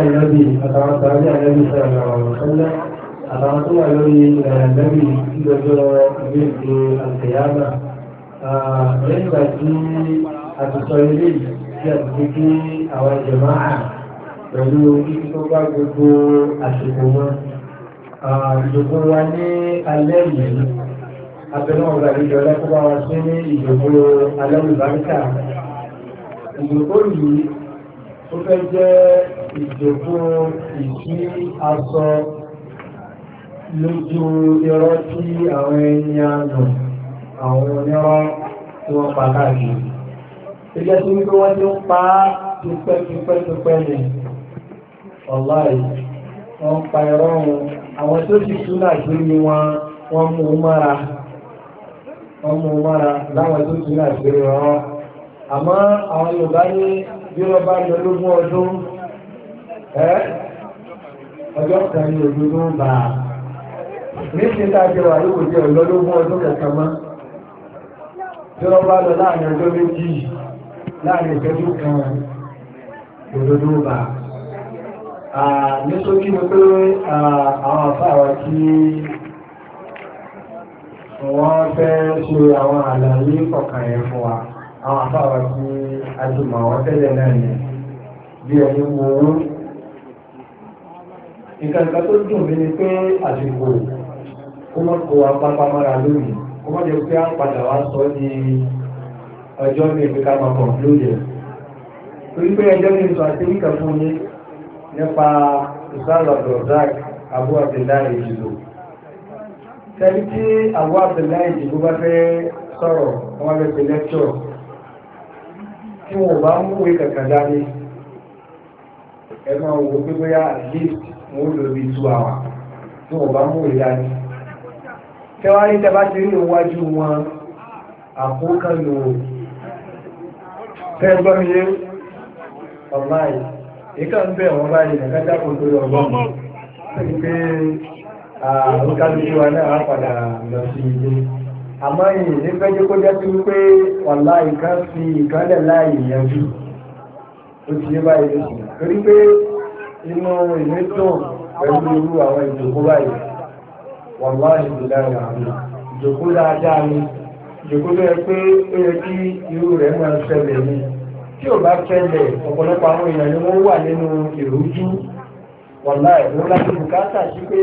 النبي أتعطى على النبي صلى الله عليه وسلم أتعطى على النبي لجرى بيت القيامة nígbà tí a ti sọ ilé yìí tí a ti kí àwọn jẹ̀máà pẹ̀lú kíkí tó bá gbogbo àsìkò wọn. ìjòkó wa ní alẹ́ yìí abẹ́nú yìí tó fẹ́ jẹ́ ìjòkó ìṣí aṣọ lójú irọ́ tí àwọn ẹni àná àwọn onírọ́ tí wọ́n pa káàkiri. Ilé tí wípé wọ́n ti ń pa á tipẹ́ tipẹ́ tipẹ́ ni. Ọ̀láì, wọ́n pa irọ́ wọn. Àwọn tó ti súnà sí ni wọn, wọ́n mú un mọ́ra. Wọ́n mú un mọ́ra láwọn tó súnà sí ni wọ́n. Àmọ́ àwọn Yorùbá ní bí wọ́n bá lọ lógún ọdún ẹ́ ọjọ́ kan ojú ló ń bà á. Níṣẹ́ tá a wà lóko jẹ́ ọ̀lọ́ lógún ọdún kankan mọ́. Bí wọ́n bá lọ láàrin ọjọ́ méjì láàrin ìṣẹ́jú kan òdo ló ń bà á. Ní sókí ni pé àwọn àfáà wa wọ́n fẹ́ ṣe àwọn àlàyé kọ̀ọ̀kan yẹn fún wa àwọn afáwà tí a ti mọ̀ tẹ́lẹ̀ náà ni bí ẹni wo owó nǹkan kan tó dùn mí ni pé àsìkò kó mọ́ kó wa pápá mọ́ra lónìí kó mọ́ jẹ́ pé a padà wá sọ ní ọjọ́ mi pé ká máa kọ̀ǹpúlóòdì ẹ̀ torí pé ẹjọ́ mi sọ àti níkà fún mi nípa ìsáàlọ̀ dọ̀zák abú abdullahi ìjìbò tẹ́lí tí abú abdullahi ìjìbò bá fẹ́ sọ̀rọ̀ wọ́n fẹ́ pe lẹ́kṣọ̀ tí wọn ò bá mú ìwé kankan dání ẹ máa wò pé bóyá lift wọn ò lò bí two hours tí wọn ò bá mú ìwé dání tẹ́wọ́n ní tẹ́bá ti rí ìwájú wọn àkókànlò tẹ́gbọ́n yé ọ̀la yìí ìkà ń bẹ̀ wọ́n báyìí nà kájá kò tó yọ̀ bọ́ọ̀mù pé àrùkálùkù wa náà á padà lọ sí ilé àmọ́ yìí nífẹ̀ẹ́ jẹ́ kó jẹ́ sí wípé ọ̀la ìkan fi ìkan lẹ̀ láì yanjú ó ti yé báyìí lóṣù torí pé inú ìwé dùn pẹ̀lú irú àwọn ìjòkó báyìí wọ́n wá ìdílé àwọn àmì ìjòkó dáadáa ni ìjòkó tó yẹ pé ó yẹ kí irú rẹ̀ máa ṣẹlẹ̀ ni tí ò bá ṣẹlẹ̀ ọ̀pọ̀lọpọ̀ àwọn èèyàn ni wọ́n wà nínú ìrújú wọ̀lá ìwọ́n láti bùkátà sí pé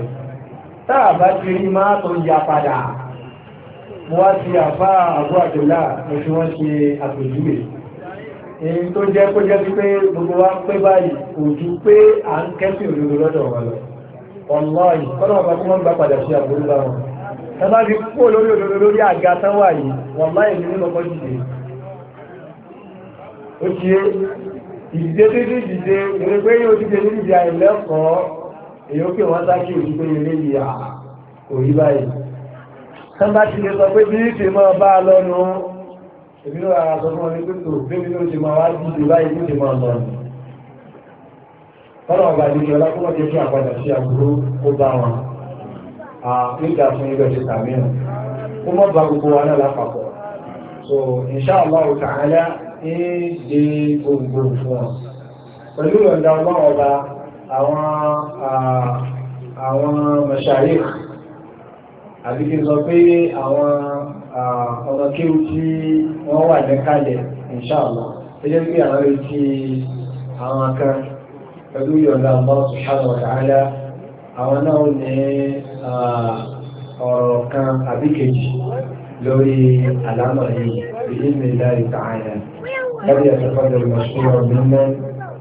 táà bá ti rí máa tó ya padà mo wá ti àfá àbú àjọlá mo fi wọ́n ṣe àpèjúwe èyí tó jẹ́ kó jẹ́ pé gbogbo wa pé báyìí kò ju pé à ń kẹ́sìn òdodo lọ́dọ̀ wa lọ ọlọ́ọ̀yì kọ́nà ọ̀gá kó wọ́n gbà padà sí àbúrú bá wọn ẹ bá fi kó lórí òdodo lórí àga tán wà yìí wọ́n má èmi nínú ọkọ̀ dìde ó ti yé ìdíje dídí ìdíje ìrẹ́gbẹ́ yóò dìde nídìí àìlẹ́kọ̀ọ́ èyí ó pè wọ́n sákì òjú pé ilé yìí à kò rí báyìí tán bá ti lè sọ pé bí ìfẹ́ máa bá a lọ́nu èmi ló rà sọ fún ọ ní pípò bébí ló ti máa wá sí ìlú báyìí ló ti máa lọ nù fọ́nà ọba ìlú ìjọba kó fi àpadà sí àbúrò kó bá wọn nígbà fún ibẹ̀ ti tàmí ọ̀ kó mọ́ bá gbogbo wa náà lápapọ̀ so inshallah ta'ala ní ìdí gbogbo fún ọ pẹ̀lú ìrọ̀lẹ́ ọlọ́run ọba àwọn àwọn mẹ̀ṣàrí àbí kí n sọ pé àwọn ọ̀nà kéwù tí wọ́n wà ní kalẹ̀ ìṣàlọ́ ẹjẹ́ pé àwọn etí àwọn kan pẹ̀lú ìyọ̀nda Allah subhanahu wa ta'ala àwọn náà ní ọ̀rọ̀ kan àbí kejì lórí àlámọ̀ yìí ìdí mi láì tààyà. Ẹgbẹ́ ìṣẹ́fọ́dọ̀ ìmọ̀ṣúra ọ̀gbìn mẹ́rin.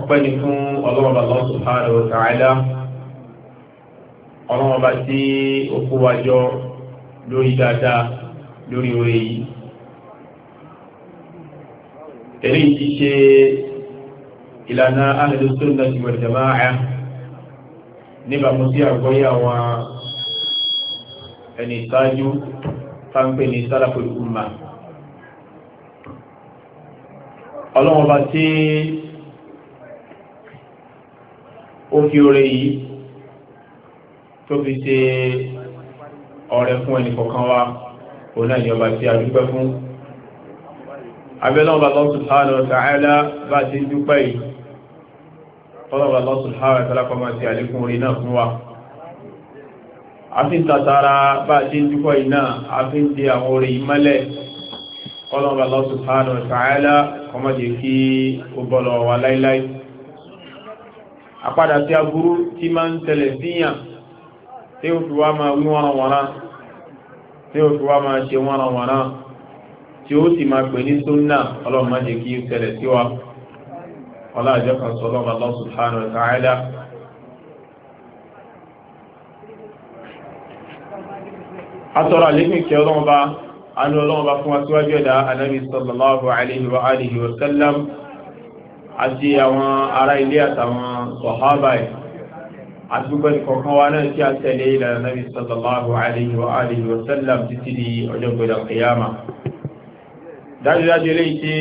ọpẹ́ ni fún ọlọ́mọba Allah subhanahu wa ta'ala ọlọ́mọba tí ó kó wa jọ lórí dáadáa lórí oore yìí eléyìí ti ṣe ìlànà ahlu sunnati wal jamaa'ah níbàámu sí àgbọ́yé àwọn ẹni ìsáájú táǹpé ní salaful ummah ọlọ́mọba tí ó fi oore yìí tó fi ṣe ọ̀rẹ́ fún ẹnì kọ̀ọ̀kan wa òun náà ni ọba tí a dúpẹ́ fún abẹ́lẹ́ ọba Allah subhanahu wa ta'ala bá ti ń dúpẹ́ yìí ọlọ́ba Allah subhanahu wa ta'ala kọ́ máa ti àlékún orin náà fún wa àfi tàtàrà bá ti dúpẹ́ yìí náà àfi ń di àwọn orin yìí mọ́lẹ̀ ọlọ́ba Allah subhanahu wa ta'ala kí ó bọ́ lọ wa láíláí àpadà tí aburú tí máa ń tẹ̀lẹ̀ síyàn tí ó fi wá máa wí wọ́nàwọ́nà tí ó fi wá máa ṣe wọ́nàwọ́nà tí ó sì máa pè ní súnnà ọlọ́run má jẹ́ kí ó tẹ̀lẹ̀ sí wa ọlá kan sọ lọ́wọ́ Allah subhanahu wa ta'ala àlékún ìkẹ́ ọlọ́run bá anú ọlọ́run bá fún wa síwájú ẹ̀dá anábì sallallahu alaihi àti àwọn ará ilé àtàwọn sọ̀hábà ẹ̀ àti gbogbo ìkọ̀ọ̀kan wa náà tí a tẹ̀lé ìlànà nàbí sallallahu alayhi wa alihi wa sallam títí di ọjọ́ gbọdọ̀ kìyàmà dájúdájú eléyìí tí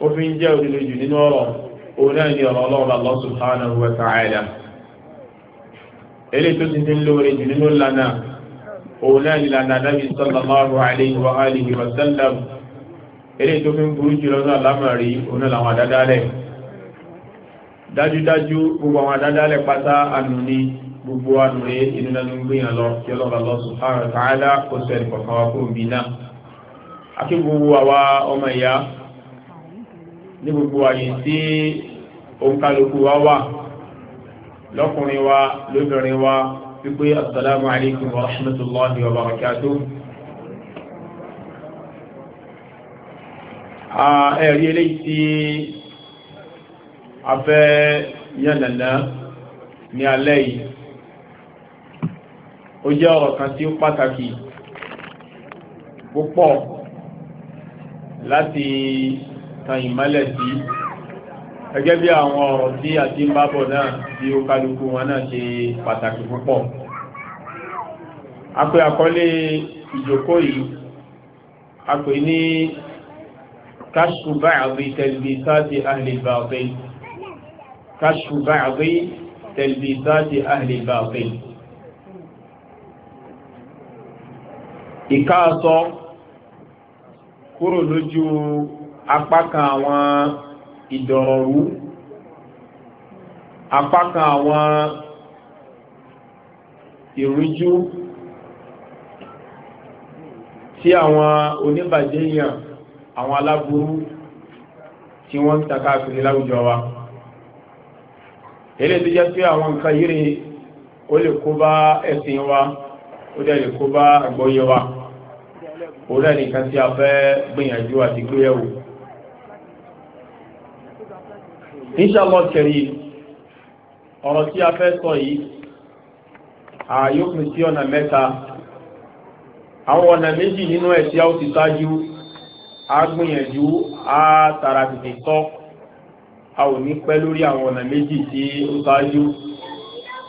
ó fi ń jẹ́ òdodo nínú ọ̀rọ̀ òun náà ni ọ̀rọ̀ ọlọ́run Allah subhanahu wa ta'ala eléyìí tó ti ti ń lóore jù nínú lánàá òun náà ni lánàá nàbí sallallahu alayhi wa alihi wa sallam tó fi ń burú jù lọ́nà àlámà rí òun náà làwọn àdádálẹ̀ dájúdájú gbogbo àwọn àdádálẹ̀ pátá ànú ni gbogbo ànú rẹ̀ inú lẹ́nu gbìyàn lọ kí ọlọ́ba lọ subhanahu wa ta'ala kó sọ ẹnì kọ̀ọ̀kan wa fún mi náà. akí gbogbo àwa ọmọ ìyá ní gbogbo àyè tí òǹkàlùkù wa wà lọ́kùnrin wa lóbìnrin wa wípé asalaamu alaykum wa rahmatulahi wa barakatuh. ẹ̀rí eléyìí tí afẹ́ yànnàná ní alẹ́ yìí ó jẹ́ ọ̀rọ̀ kan tí ó pàtàkì púpọ̀ láti tan ìmọ́lẹ̀ sí gẹ́gẹ́ bí àwọn ọ̀rọ̀ tí àti ń bábọ̀ náà bí ó kálukú wọn náà ṣe pàtàkì púpọ̀ a pè àkọlé ìjókòó yìí a pè ní kashfu ba'di talbisati ahli al-batil kashfu ba'di talbisati ahli batil ìkáàsọ kúrò lójú apá kan àwọn ìdọ̀rọ̀rú apá kan àwọn ìrújú tí àwọn oníbàjẹ́ yàn àwọn aláburú tí wọ́n ń ta láwùjọ wa ilé tó jẹ́ pé àwọn nǹkan yìí ó lè kó bá ẹ̀sìn wa ó dẹ̀ lè kó bá àgbọ́yé wa ó dẹ̀ nìkan tí a fẹ́ gbìyànjú àti gbéyẹ̀wò inṣàlọ́ kẹrì ọ̀rọ̀ tí a fẹ́ sọ yìí àyókùn sí ọ̀nà mẹ́ta àwọn ọ̀nà méjì nínú ẹ̀ tí a ó ti ṣáájú a gbìyànjú a tààrà tọ́ a ò ní pẹ́ lórí àwọn ọ̀nà méjì tí ó ṣáájú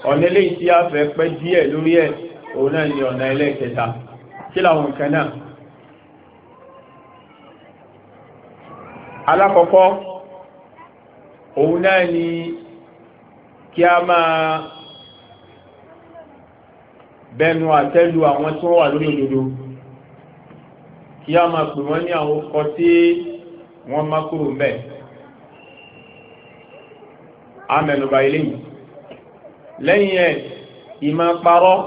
ọ̀nà eléyìí tí a fẹ́ pẹ́ díẹ̀ lórí ẹ̀ òun náà ni ọ̀nà ẹlẹ́ẹ̀kẹta kí làwọn nǹkan náà alákọ̀ọ́kọ́ òun náà ni kí a máa bẹnu àtẹ́lu àwọn tí wọ́n wà lórí òdodo kí a máa pè wọ́n ní àwọn ọkọ̀ tí wọ́n má kúrò mbẹ́ẹ̀ amẹnuba eléyìí lẹ́yìn ẹ̀ ìmọ̀ parọ́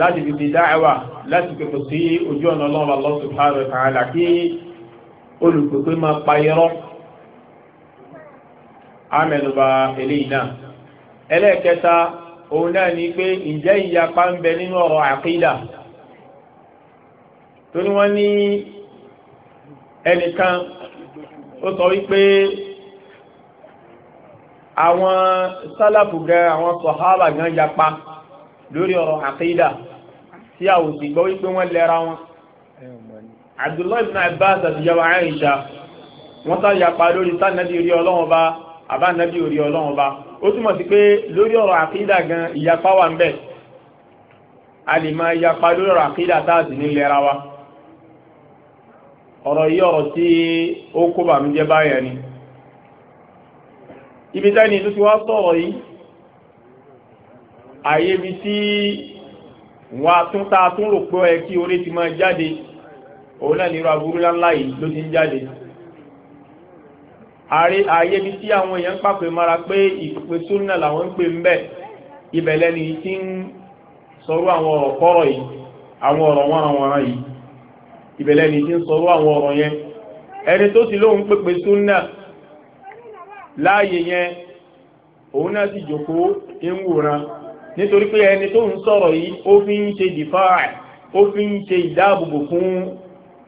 láti fi di dáhẹ́wà láti pèpè sí ojú ọ̀nà ọlọ́run Allah subhanahu wa ta'ala kí olùpèpè máa pa irọ́ amẹnuba eléyìí náà ẹlẹ́ẹ̀kẹta òun náà ni pé ǹjẹ́ ìyapa ń bẹ nínú ọ̀rọ̀ àkídà tó ní wọ́n ní ẹnìkan ó sọ wípé àwọn sálàfù gan àwọn sọ̀hábà gan yapa lórí ọ̀rọ̀ àkídà tí a ò sì gbọ́ wípé wọ́n lẹ́ra wọn. Abdullahi ibn Abbas àtìyàwó Aisha wọ́n sá yapa lórí sánàbí orí ọlọ́wọ́n bá àbánàbí orí ọlọ́wọ́n bá ó túmọ̀ sí pé lórí ọ̀rọ̀ àkídà gan ìyapa wà ń a lè máa yapa lórí ọ̀rọ̀ àkídà tá a sì ní lẹ́ra wa ọ̀rọ̀ yìí ọ̀rọ̀ tí ó kó bàmújẹ́ báyẹn ni ibi tẹ́ni tó ti wá sọ̀rọ̀ yìí àyè ibi tí wọ́n tún ta tún rò pé ẹ kí orí ti máa jáde òun náà nírú aburú ńláńlá yìí ló ti ń jáde àyè ibi tí àwọn èèyàn pàpè mara pé ìpè súnà làwọn ń pè ń bẹ̀ ibẹ̀ lẹ́ni tí ń sọ̀rọ̀ àwọn ọ̀rọ̀ kọ́rọ̀ yìí àwọn ọ̀rọ̀ wọ́nranwọ̀nran yìí ibẹ̀ lẹ́ni tí ń sọ̀rọ̀ àwọn ọ̀rọ̀ yẹn ẹni tó ti lóun pèpè súnà láàyè yẹn òun náà sì jòkó ń wòran nítorí pé ẹni tó ń sọ̀rọ̀ yìí ó fi ń ṣe dìfáà ó fi ń ṣe ìdáàbòbò fún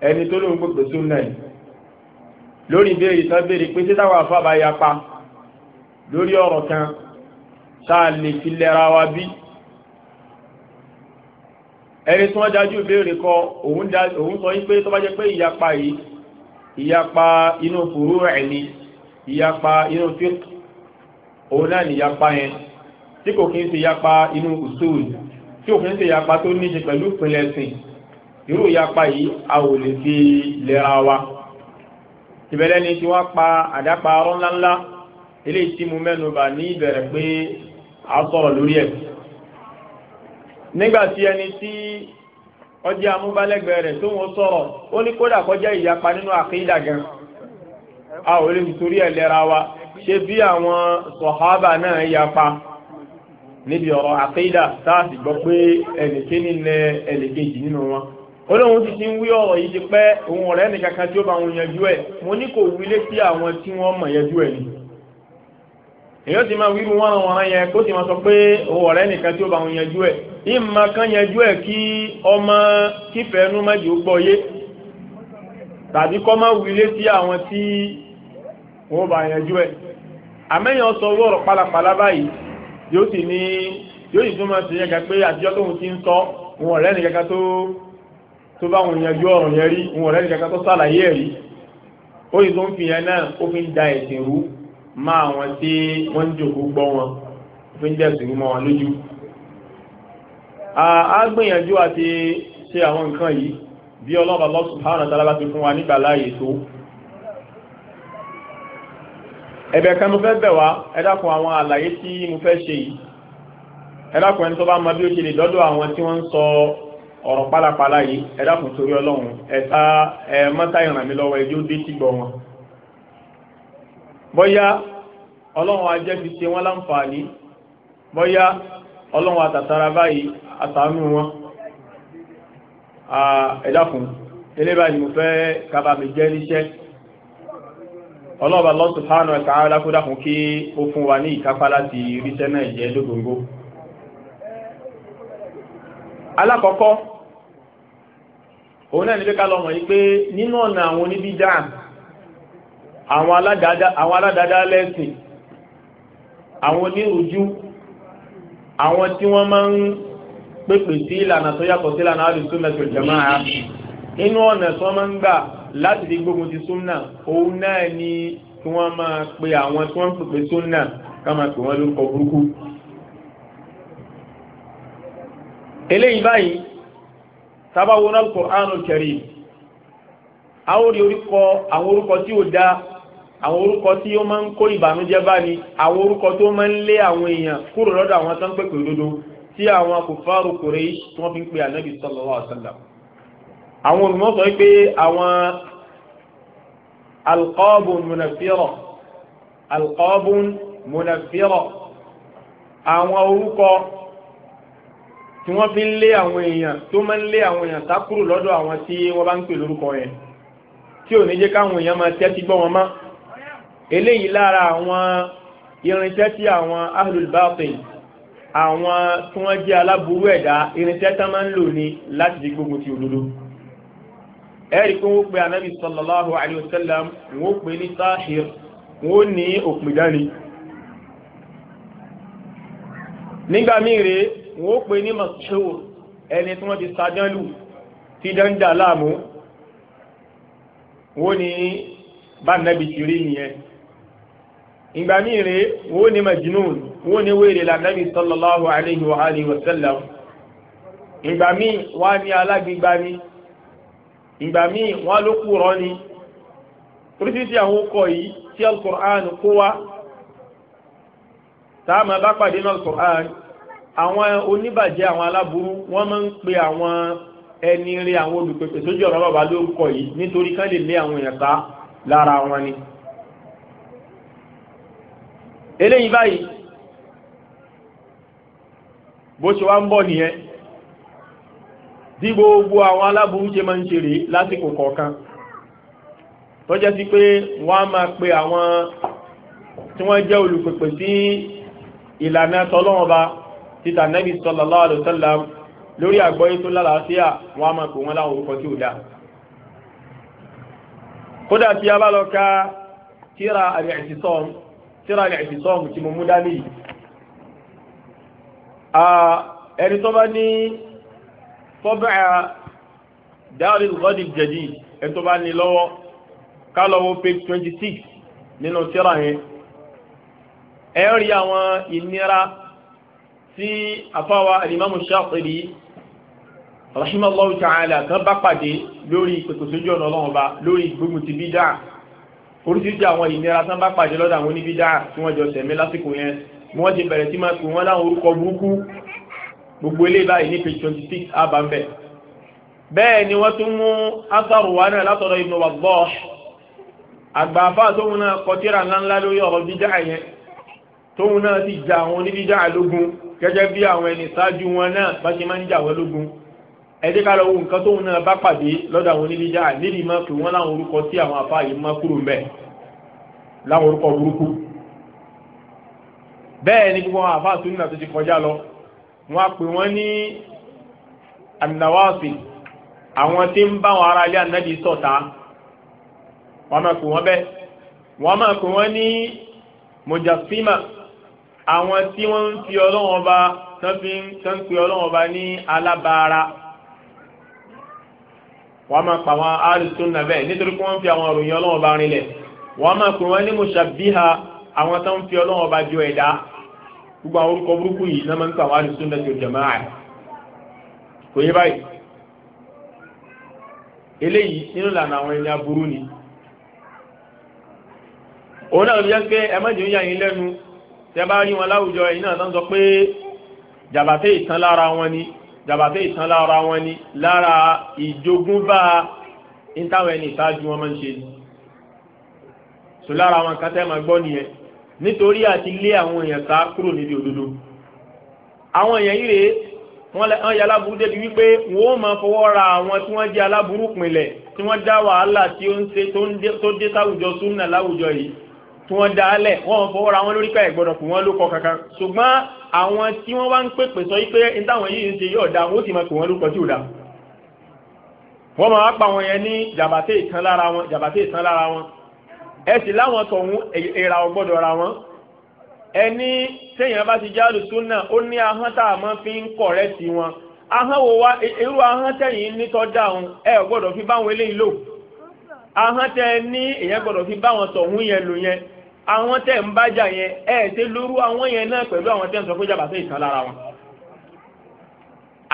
ẹni tó lóun gbogbo súnà yìí lórí ìbéèrè tán béèrè pé sí táwọn afábá yapa lórí ọ̀rọ̀ kan sáà lè fi lẹ́ra wa bí ẹni tí wọ́n dájú ìbéèrè kọ òun sọ wípé tó bá jẹ́ pé ìyapa yìí ìyapa inú fùrú rẹ̀ ni ìyapa inú fiqh òun náà ní ìyapa yẹn tí kò kí ń ṣe ìyapa inú usul tí kò kí ń ṣe ìyapa tó ní ṣe pẹ̀lú ìpínlẹ̀ ẹ̀sìn irú ìyapa yìí a ò lè fi lera wa ìbẹ̀rẹ̀ ni tí wọ́n pa àdápa ọ̀rọ̀ ńláńlá eléyìí tí mo mẹ́nu bà ní ìbẹ̀rẹ̀ pé a sọ̀rọ̀ lórí ẹ̀ nígbà tí ẹni tí ọjọ́ amúbálẹ́gbẹ̀ẹ́ rẹ̀ tó wọ́n sọ̀rọ̀ ó ní kódà kọjá ìyapa nínú àkídà gan-an a ò lè nítorí ẹ̀ lẹ́ra wa ṣé bí àwọn sọ̀hábà náà yapa níbi ọ̀rọ̀ àkéyídà sáàsì gbọ́ pé ẹnìkéni lẹ ẹnìkejì nínú wọn ó lóun ti ti ń wí ọ̀rọ̀ yìí ti pẹ́ òun ọ̀rẹ́ nìkankan tí ó bá wọn yanjú ẹ̀ mo ní kò wí létí àwọn tí wọ́n mọ̀ yanjú ẹ̀ ni èyí ti máa wíru wọn wọn yẹn kó sì máa sọ pé òun ọ̀rẹ́ nìkan tí ó bá wọn yanjú ẹ̀ ìmọ̀ kan yanjú ẹ̀ kí ọmọ kífẹ̀ẹ́nu mẹ́jọ gbọ́ yé tàbí kọ́ máa wí létí àwọn tí wọ́n bá yanjú ẹ̀ àmẹ́yàn sọ owó ọ̀rọ̀ pálapàla báyìí yóò sì ní yóò sì tún máa ṣe yẹn kan pé àtijọ́ tóun ti ń sọ wọn ọ̀rẹ́ nìkan kan tó tó bá wọn yanjú ọ̀rọ̀ yẹn rí wọn ọ̀rẹ́ nìkan kan tó sàlàyé ẹ̀ rí ó sì tún fi yẹn náà ó fi ń da ẹ̀sìn rú má àwọn tí wọ́n ń jòkó gbọ́ wọn ó fi ń dẹ̀sìn rú mọ́ wọn lójú. a gbìyànjú àti ṣe àwọn nǹkan yìí bí ọlọ́ba ẹ̀bẹ̀ kan mo fẹ́ bẹ̀ wá ẹ dákun àwọn àlàyé tí mo fẹ́ ṣe yìí ẹ dákun ẹni tó bá mọ bí ó ṣe lè dọ́dọ̀ àwọn tí wọ́n ń sọ ọ̀rọ̀ pálapàla yìí ẹ dákun torí Ọlọ́run ẹ̀ta ẹ mọ́ta ìràn mi lọ́wọ́ ẹjọ́ dé tí gbọ́ wọn. bóyá Ọlọ́run ajẹ́ fi ṣe wọ́n láǹfààní bóyá Ọlọ́run àtàtàrà báyìí àtàánú wọn. ẹ dákun eléyìí báyìí mo fẹ́ kábàámi jẹ́ níṣẹ́ ọlọ́ọ̀bà Allah subhanahu wa ta'ala kódàkùn kí ó fún wa ní ìkápá láti ríṣẹ́ náà jẹ́ lógóngó alákọ̀ọ́kọ́ òun náà ní pé ká lọ́mọ̀ yí pé nínú ọ̀nà àwọn oníbídà àwọn aládàáda lẹ́sìn àwọn onírújú àwọn tí wọ́n máa ń pèpè sí ìlànà tó yàtọ̀ sí ìlànà àdùsùn mẹ́sàn-án jẹ̀máà nínú ọ̀nà tí wọ́n máa ń gbà láti fi gbógun ti súnà òun náà ni kí wọ́n máa pe àwọn tí wọ́n ń pèpè súnà ká máa pè wọ́n lórúkọ burúkú. eléyìí báyìí sábàwọ náà Al-Qur'anul Karim àwọn orúkọ àwọn orúkọ tí ò dáa àwọn orúkọ tí ó máa ń kó ìbànújẹ́ bá àwọn orúkọ tó máa ń lé àwọn èèyàn kúrò lọ́dọ̀ àwọn tó ń pèpè òdodo tí àwọn kòfàrò Quraysh tí wọ́n fi ń pe ànábì sallallahu alaihi wasallam àwọn olùmọ̀sọ̀ wípé àwọn alqabun munafira alqabun munafira àwọn orúkọ tí wọ́n fi ń lé àwọn èèyàn tó máa ń lé àwọn èèyàn sákúrò lọ́dọ̀ àwọn tí wọ́n bá ń pè lórúkọ yẹn tí ò ní jẹ́ káwọn èèyàn máa tẹ́tí gbọ́ wọn mọ́ eléyìí lára àwọn irinṣẹ́ tí àwọn ahlul àwọn tí wọ́n jẹ́ aláburú ẹ̀dá irinṣẹ́ tán máa ń lò ní láti fi gbógun ti òdodo ẹ̀rí pé wọ́n pe anabi sallallahu alayhi wa sallam wọ́n pe ní sahir wọ́n ní òpìdánì nígbà míì rèé wọ́n pe ní mashour ẹni tí wọ́n ti sadánlù tí dáńdà láàmú wọ́n ní bá ti rí nìyẹn ìgbà míì wọ́n ní majnun wọ́n ní wèrè lànàbì sallallahu alayhi ìgbà míì wọ́n á ní alágbègbà ni ìgbà míì wọ́n ló kú rọ́ ni oríṣiríṣi àwọn okọ̀ yìí tí alukur'an kó wá táàmù bá pàdé náà alukur'an àwọn oníbàjẹ́ àwọn aláburú wọ́n máa ń pe àwọn ẹni rí àwọn olùpèpè sójú ọ̀rọ̀ bàbá ló yìí nítorí kán lè lé àwọn èèyàn ká lára wọn ni. eléyìí báyìí bó ṣe wá ń bọ̀ nìyẹn bí gbogbo àwọn aláburú ṣe máa ń ṣe rèé lásìkò kọ̀ọ̀kan tó jẹ́ sí pé wọ́n á máa pe àwọn tí wọ́n jẹ́ olùpèpè sí ìlànà tọ́lọ́wọ́ba títà nẹ́bí sallallahu alaihi wasallam lórí àgbọ́yé tó lálàáfíà wọ́n á máa pè wọ́n láwọn orúkọ tí ò dáa kódà tí a bá lọ ka tíra al tíra al tí mo mú dání tọ́bẹ̀ dáàrí lọ́dì jẹ̀dí ẹ̀tọ́ bá ní lọ́wọ́ ká lọ́wọ́ page twenty six nínú tírà yẹn ẹ rí àwọn ìnira tí àfáwa alimami Shatibi rahimallahu ta'ala kan bá pàdé lórí ìpèkòsójú ọ̀nà ọlọ́run ọba lórí gbógun ti bídà oríṣiríṣi àwọn ìnira tán bá pàdé lọ́dọ̀ àwọn oníbídà tí wọ́n jọ sẹ̀mí lásìkò yẹn ni wọ́n ti bẹ̀rẹ̀ sí máa pè wọ́n láwọn orúkọ burúkú gbogbo ilé báyìí ní page twenty six ábà ń bẹ̀. ni wọ́n tún mú asaru wa náà látọ̀dọ̀ ibn Waddah àgbà afá tóun náà kọtíra ńláńlá lórí ọ̀rọ̀ bídà yẹn tóun náà ti jà àwọn oníbídà lógun gẹ́gẹ́ bí àwọn ẹni ṣáájú wọn náà bá ṣe máa ń jà wọ́n lógun ẹdí ká lọ wo nǹkan tóun náà bá pàdé lọ́dọ̀ àwọn oníbídà nídìí máa pè wọ́n láwọn orúkọ tí àwọn afá yìí máa kúrò mbẹ̀ láwọn orúkọ burúkú bẹ́ẹ̀ ni gbogbo àwọn afá tó ní wọ́n á pè wọ́n ní an-nawasi àwọn tí ń bá wọn ará ilé ànábì ṣọ̀tá wọ́n máa pè wọ́n bẹ́ẹ̀ wọ́n máa pè wọ́n ní mujassima àwọn tí wọ́n ń fi ọlọ́wọ́n ba tán fi ń pe ọlọ́wọ́n ba ní alábàárà wọ́n máa pa àwọn alùsùn náà nítorí pé wọ́n fi àwọn òròyìn ọlọ́wọ́n ba rinlẹ̀ wọ́n máa pè wọ́n ní mushabbiha àwọn tó ń fi ọlọ́wọ́n ba jọ ẹ̀dá gbogbo àwọn orúkọ burúkú yìí náà máa ń tàwọn àdìsí ní ẹjọ jamaa kò yé báyìí eléyìí nínú ìlànà àwọn ẹni aburú ni òun náà ló yẹ pé ẹ má jẹun yà yín lẹ́nu tẹ bá rí wọn láwùjọ ẹ̀yin náà tán sọ pé jàbàtẹ ìtàn lára wọn ni jàbàtẹ ìtàn lára wọn ni lára ìjogúnbá ní táwọn ẹni ìtajú wọn máa ń ṣe ni sọ lára wọn kan máa gbọ́ nìyẹn nítorí àti lé àwọn èèyàn ká kúrò níbi òdodo àwọn èèyàn yìí rèé wọ́n yẹ aláburú débi wípé wọ́n ó máa fọwọ́ ra àwọn tí wọ́n jẹ́ aláburú pinlẹ̀ tí wọ́n dá wàhálà tí ó ń ṣe tó dé sáwùjọ súnà láwùjọ yìí tí wọ́n dá lẹ̀ wọ́n fọwọ́ ra wọn lórí ká ìgbọ́dọ̀ kù wọ́n ló kọ kankan ṣùgbọ́n àwọn tí wọ́n wá ń pèpè sọ wípé ní táwọn yìí ń ṣe yóò da wọ́n sì máa pè wọ́n lórúkọ tí ò da wọ́n máa pa wọn yẹn ní jàbàtẹ́ ìtàn lára wọn jàbàtẹ́ ìtàn lára wọn ẹ sì láwọn tọ̀hún ìrà ọ̀gbọ́dọ̀ ra wọn ẹni téèyàn bá ti jáde súnà ó ní ahọ́n tá a máa fi ń kọ̀rẹ́ sí wọn ahọ́n wo wá irú ahọ́n tẹ̀yìn nítọ́ dáhùn ẹ ọ̀gbọ́dọ̀ fi báwọn eléyìí lò ahọ́n tẹ ní èèyàn gbọ́dọ̀ fi báwọn tọ̀hún yẹn lò yẹn àwọn tẹ̀ ń bájà yẹn ẹ ṣe lóru àwọn yẹn náà pẹ̀lú àwọn tẹ̀ ń sọ pé jàbá sí ìtàn lára wọn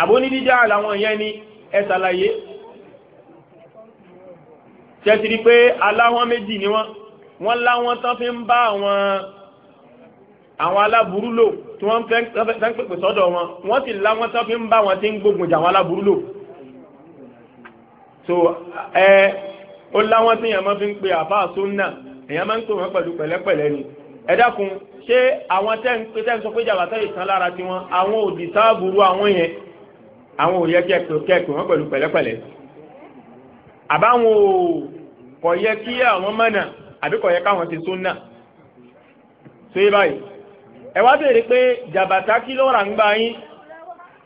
àbónídíjà làwọn ti di pé aláwọn méjì ni wọn wọ́n láwọn tán fi ń bá àwọn àwọn aláburú lò tí wọ́n fẹ́ ń pèpè sọ́dọ̀ wọn wọ́n sì láwọn tán fi ń bá wọn tí ń gbógun jà àwọn aláburú lò so ẹ ó láwọn tí èèyàn máa fi ń pe àfáà sunna èèyàn máa ń pè wọ́n pẹ̀lú pẹ̀lẹ́pẹ̀lẹ́ ni ẹ dákun ṣé àwọn tẹ́ ń pè tẹ́ ń sọ pé jàbátá yìí tán lára tiwọn àwọn òdì sáàbùrú àwọn yẹn àwọn ò yẹ kí ẹ pè wọ́n pẹ̀lú pẹ̀lẹ́pẹ̀lẹ́ àbáwọn ò kọ̀ yẹ kí àwọn mọ̀nà àbí kò yẹ káwọn ti súnà tó yé báyìí ẹ wá béèrè pé jàbàtà kí ló rà ń gbà yín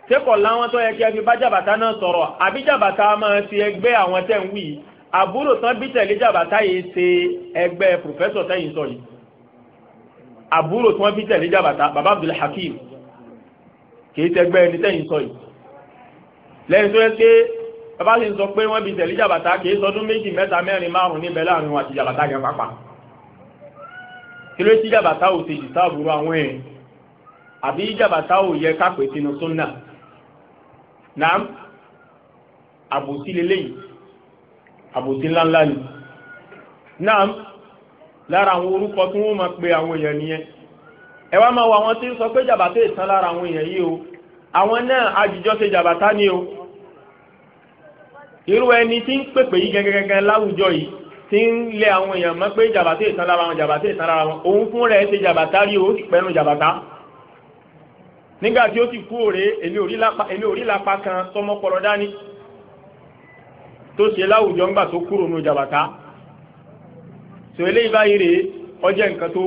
ṣé kò láwọn tó yẹ kí ẹ fi bá jàbàtà náà sọ̀rọ̀ àbí jàbàtà máa ti ẹgbẹ́ àwọn tẹ̀ ń wí àbúrò tán bí tẹ̀lé jàbàtà yìí ṣe ẹgbẹ́ pòfẹ́sọ̀ tẹ̀yìn sọ yìí àbúrò tí bí tẹ̀lé jàbàtà bàbá Abdul Hakim kì í tẹgbẹ́ ẹni tẹ̀yìn sọ yìí lẹ́yìn tó yẹ pé bàbá sì ń sọ pé wọ́n bí tẹ̀lé jàbàtà kì í sọdún méjì mẹ́ta mẹ́rin márùn-ún níbẹ̀ láàrin wọn àti jàbàtà yẹn pápá kí ló ti jàbàtà ò ti jìtá àbúrò àwọn ẹ̀ àbí jàbàtà ò yẹ kápẹ́ tinú súnà nàám àbòsí leléyìí àbòsí ńláńlá ni nàám lára àwọn orúkọ tí wọ́n máa pe àwọn èèyàn nìyẹn ẹ wá máa wọ àwọn tí ń sọ pé jàbàtà ìtàn lára àwọn èèyàn yìí o àwọn náà àjùjọ ṣe jàbàtà ni o irú ẹni tí ń pèpè yí gẹ́gẹ́gẹ́ láwùjọ yìí tí ń lé àwọn èèyàn mọ́ pé jàbàtà ìtàn lára wọn jàbàtà ìtàn lára wọn òun fún rẹ̀ ṣe jàbàtà rí o pẹ̀lú jàbàtà nígbà tí ó ti kú òre èlé orí lápá kan tọmọpọlọ dání tó ṣe láwùjọ ńgbà tó kúrò nù jàbàtà tò eléyìí báyìí rèé ọjọ́ nǹkan tó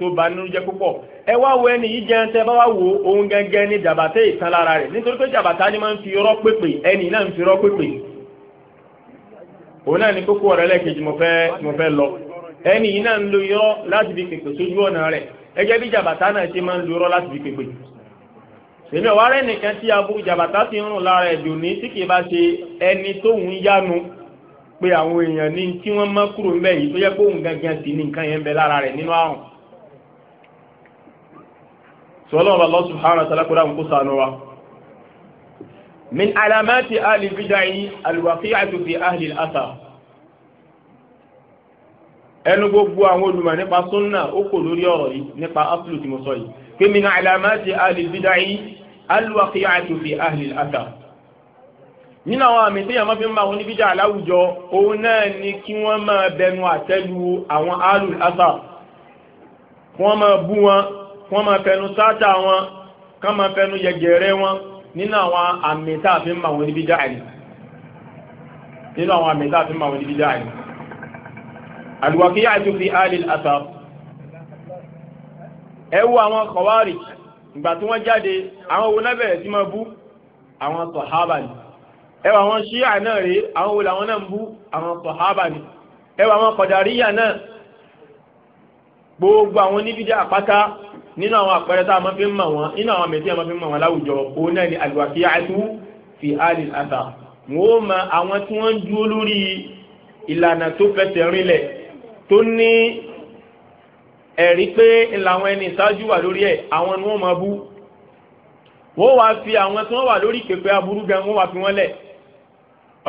tó bà nínú jẹ́ púpọ̀ ẹ wá wo ẹni yìí jẹun tẹ bá wá wo òun gẹ́gẹ́ ní jàbàtà ìtàn lára rẹ̀ nítorí pé jàbàtà ni máa ń fi irọ́ pèpè ẹni náà ń fi irọ́ pèpè òun náà ni kókó ọ̀rọ̀ ẹlẹ́ẹ̀kejì mo fẹ́ mo fẹ́ lọ ẹni yìí náà ń lo irọ́ láti fi pèpè sójú ọ̀nà rẹ̀ ẹgẹ́ bí jàbàtà náà ṣe máa ń lo irọ́ láti fi pèpè èmi ọ̀wá rẹ̀ nìkan tí aburú jàbàtà ti ń rùn lára ẹ̀dùn ní tí kìí bá ṣe ẹni tóun yánu pé àwọn èèyàn ní tí wọ́n mọ́ kúrò ń bẹ̀ yìí tó yẹ gangan ní wa من علامات آل البدع الوقيعة في أهل الأثر ẹnu gbogbo àwọn olùmọ̀ nípa súnà ó kò lórí ọ̀rọ̀ yìí nípa aslu tí mo sọ yìí pé min alamati ahli bidai alwaqi'atu fi ahli al-athar. nínú àwọn àmì téèyàn máa fi ń bá wọn ní bídà òun náà ni kí wọ́n máa bẹnu àtẹ́lu àwọn ahli al kí wọ́n máa bú wọn kí wọ́n máa fẹnu sáátà wọn kí wọ́n máa fẹnu yẹgẹrẹ wọn nínú àwọn àmì tá a fi ń mọ àwọn oníbí dáàrí nínú àwọn àmì tá a fi ń mọ àwọn oníbí dáàrí àlùwàkíyà tó fi áàlì àtà ẹ wo àwọn kọ̀wárì ìgbà tí wọ́n jáde àwọn owó náà bẹ̀rẹ̀ sí máa bú àwọn sọ̀hábà ni ẹ wo àwọn ṣíà náà rèé àwọn owó làwọn náà ń bú àwọn sọ̀hábà ni ẹ wo àwọn kọ̀dàríyà náà gbogbo àwọn oníbí pátá nínú àwọn àpẹẹrẹ tá a máa fi ń mọ̀ wọn nínú àwọn àmì a máa fi ń mọ̀ wọn láwùjọ òun náà ni al-waqi'atu fi alil athar wọn ó mọ àwọn tí wọ́n ń dúró lórí ìlànà tó fẹsẹ̀ rinlẹ̀ tó ní ẹ̀rí pé làwọn ẹni ìṣáájú wà lórí ẹ̀ àwọn ni wọ́n máa bú wọ́n wá fi àwọn tí wọ́n wà lórí ìpèpè aburú gan wọ́n wá fi wọ́n lẹ̀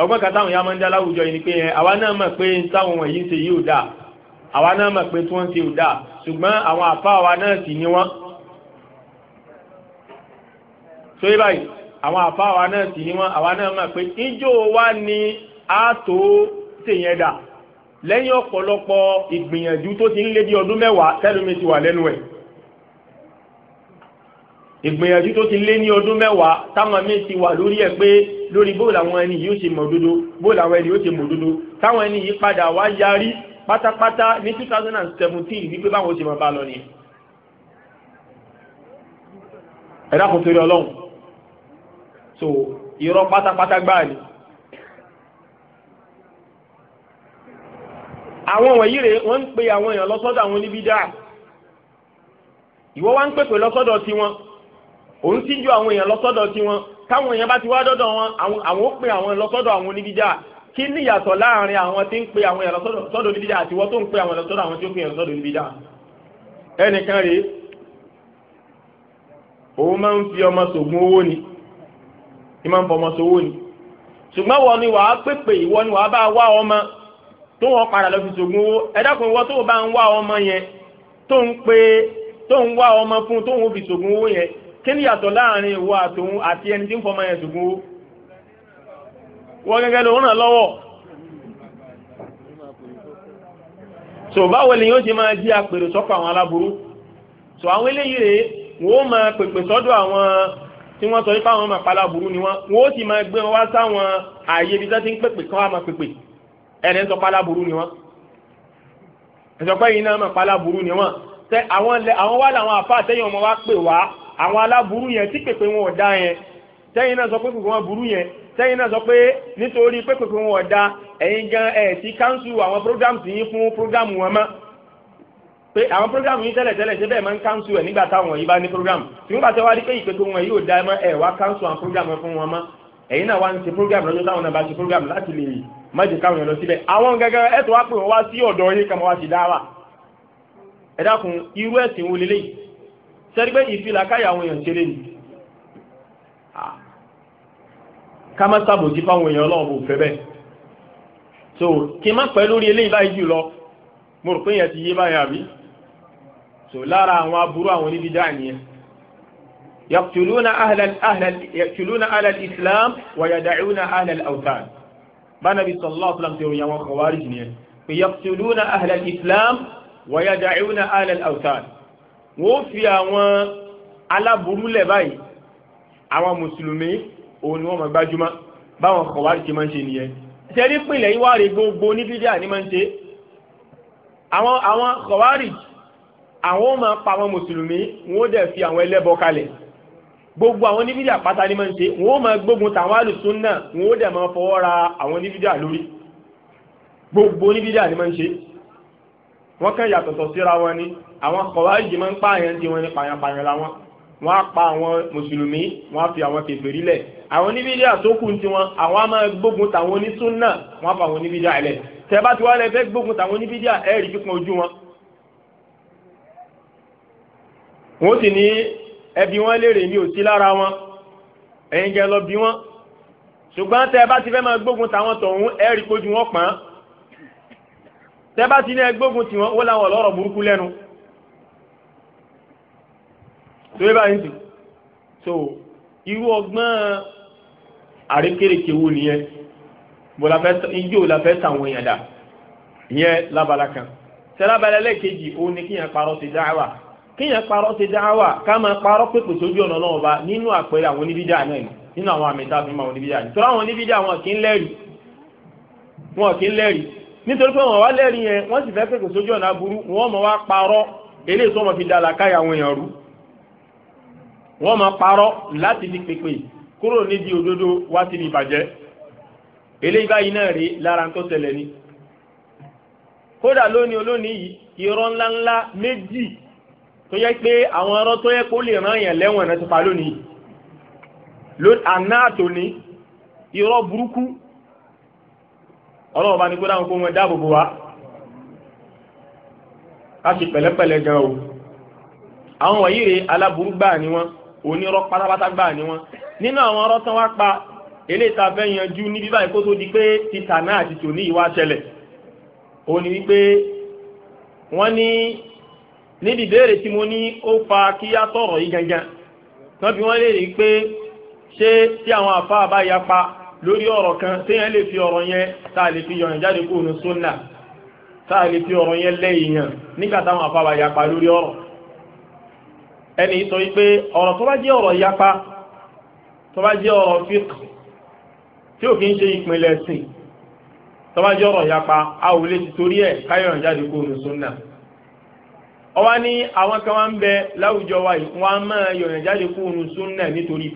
ọgbọ́n kan táwọn ya máa ń dá láwùjọ yìí ni pé àwa náà mọ̀ pé táwọn wọ̀nyí ń ṣe yìí ò dáa àwa náà mọ̀ pé tí wọ́n ń ṣe ò dáa ṣùgbọ́n àwọn àfáà náà sì ni wọ́n tó yé báyìí àwọn àfáà náà sì ni wọ́n àwa náà mọ̀ pé ijó wa ni a tó tèèyàn dà lẹ́yìn ọ̀pọ̀lọpọ̀ ìgbìyànjú tó ti ń lé di ọdún mẹ́wàá tẹ́lómi ti wà lẹ́nu ẹ̀ ìgbìyànjú tó ti lé ní ọdún mẹ́wàá táwọn míì ti wà lórí ẹ̀ pé lórí bóòlù àwọn ẹni yìí ó ṣe mọ̀ òdodo bóòlù àwọn ẹni yìí ó ṣe mọ̀ òdodo táwọn ẹni yìí padà wá yarí pátápátá ní two thousand and seventeen wípé báwọn ṣe máa bá lọ ni ẹ dákun torí ọlọ́run so irọ́ pátápátá gbáà ni. àwọn wọ̀nyí rèé wọ́n ń pe àwọn èèyàn lọ́sọ́dọ̀ àwọn oníbídà ìwọ wá ń pèpè lọ́sọ́dọ̀ tiwọn òun ti ju àwọn èèyàn lọ́sọ́dọ̀ tiwọn táwọn èèyàn bá ti wá dọ́dọ̀ wọn àwọn ò pe àwọn lọ́sọ́dọ̀ àwọn oníbídà kí ni ìyàtọ̀ láàrin àwọn tí ń pe àwọn ẹ̀rọ sọ́dọ̀ níbi dáa àti wọ́n tó ń pe àwọn ẹ̀rọ sọ́dọ̀ àwọn tí ó fi ẹ̀rọ sọ́dọ̀ níbi dáa ẹnìkan rèé fi ọmọ sògùn owó ni ị máa ń fọmọ sowó ni ṣùgbọ́n ni wàá pépè ìwọ ni wàá bá wá ọmọ tó padà fi sògùn owó ìwọ tó o yẹn tó ń pe tó ń wá ọmọ fún tó yẹn kí ni ìyàtọ̀ láàrin ìwọ àtòun àti yẹn sògùn owó wọ́n gẹ́gẹ́ ló ràn lọ́wọ́. so báwo ni yóò ṣe máa jí apèrè sọ́kọ̀ àwọn aláburú so àwọn eléyìí rèé wọ́n ó máa pèpè sọ́dọ̀ àwọn tí wọ́n sọ nípa àwọn màpá aláburú ni wọ́n wọ́n ó sì máa gbé wọn wá sáwọn ààyè ibi tó ti ń pèpè kán wá máa pèpè ẹ̀rẹ́ ń sọ pa aláburú ni wọ́n ẹ̀sọ́ pé yìí náà màpá aláburú ni wọ́n tẹ àwọn àwọn wà láwọn àfa àtẹ́yìn ọmọ wa pè wá àwọn aláburú yẹn tí pèpè wọn ò dá yẹn tẹ́yìn náà sọ pé pèpè wọn burú sẹ́yìn náà sọ pé nítorí pépè fún wọn ọ̀dà ẹ̀yin gan ẹ̀ ti káńsù àwọn programs yín fún program wọn mọ́ pé àwọn program yín tẹ́lẹ̀ tẹ́lẹ̀ ṣe bẹ́ẹ̀ máa ń káńsù ẹ̀ nígbà táwọn yìí bá ní program tí wọ́n bá tẹ́ wá rí pé ìpèkè wọn yóò dá mọ́ ẹ̀ wá káńsù àwọn program fún wọn mọ́ ẹ̀yin náà wá ń ṣe program lọ́jọ́ táwọn náà bá ṣe program láti lè má jẹ́ káwọn yẹn lọ síbẹ̀ àwọn gẹ́gẹ́ ẹ̀ tó wá pè wọ́n wá sí ọ̀dọ̀ yín kàmọ́ wá sí dáwà ẹ dákun irú ká má sàbòjì fáwọn èèyàn ọlọ́run kò fẹ́ bẹ́ẹ̀ so kí n má pẹ́ lórí eléyìí báyìí jù lọ mo rò pé yẹn ti yé báyìí àbí so lára àwọn aburú àwọn oníbi dáa nìyẹn yàtúlúna ahlal islam wà yàdàcúna ahlal awtan bánabi sallallahu alayhi wa sallam ti ròyìn àwọn khawarij nìyẹn pé yàtúlúna ahlal islam wà yàdàcúna ahlal wọ́n fi àwọn aláburú lẹ̀ báyìí àwọn mùsùlùmí òun ni wọ́n máa gbájúmọ́ báwọn kọ̀wárì ti máa ń ṣe nìyẹn tẹ́lí pínlẹ̀ yìí wá rè gbogbo ní fídíà ní máa ń ṣe àwọn àwọn kọ̀wárì àwọn máa pa àwọn mùsùlùmí wọn ó dẹ̀ fi àwọn ẹlẹ́bọ kalẹ̀ gbogbo àwọn ní fídíà pátá ní máa ń ṣe wọn ó máa gbógun tàwọn àlùsùn náà wọn ó dẹ̀ máa fọwọ́ ra àwọn ní fídíà lórí gbogbo ní fídíà ní máa ń ṣe wọ́n kàn yàtọ̀tọ̀ síra wọn ni àwọn kọ̀wárì yìí máa ń pààyàn ti wọn ní pààyàn pààyàn làwọn wọ́n á pa àwọn mùsùlùmí wọ́n á fi àwọn kèfèrí lẹ̀ àwọn oníbídíà tó kù ti wọn àwọn á máa gbógun tàwọn onísúnà wọ́n á fa àwọn oníbídíà lẹ̀ tẹ́bá tí wọ́n lẹ fẹ́ gbógun tàwọn oníbídíà ẹ̀ rí pípọn ojú wọn. wọ́n sì ní ẹbí wọn léèrè ní òsí lára wọn ẹ̀yin jẹ́ lọ bí wọn ṣùgbọ́n tẹ́bá ti fẹ́ máa gbógun tàwọn tọ̀hún ẹ̀ rí wọn pọ́n tẹ́bá ti ní ẹ tiwọn ó láwọn ọlọ́rọ̀ burúkú lẹ́nu lórí báyìí sì so irú ọgbọ́n àrékèrèké wo nìyẹn bó la fẹ́ ijó la fẹ́ tàwọn èèyàn dà ìyẹn lábala kan sẹ́lábala lẹ́ẹ̀kejì òun ni kíyàn parọ́ ti dáhàwà kíyàn parọ́ ti dáhàwà ká máa parọ́ pépè sójú ọ̀nà náà ọba nínú àpẹẹrẹ àwọn oníbídà náà ni nínú àwọn àmì tá a fi máa oníbídà ni torí àwọn oníbídà wọn kì í lẹ́rìí wọn kì í lẹ́rìí nítorí pé wọn wá lẹ́rìí yẹn wọ́n sì fẹ́ pépè sójú ọ̀nà aburú wọn mọ̀ wá parọ́ eléyìí tó wọn fi dá làkàyà àwọn èèyàn rú wọ́n máa parọ́ láti di pèpè kúrò níbi òdodo wá sí ibi ìbàjẹ́ eléyìí báyìí náà rí lára tó tẹ̀lẹ̀ ni kódà lónìí olónìí yìí irọ́ ńláńlá méjì tó yẹ pé àwọn ọ̀rọ̀ tó yẹ kó lè rán yẹn lẹ́wọ̀n náà ti pa lónìí àná àtòní irọ́ burúkú ọlọ́run bá ní kó dáhùn kó wọn dáàbò bò wá ká pẹ̀lẹ́pẹ̀lẹ́ gan o àwọn wọ̀nyí rèé aláburú ni wọ́n onírọ́ pátápátá gbà ní wọn nínú àwọn ọ̀rọ̀ tán wá pa eléyìí tá a fẹ́ yanjú ní bíbá yìí kó tó di pé títà náà àti tòní ìwà ṣẹlẹ̀ òun ni wípé wọ́n ní níbi ìbéèrè tí mo ní ó fa kí á sọ̀rọ̀ yìí gangan tán bí wọ́n lè rí pé ṣé tí àwọn àfa bá yapa lórí ọ̀rọ̀ kan téèyàn lè fi ọ̀rọ̀ yẹn tá a lè fi yọ̀yàn jáde kúrò ní sunna tá a lè fi ọ̀rọ̀ yẹn lẹ́yìn yàn nígbà táwọn àfa bá yapa lórí ọ̀rọ̀ ẹni sọ wípé ọ̀rọ̀ tó bá jẹ́ ọ̀rọ̀ yapa tó bá jẹ́ ọ̀rọ̀ tí ò kí ń ṣe ìpínlẹ̀ tó bá jẹ́ ọ̀rọ̀ yapa a ò lè ti torí ẹ̀ káyọ̀ràn jáde kó o awọn ọwá ní àwọn kan wá ń bẹ láwùjọ wa yìí wọ́n á máa yọ̀ràn jáde kó o nítorí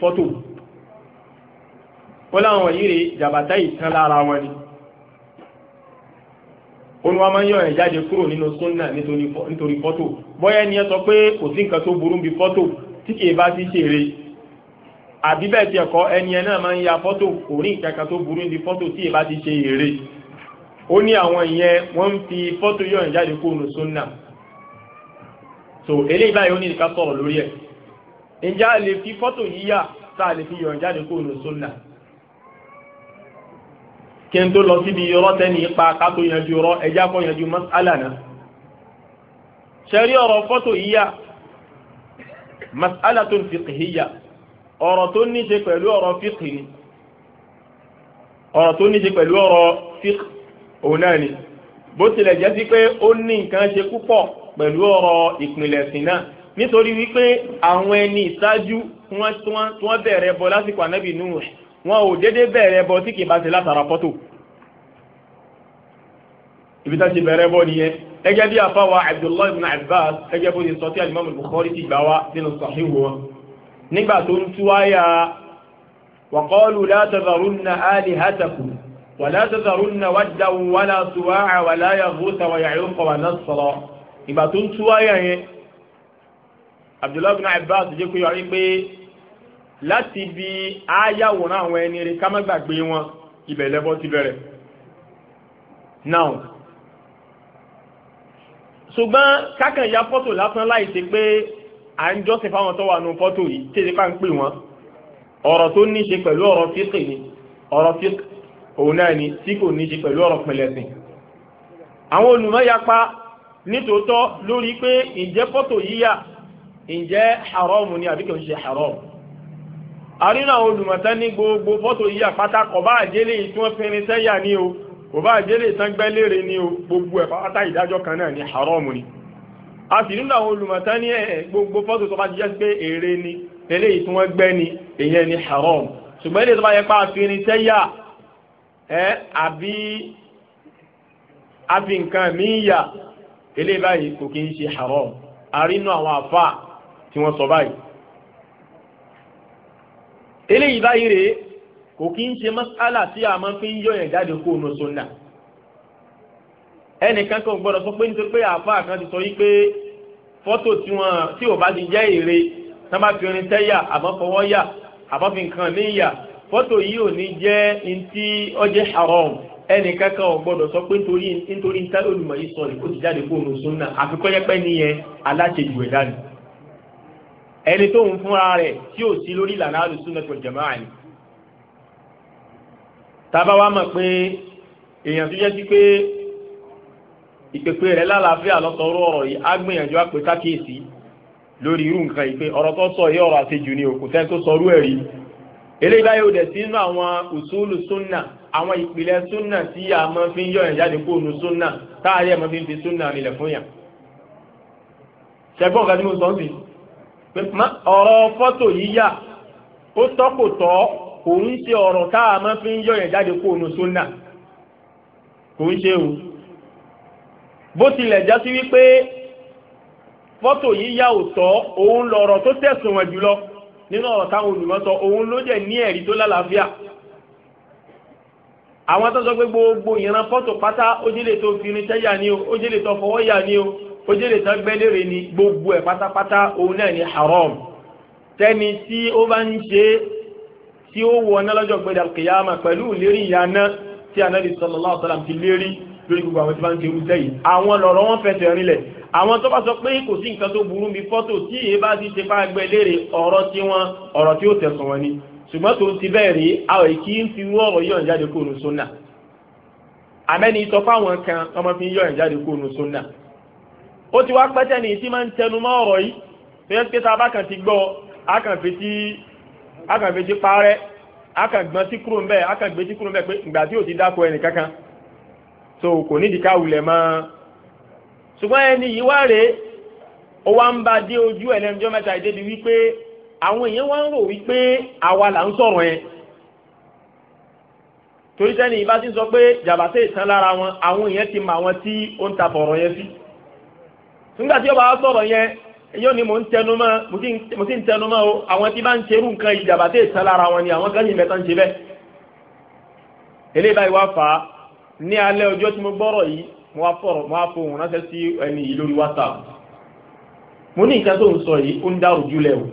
ó ní wọn máa ń yọ ẹ̀ jáde kúrò nínú súnà nítorí fọ́tò bóyá ẹni ẹ sọ pé kò sí nǹkan tó burú bí fọ́tò tí kì í bá ti ṣeré àbí bẹ́ẹ̀ tiẹ̀ kọ́ ẹni ẹ náà máa ń ya fọ́tò kò ní ìkẹ́kẹ́ tó burú bí fọ́tò tí kì í bá ti ṣe eré ó ní àwọn ìyẹn wọ́n ń fi fọ́tò yọ ẹ̀ jáde kúrò nínú súnà so eléyìí báyìí ó ní ìka sọ̀rọ̀ lórí ẹ̀ ǹjẹ́ a lè fi fọ́tò yíyà tá a lè kí n tó lọ síbi irọ́ tẹ́ni ipa kátó yanjú irọ́ ẹja kọ́ yanjú mas'ala náà ṣẹ̀rí ọ̀rọ̀ fọ́tò yíyá mas'ala tó ń fiqhiyya ọ̀rọ̀ tó ní ṣe pẹ̀lú ọ̀rọ̀ fiqh ni ọ̀rọ̀ tó ní ṣe pẹ̀lú ọ̀rọ̀ fiqh òun náà ni bó tilẹ̀ jẹ́ sí pé ó ní nǹkan ṣe púpọ̀ pẹ̀lú ọ̀rọ̀ ìpìlẹ̀ ẹ̀sìn náà nítorí wípé àwọn ẹni ìṣáájú tí wọ́n bẹ̀rẹ̀ bọ lásìkò ànábì Nuh wọn ò dédé bẹ̀rẹ̀ bọ tí kì í bá ṣe látara fọ́tò ibi tá ṣe bẹ̀rẹ̀ bọ nìyẹn ẹgẹ́ bí afáwa abdullahi ibn abbas ẹgẹ́ bó ṣe sọ tí alimami bukhari ti gbà wá nínú sahih wọn nígbà tó ń tú àyà wa qalu la tadharunna alihatakum wa la tadharunna waddan wa la suwa'a wa la yaghutha ìgbà tó ń tú àyà yẹn abdullahi ibn abbas jẹ́ kó yọrí pé láti ibi ayáwòrán àwọn ẹni rẹ̀ ká má gbàgbé wọn ibẹ̀ ti bẹ̀rẹ̀ now ṣùgbọ́n kákan ya fọ́tò lásán láì ṣe pé à ń jọ́sìn fáwọn tó wà nù fọ́tò yìí tètè pa ń pè wọ́n ọ̀rọ̀ tó ní ṣe pẹ̀lú ọ̀rọ̀ fíkì ni ọ̀rọ̀ fíkì òun náà ni tí kò ní ṣe pẹ̀lú ọ̀rọ̀ pẹ̀lẹ́sìn àwọn olùmọ̀ nítòótọ́ lórí pé ǹjẹ́ fọ́tò yíyà ǹjẹ́ haram ni àbí ń ṣe haram àrínà olùmọ̀tán ní gbogbo fọ́tò yíyà pátá kò bá àjẹlé tí wọ́n fi irin sẹ́yà ní o kò bá àjẹlé tán gbẹ́lére ní o gbogbo ẹ̀ pátá ìdájọ́ kan náà ní haramu ni a sì nínú àwọn olùmọ̀tán ní ẹ̀ gbogbo fọ́tò tó bá ti jẹ́ pé èrè ni eléyìí tí wọ́n ni èyàn ní haram ṣùgbọ́n eléyìí tó bá yẹ pa àfi irin sẹ́yà ẹ àbí àfi nǹkan míì eléyìí báyìí kò kí ń ṣe haram àrínà àwọn àfà tí wọ́n sọ báyìí eléyìí báyìí rèé kò kí ń ṣe mọ́sálà tí a máa fi ń yọ yẹn jáde kó nu sunna ẹnìkan kan gbọ́dọ̀ sọ pé nítorí pé àáfàá kan ti sọ yí pé fọ́tò tí wọ́n tí ò bá ti jẹ́ èrè tí wọ́n bá fi irin tẹ́yà àmọ́ fọwọ́ yà àmọ́ fi nǹkan níyà fọ́tò yìí ò ní jẹ́ ntí ọjẹ́ haram ẹnìkan kan gbọ́dọ̀ sọ pé nítorí nítorí ntálólùmọ̀ yìí sọ̀rọ̀ ó ti jáde kó nu sunna àfikọ́ yẹpẹ́ nìyẹn aláṣejù ẹ̀dá ni ẹni tó ń fúnra rẹ̀ tí ò sí lórí ìlànà al-sunnah wal jama'ah ni tábà wá mọ̀ pé èèyàn tó jẹ́ sí pé ìpèpè rẹ̀ lálàáfíà lọ́sọ̀rọ̀ ọ̀rọ̀ yìí á gbìyànjú àpè kákìsì lórí irú nǹkan yìí pé ọ̀rọ̀ tó sọ yìí ọ̀rọ̀ àṣejù ni òkú tẹ́ tó sọrú ẹ̀ rí eléyìí báyìí ó dẹ̀ sí inú àwọn usulu sunna àwọn ìpìlẹ̀ sunna tí a máa fi ń yọ ẹ̀ jáde kó nu sunna táàrí ẹ̀ máa fi ń fi sunna nílẹ̀ fún yàn ṣẹ́gbọ́n kan tí mo sọ ń sìn ọ̀rọ̀ fọ́tò yíyà ó tọ́kòtọ́ kò ń ṣe ọ̀rọ̀ tá a máa fi ń yọ̀yàn jáde kó onú súnà kò ń ṣe o bó tilẹ̀ já sí wípé fọ́tò yíyà ò tọ́ òun lọ̀rọ̀ tó tẹ̀sùn wọn jùlọ nínú ọ̀rọ̀ táwọn olùmọ̀ sọ òun ló dẹ̀ ní ẹ̀rí tó lálàáfíà àwọn tó pé gbogbo ìran fọ́tò pátá ó jẹ́lẹ̀ tó fi irinṣẹ́ yà ni o ó jẹ́lẹ̀ tó fọwọ́ yà ni o ojúlé tán gbẹ́lẹ́rẹ́ ni gbogbo ẹ̀ pátápátá òun náà ni haram tẹ́ni tí ó bá ń ṣe tí ó wọ ọ̀nà lọ́jọ́ gbẹ́dà kìyàmà pẹ̀lú ìlérí ìyáná tí anábì sallallahu alaihi wasallam ti lérí lórí gbogbo àwọn tí wọ́n ń ṣerú sẹ́yìn àwọn lọ̀rọ̀ wọn fẹsẹ̀ rinlẹ̀ àwọn tó bá sọ pé kò sí nǹkan tó burú bí fọ́tò tí èyí bá ti ṣe gbẹ́lẹ́rẹ́ ọ̀rọ̀ tí wọ́n ọ̀rọ̀ tí ó tẹ̀sán wọn ni ṣùgbọ́n tó ti bẹ́ẹ̀ rí àwọn èkì ń fi wọ́ọ̀rọ̀ yọ̀ jáde kó nu sunna àmẹ́ni sọ fáwọn kan ọmọ fi yọ̀ jáde kó nu sunna ó ti wá pẹ́tẹ́ ní tí máa ń tẹnu mọ́ ọ̀rọ̀ yìí tó yẹ pé tá a bá kàn ti gbọ́ akànfetí parẹ́ akàngbọ́n tí kúrò ń akàngbé tí kúrò ń pé ìgbà tí ò ti dákọ̀ ẹnì kankan so kò nídìí ká wulẹ̀ mọ́ ṣùgbọ́n ẹni yìí wá rèé ó wá ń ba dé ojú ẹ̀ lẹ́nu jọ́ mẹ́ta ìdébi wípé àwọn èèyàn wá ń rò wípé àwa là ń sọ̀rọ̀ yẹn torí sẹ́ni ìbá ti sọ pé jàbá sí ìtàn lára wọn àwọn èèyàn ti mọ àwọn tí ó ń ta fọ̀rọ̀ yẹn sí nígbà tí ọba sọ̀rọ̀ yẹn yóò ní mo ń tẹnu mọ́ mo sì ń tẹnu mọ́ o àwọn tí bá ń ṣerú nǹkan ìjàmbá tẹ̀ sá lára wọn ni àwọn kan yìí mẹ́ta ń ṣe bẹ́ẹ̀. eléyìí báyìí wá fà á ní alẹ́ ọjọ́ tí mo gbọ́rọ̀ yìí mo wá fọ̀rọ̀ mo wá fohùn ránṣẹ́ sí ẹni yìí lórí WhatsApp mo ní nǹkan tó ń sọ yìí ó ń dárò jùlẹ̀ o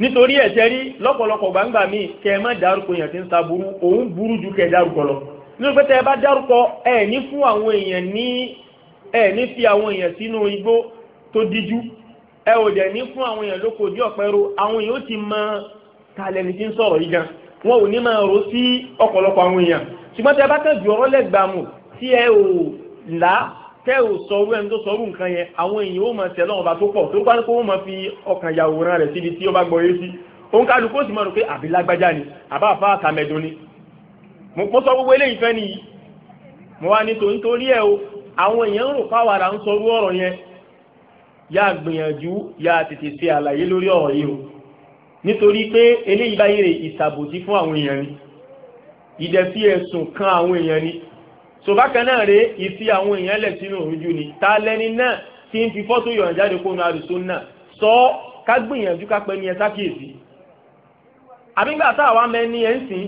nítorí ẹ̀sẹ̀ rí lọ́pọ̀lọpọ̀ gbangba mi kẹ́ ẹ má dárúkọ yẹn tí ń sa burú òun burú ju kẹ́ ẹ dárúkọ lọ nínú pé ẹ bá dárúkọ ẹ ní fún àwọn èèyàn ní ẹ ní fi àwọn èèyàn sínú igbó tó díjú ẹ ò dẹ̀ ní fún àwọn èèyàn lóko ojú ọ̀pẹ́rọ àwọn èèyàn ó ti mọ kalẹ̀ ní ti ń sọ̀rọ̀ yìí gan wọn ò ní máa rò sí ọ̀pọ̀lọpọ̀ àwọn èèyàn ṣùgbọ́n tẹ bá tẹ̀jú ọ̀rọ̀ lẹ́gbàmù tí ẹ ò là tẹ ò sọrú ẹni tó sọrú nǹkan yẹn àwọn èèyàn ó máa tẹ̀lé ọba tó pọ̀ tó bá ní kó wọ́n máa fi ọkàn yàwòrán rẹ̀ síbi tí ó bá gbọ́ yé sí òun kálukú ó sì máa rò pé àbí lágbájá ni àbá àfa àkàmẹ́dùn ni mo sọ gbogbo eléyìí fẹ́ nìyí mo wá ní tòun torí ẹ o àwọn èèyàn ń rò fáwàrà ń sọ orú ọ̀rọ̀ yẹn yá gbìyànjú yá tètè ṣe àlàyé lórí ọ̀rọ̀ yìí o nítorí pé eléyìí báyìí rè ìṣàbòsí fún àwọn èèyàn ni ìdẹ̀fí ẹ̀sùn kan àwọn èèyàn ni sòbákan náà rè ìfi àwọn èèyàn lẹ̀ sínú òrùjú ni ta lẹni náà tí ń fi fọ́tò yọ̀ràn jáde kó nu àdùsó náà sọ ká gbìyànjú ká pẹ́ ní ẹ sákìyèsí àbígbà táwa mẹ́ni ẹ̀ ń sìn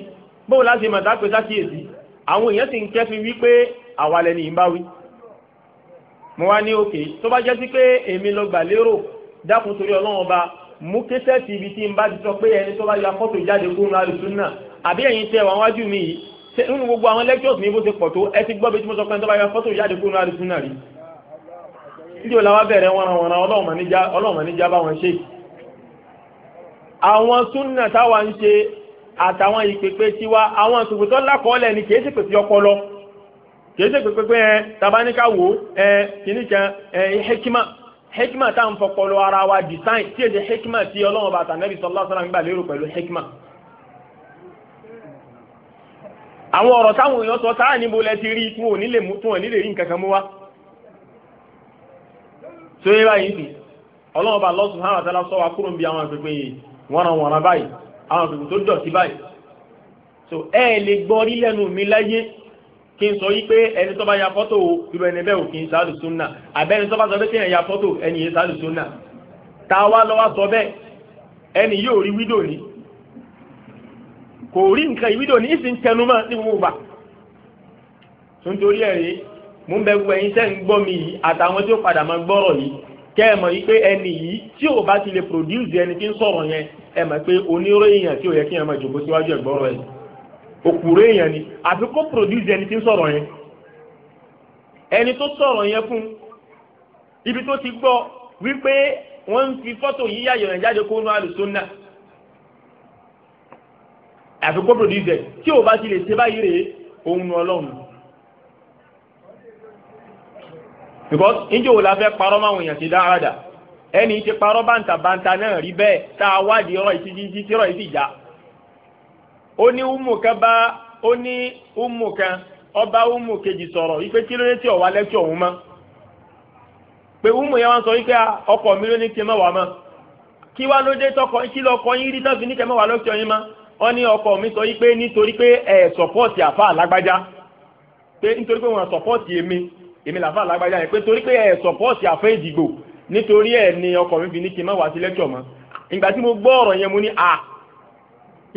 bóun láti mọ̀ tá sákìyèsí àwọn èèyàn sì ń kẹ́fin wípé àwa lẹni ìbáwí mo wá ní òkè tó bá jẹ́ sí pé èmi lọ gbà lérò dákun torí ọlọ́run ọba mú késẹ́ẹ̀tì ibi tí n bá ti sọ pé ẹni tó bá ya fọ́tò jáde kúrò alùsùn náà àbí ẹ̀yin tẹ wà wájú mi yìí nínú gbogbo àwọn lectures mi bó ṣe pọ̀ tó ẹ ti gbọ́ bí tí mo sọ pé ẹni tó bá ya fọ́tò jáde kúrò alùsùn náà rí ndí ò láwa bẹ̀rẹ̀ wọn àwọn ọlọ́run níjà bá wọn ṣe àwọn súnà táwa ń ṣe àtàwọn ìpèpè tiwa àwọn àtùkùtọ́ lákọọ́lẹ̀ ni kì í ṣèpèsè ọpọlọ kèéṣe pépépé ẹ tabanika wò ẹ kìíní kan ẹ hekima hekima ta à ara wa design si èdè hekima ti ọlọ́run bá tà nẹ́bí sallallahu alaihi wasallam hekima. àwọn ọ̀rọ̀ táwọn èèyàn sọ sáà níbo ti rí tún òní lè mú tún òní lè rí nǹkan mú wá. tó báyìí sì wa kúrò àwọn àgbègbè báyìí àwọn àgbègbè so lè kí n sọ yí pé ẹni tó bá ya fọ́tò irú ẹni bẹ́ẹ̀ ò kì í sáàlù súnà àbẹ́ni tó bá sọ pé kí ẹ̀yà fọ́tò ẹni yẹn sáàlù súnà tá a wá lọ wá sọ bẹ́ẹ̀ ẹni yóò rí wídò ní kò rí nǹkan ìwídò ní ìsìn tẹnumọ́ ní gbogbo gbà nítorí ẹ̀rí mú bẹ gbogbo ẹ̀yin tẹ́ ń gbọ́ mi yìí àtàwọn tí ó padà máa gbọ́rọ̀ yìí kẹ́ ẹ mọ̀ yìí pé ẹni yìí tí ò bá ti lè produce ẹni tí ń sọ̀rọ̀ yẹn ẹ mọ̀ pé oníròyìn yẹn tí ò yẹ kí ẹ máa jòkó síwájú ẹ̀ gbọ́rọ̀ ẹ̀ òkúrò èèyàn ni àfi kó produce ẹni tí ń sọ̀rọ̀ yẹn ẹni tó sọ̀rọ̀ yẹn fún ibi tó ti gbọ́ wípé wọ́n ń fi fọ́tò yìí yà yọ̀yàn kó nu àlùsọ́nà àfi kó produce ẹ̀ tí ò bá ti lè ṣe báyìí rèé òun nu ọlọ́run because níjẹ́ òun la fẹ́ parọ́ máwọn èèyàn ti dá ara dà ẹni tí parọ́ bàǹtà bàǹtà náà rí bẹ́ẹ̀ tá a wádìí ọ̀rọ̀ ìtìjì tí ọ̀rọ̀ ìtìjà ó ní umu kan ọba umu kejì sọrọ wípé kí ló dé tí ọ̀wá lẹ́kṣọ̀ òun mọ́ pé umu yẹn wá ń sọ wípé ah, ọkọ mi ló ní kí n má wà mọ́ kí wá ló dé tọkọ kí lọkọ yín rí tán fi ní wà ọkọ mi sọ wípé nítorí pé ẹ̀ sọ̀pọ̀tì àfa àlágbájá pé nítorí pé èmi èmi làfa àlágbájá yẹn pé torí ọkọ mi fi ní wà sí mọ́ ìgbà tí mo ah,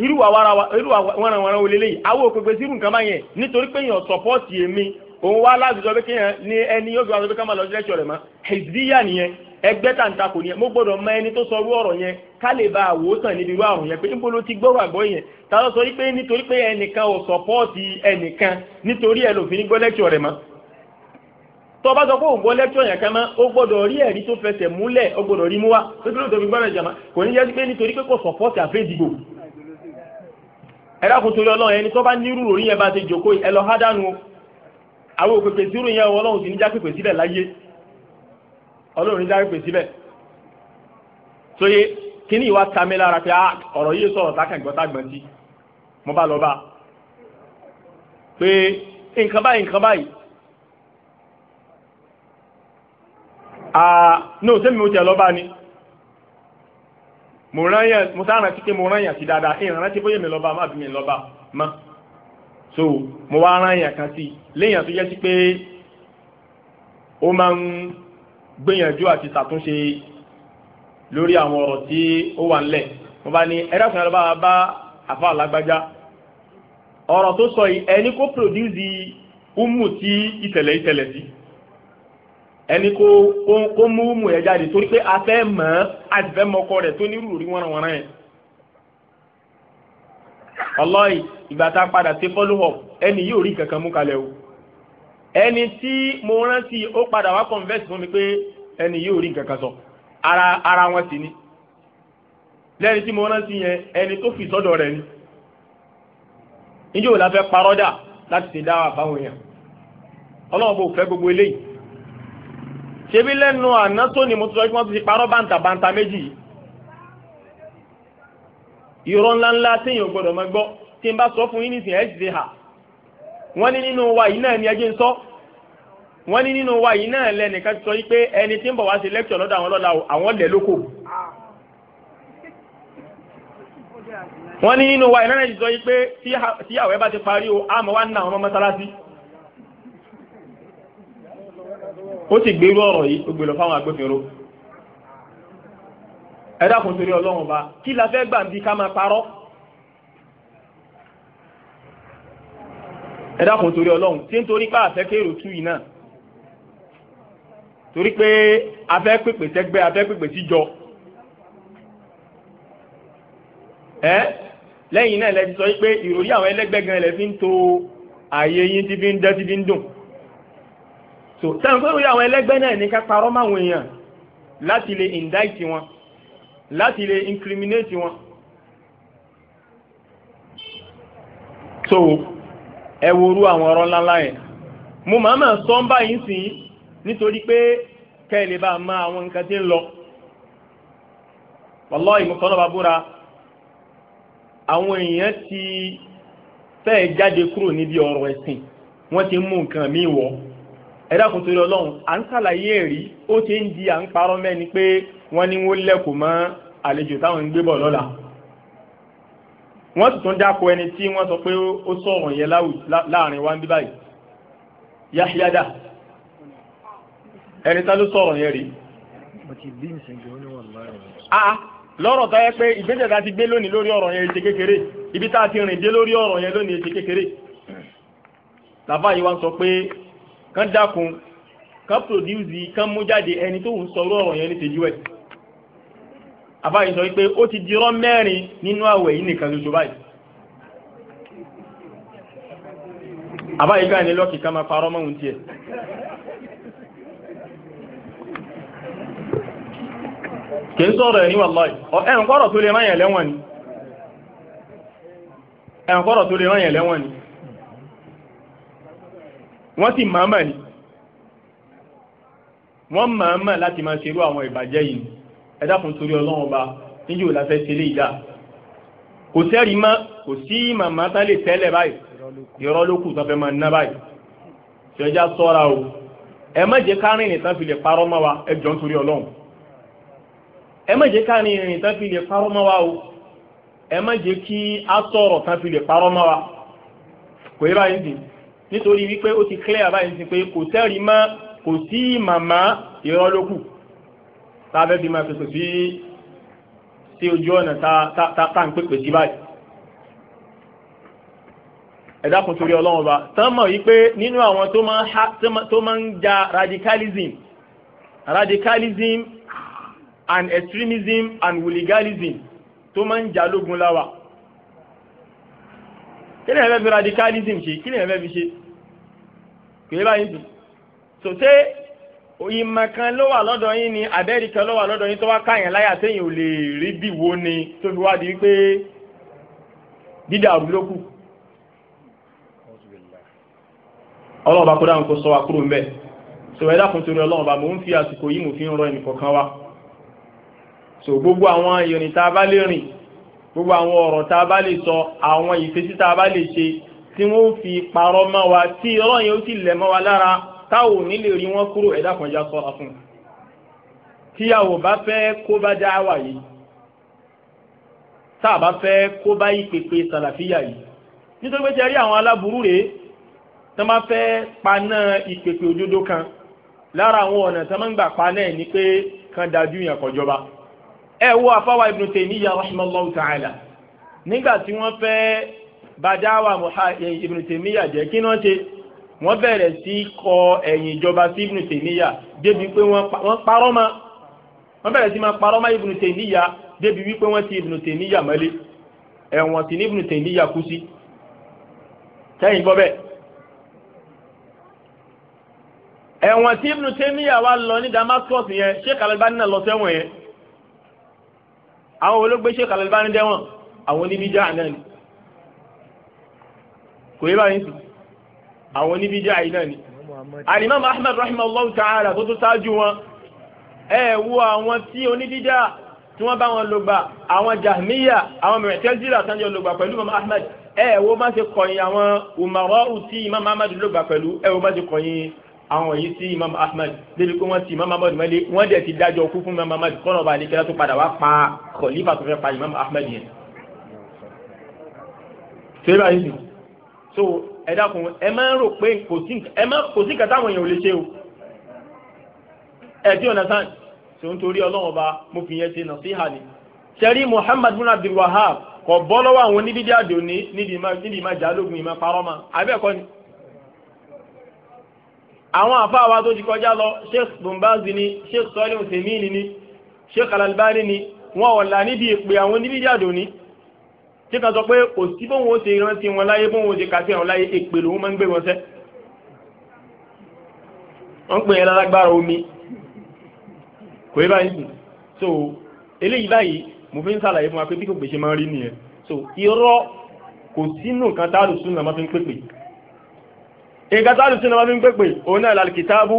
irú àwọn àwọn olè lẹ́yìn àwọn òpèpè sí irú nǹkan bá yẹn nítorí pé yẹn sọpọ́ọ̀tì èmi òun wá láwùjọ pé kéèyàn ní ẹni yóò fi wá sọ pé ká máa lọ sí lẹ́sọ̀ rẹ̀ mọ́ hezbiya nìyẹn ẹgbẹ́ tàǹtakò nìyẹn mo gbọ́dọ̀ mọ ẹni tó sọ irú ọ̀rọ̀ yẹn ká lè ba àwòsàn níbi irú àrùn yẹn pé níbo ló ti gbọ́rọ̀ àgbọ́ yẹn ta ló sọ pé nítorí pé ẹnìkan ò sọpọ́ọ̀tì ẹnìkan nítorí ẹ lòfin ní gbọ́ lẹ́sọ̀ rẹ̀ mọ́ tó bá sọ pé òun gbọ́ yẹn kan mọ́ gbọ́dọ̀ rí ẹ̀rí tó fẹsẹ̀ múlẹ̀ ẹ̀dákun torí ọlọ́run ẹni tó bá nírú òrí yẹn bá ti jòkó ẹ lọ hádánù àwọn òpèpè sírù yẹn ọlọ́run sì ní já pèpè síbẹ̀ láyé ọlọ́run ní já pèpè síbẹ̀ sóye kíní ìwà tami lára pé ah, ọ̀rọ̀ yìí sọ̀rọ̀ tákàgbọ́tàgbọ́n tí mo bá lọ bá pé nǹkan báyìí nǹkan báyìí ah no sẹ́mi mo tẹ̀ lọ ni mo ráyàn mo sáà rántí pé mo ráyàn sí dáadáa ìyàn rántí bóyá mi lọ́ba má bí mi lọ́ba mọ́ so mo wá ráyàn kan sí léèyàn tó yẹ sí pé ó máa ń gbìyànjú àti ṣàtúnṣe lórí àwọn ọ̀rọ̀ tí ó wà ńlẹ̀ mo bá ní ẹ̀rọ ìfúnná lọ́ba bá àfa àlágbájá ọ̀rọ̀ tó sọ yìí ẹni kó produce umu tí ìtẹ̀lẹ̀ ìtẹ̀lẹ̀ sí. Si ẹni kó kó mú mú ẹ jáde torí pé a fẹ́ mọ̀ ọ́ a sì fẹ́ mọ ọkọ rẹ̀ tó ní rúurí wọ́nranwọ́nran yẹn. ọlọ́ọ̀ì ìgbà tá a padà ṣe follow ẹni yóò rí kankan o ẹni tí mo rántí ó padà wá convert fún mi pé ẹni yóò rí kankan ara ara wọn ni lẹ́ni tí mo rántí yẹn ẹni tó fi sọ́dọ̀ rẹ̀ ni níjó la fẹ́ parọ́dà láti ṣe dáwà fáwọn ṣebí lẹ́nu àná tó ni mo ti sọ pé wọ́n ti parọ́ bàǹtà bàǹtà méjì yìí irọ́ ńláńlá téèyàn gbọ́dọ̀ máa gbọ́ tí n bá sọ fún yín nísìnyí ẹ̀ sì ṣe wọ́n ní nínú wa yìí náà ni ẹjẹ́ ń sọ wọ́n ní nínú wa yìí náà lẹ́nìkan ti sọ yìí pé ẹni tí ń bọ̀ wá sí lẹ́kṣọ̀ lọ́dọ̀ àwọn lọ́la àwọn lẹ̀ lóko wọ́n ní nínú wa yìí náà ti sọ yìí pé tíyàwó ẹ bá ti parí o àmọ́ wa ń na àwọn ọmọ ó sì gbérú ọ̀rọ̀ yìí ó gbé lọ fáwọn agbófinró ẹ dákun torí ọlọ́run ba kí la fẹ́ gbà ń bí ká máa parọ́ ẹ dákun torí ọlọ́run tí ń torí pé àfẹ́kẹ́rò tú yìí náà torí pé afẹ́ pèpè sẹ́gbẹ́ afẹ́ pèpè síjọ ẹ lẹ́yìn náà lẹ ti sọ pé ìròrí àwọn ẹlẹ́gbẹ́ gan lẹ fi ń to ààyè yín ti fi ń dẹ́ ti fi ń dùn so sẹ́yìn tó lóye àwọn ẹlẹ́gbẹ́ náà ní ká parọ́ máwọn èèyàn láti lè indict wọn láti lè incriminate wọn. so ẹ worú àwọn ọ̀rọ̀ ńláńlá yẹn mo máa ma sọ ń báyìí sí nítorí pé kẹ́ ẹ lè bá a máa àwọn nǹkan tí ń lọ wàláhì ìmọ̀sọ́nà bá búra àwọn èèyàn ti fẹ́ẹ̀ jáde kúrò níbi ọ̀rọ̀ ẹ̀sìn wọ́n ti mú nǹkan míì wọ̀ ọ́ ẹ̀dá kò torí ọlọ́run à ń sàlàyé ẹ̀rí ó ti ń di à ń parọ́ mẹ́ni pé wọ́n ní wọ́n lẹ́kọ̀ọ́ mọ́ àlejò táwọn ń gbé bọ̀ lọ́la wọ́n sì tún dáko ẹni tí wọ́n sọ pé ó sọ̀rọ̀ yẹn láàrin wa ń bí báyìí yáyádà ẹni tá ló sọ̀rọ̀ yẹn rí. a lọ́rọ̀ tó yẹ pé ìgbésẹ̀ tá a ti gbé lónìí lórí ọ̀rọ̀ yẹn ti kékeré ibi tá a ti rìn dé lórí ọ̀rọ̀ yẹn lónìí ti kékeré làbáyé wa sọ pé kan dákun kan pòdúsì kan mú jáde ẹni tó ń sọ̀rọ̀ ọ̀rọ̀ yẹn ní tèjú ẹ̀ àbáyé sọ ó ti dirọ́ mẹ́rin nínú àwẹ̀ yìí nìkan ṣoṣo báyìí àbáyé ká ní lọ́kì ká máa parọ́ mọ́hun tiẹ̀ kì ń sọ̀rọ̀ ẹ̀ ní wàláì ẹ̀ǹkọ́rọ̀ tó lè ráyẹ̀ lẹ́wọ̀n ni wọ́n sì mọ̀ọ́mọ̀ ni wọ́n mọ̀ọ́mọ̀ láti máa ṣerú àwọn ìbàjẹ́ yìí ẹ dákun torí ọlọ́run ọba níjẹ́ òun láfẹ́ ṣe lè dá kò sẹ́rí mọ́ kò sí màmá tán lè tẹ́lẹ̀ báyìí irọ́ ló kù tán fẹ́ máa ná báyìí ṣẹjá sọ́ra o ẹ má jẹ́ ká rìnrìn tán fi lè parọ́ mọ́ wa ẹ jọ ń torí ọlọ́run ẹ má jẹ́ ká rìnrìn tán fi lè parọ́ mọ́ wa o ẹ má jẹ́ kí á sọ̀rọ̀ tán fi lè parọ́ mọ́ wa kò yẹ báyìí nìyí nítorí wípé ó ti clear báyìí sí pé kò sẹ́rìí mọ́ kò sí màmá irọ́ ló kù tábẹ́ bí máa pèpè sí sí ojú ọ̀nà tá à ń pèpè sí báyìí ẹ̀dá kun torí ọlọ́run ọba tán mọ̀ wípé nínú àwọn tó máa ń ja radicalism radicalism and extremism and hooliganism tó máa ń jà lógun láwà kí ni ẹ̀fẹ́ fi radicalism ṣe kí ni ẹ̀fẹ́ fi ṣe kò yẹ báyìí dùn so ṣé ìmọ̀ kan ló wà lọ́dọ̀ yín ni abẹ́rì kan ló wà lọ́dọ̀ yín tó wá káyàn láyà téèyàn ò lè rí bí wo ni tó fi wá di pé dídàrú ló ọlọ́ọ̀bá kó dáhùn kó sọ wa kúrò ń bẹ̀ so ẹ dákun torí ọlọ́ọ̀bá mò ń fi àsìkò yìí mò fi ń rọ ẹnì kọ̀ọ̀kan wa so gbogbo àwọn ìrìn tá a bá lè rìn gbogbo àwọn ọ̀rọ̀ tá a bá lè sọ àwọn ìfesí tá a bá lè ṣe tí wọ́n fi parọ́ mọ́ wa tí ọlọ́run yẹn ó sì lẹ̀ mọ́ wa lára táwọn ò ní lè rí wọn kúrò ẹ̀dá kan já sọ́ra fún un tíyàwó bá fẹ́ kó bá dá wà yìí tá a bá fẹ́ kó bá ìpèpè sàlàfíà yìí nítorí pé ti rí àwọn aláburú rèé tí wọ́n bá fẹ́ paná ìpèpè òdodo kan lára àwọn ọ̀nà tí wọ́n ń gbà paná ẹ̀ ni pé kan dájú yẹn kọjọba ẹ wo àfáwà Ibn Taymiyyah Allahu ta'ala nígbà tí wọ́n fẹ́ bàdáwà Ibn Taymiyyah jẹ́ kí wọ́n ṣe wọ́n bẹ̀rẹ̀ sí kọ ẹ̀yìn ìjọba sí Ibn Taymiyyah débi pé wọ́n parọ́ ma wọ́n bẹ̀rẹ̀ sí ma parọ́ ma Ibn Taymiyyah débi wípé wọ́n ti Ibn Taymiyyah mọ́lé ẹ̀wọ̀n tí ní Ibn Taymiyyah kú sí sẹ́yìn gbọ́ bẹ́ẹ̀ ẹ̀wọ̀n tí Ibn Taymiyyah wá lọ ní Damascus yẹn Sheikh al náà lọ sẹ́wọ̀n yẹn àwọn olóògbé Sheikh Al-Albani dẹ́wọ̀n àwọn oníbíjà náà ni kò yé báyìí sí àwọn oníbíjà yìí náà ni alimam ahmed rahimahullah ta'ala tó tó ṣáájú wọn ẹ wo àwọn tí oníbíjà tí wọ́n bá wọn lò gbà àwọn jahmiya àwọn mẹ̀tẹ́sílà tán jọ lò gbà pẹ̀lú imam ahmed ẹ wo má ṣe kọ̀yìn àwọn umarọ́ ti imam ahmed lò gbà pẹ̀lú ẹ wo má ṣe kọ̀yìn àwọn yìí sí imam ahmed débi pé wọ́n ti imam ahmed mẹ́lẹ̀ wọ́n dẹ̀ ti dájọ́ kú fún imam ahmed kọ́nà ọba àdékẹ́lá tó padà wá pa khalifa tó fẹ́ pa imam ahmed yẹn. ṣé báyìí nì so ẹ dákun ẹ máa ń rò pé kò sí ẹ máa kò sí kàtà àwọn èèyàn ò lè ṣe o ẹ ti ọ̀nà sàn ṣò ń torí ọlọ́run ọba mo fi yẹn ṣe nà sí hàní. sẹ́rí muhammad bin abdul wahab kò bọ́ lọ́wọ́ àwọn onídìdí àdó ní nídìí má jálógun ìmọ̀ parọ́ ma àbẹ́ẹ̀kọ́ ni àwọn àfáàwá tó ti kọjá lọ sheikh bumbazi ni sheikh sọ́lẹ̀ òsèmíìnì ni sheikh alalbani ni wọn ò là níbi ìpè àwọn oníbíjàdò ni tí kan sọ pé kò sí bóun ó ṣe rántí wọn láyé bóun ó ṣe kàtí àwọn láyé èpè lòun máa ń gbé wọn sẹ́ wọ́n pè é lálágbára omi kò yẹ báyìí so eléyìí báyìí mo fi ń ṣàlàyé fún wa pé bí kò gbèsè máa ń rí nìyẹn so irọ́ kò sínú nǹkan tá a lò sínú àmọ́ fi ń pèpè nǹkan táàlù sínú wọn fi ń pèpè òun náà lálkìtàbù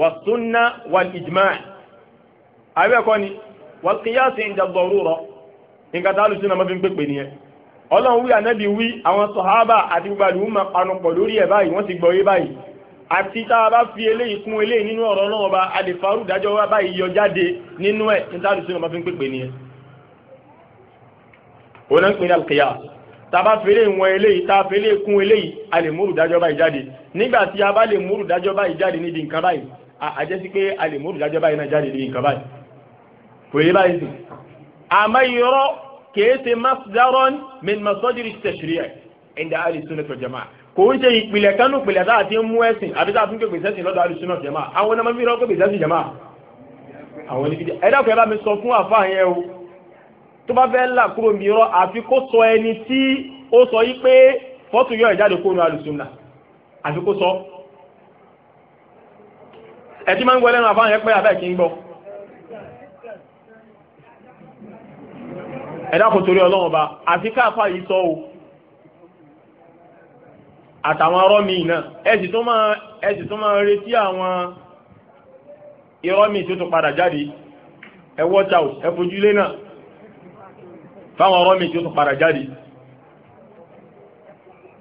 wà súnà wà ìjìmá àbẹ́ ẹ̀kọ́ ni wà kíyàsí ìjàgbọ̀rú rọ nǹkan táàlù sínú wọn fi ń pèpè nìyẹn ọlọ́run wí ànábì wí àwọn sọ̀hábà àti gbogbo àdìmú máa panu pọ̀ lórí ẹ̀ báyìí wọ́n ti gbọ́ yé báyìí àti tá a bá fi eléyìí kún eléyìí nínú ọ̀rọ̀ náà ọba àdìfarú ìdájọ́ wa báyìí yọ jáde nínú ẹ̀ nítorí sínú ọmọ fi ń pèpè nìyẹn tàbá fèrè wọn eléyìí tá a fèrè kún eléyìí a lè múrù dájọ́ báyìí jáde nígbà tí a bá lè múrù dájọ́ báyìí jáde níbi nǹkan báyìí a jẹ́ sí pé a lè múrù dájọ́ báyìí náà jáde níbi nǹkan báyìí kò yé báyìí sùn. àmọ́ irọ́ kìí ṣe masdaron min masodiri tashri'i inda ahli sunnah wal jamaa kò ń ṣe ìpìlẹ̀ kanú ìpìlẹ̀ tá a ti mú ẹ̀sìn àbí tá a tún pè pèsè lọ́dọ̀ ahli sunnah wal àwọn ọmọ mi rọ́ pè pèsè ẹ̀sìn àwọn ẹ̀dá kò tó bá fẹ́ là kúrò mìíràn àfi kó sọ ẹni tí ó sọ yí pé fọ́tò yọ ìjáde kó nu alùsùnà àfi kó sọ. ẹtí máa ń gbọ́ lẹ́nu àfáwọn yẹn pé abẹ́ gbọ́. torí ọlọ́run ọba àfi yìí sọ o àtàwọn arọ mi náà máa máa retí àwọn tó tún padà jáde fáwọn ọ̀rọ̀ mi tí ó tún padà jáde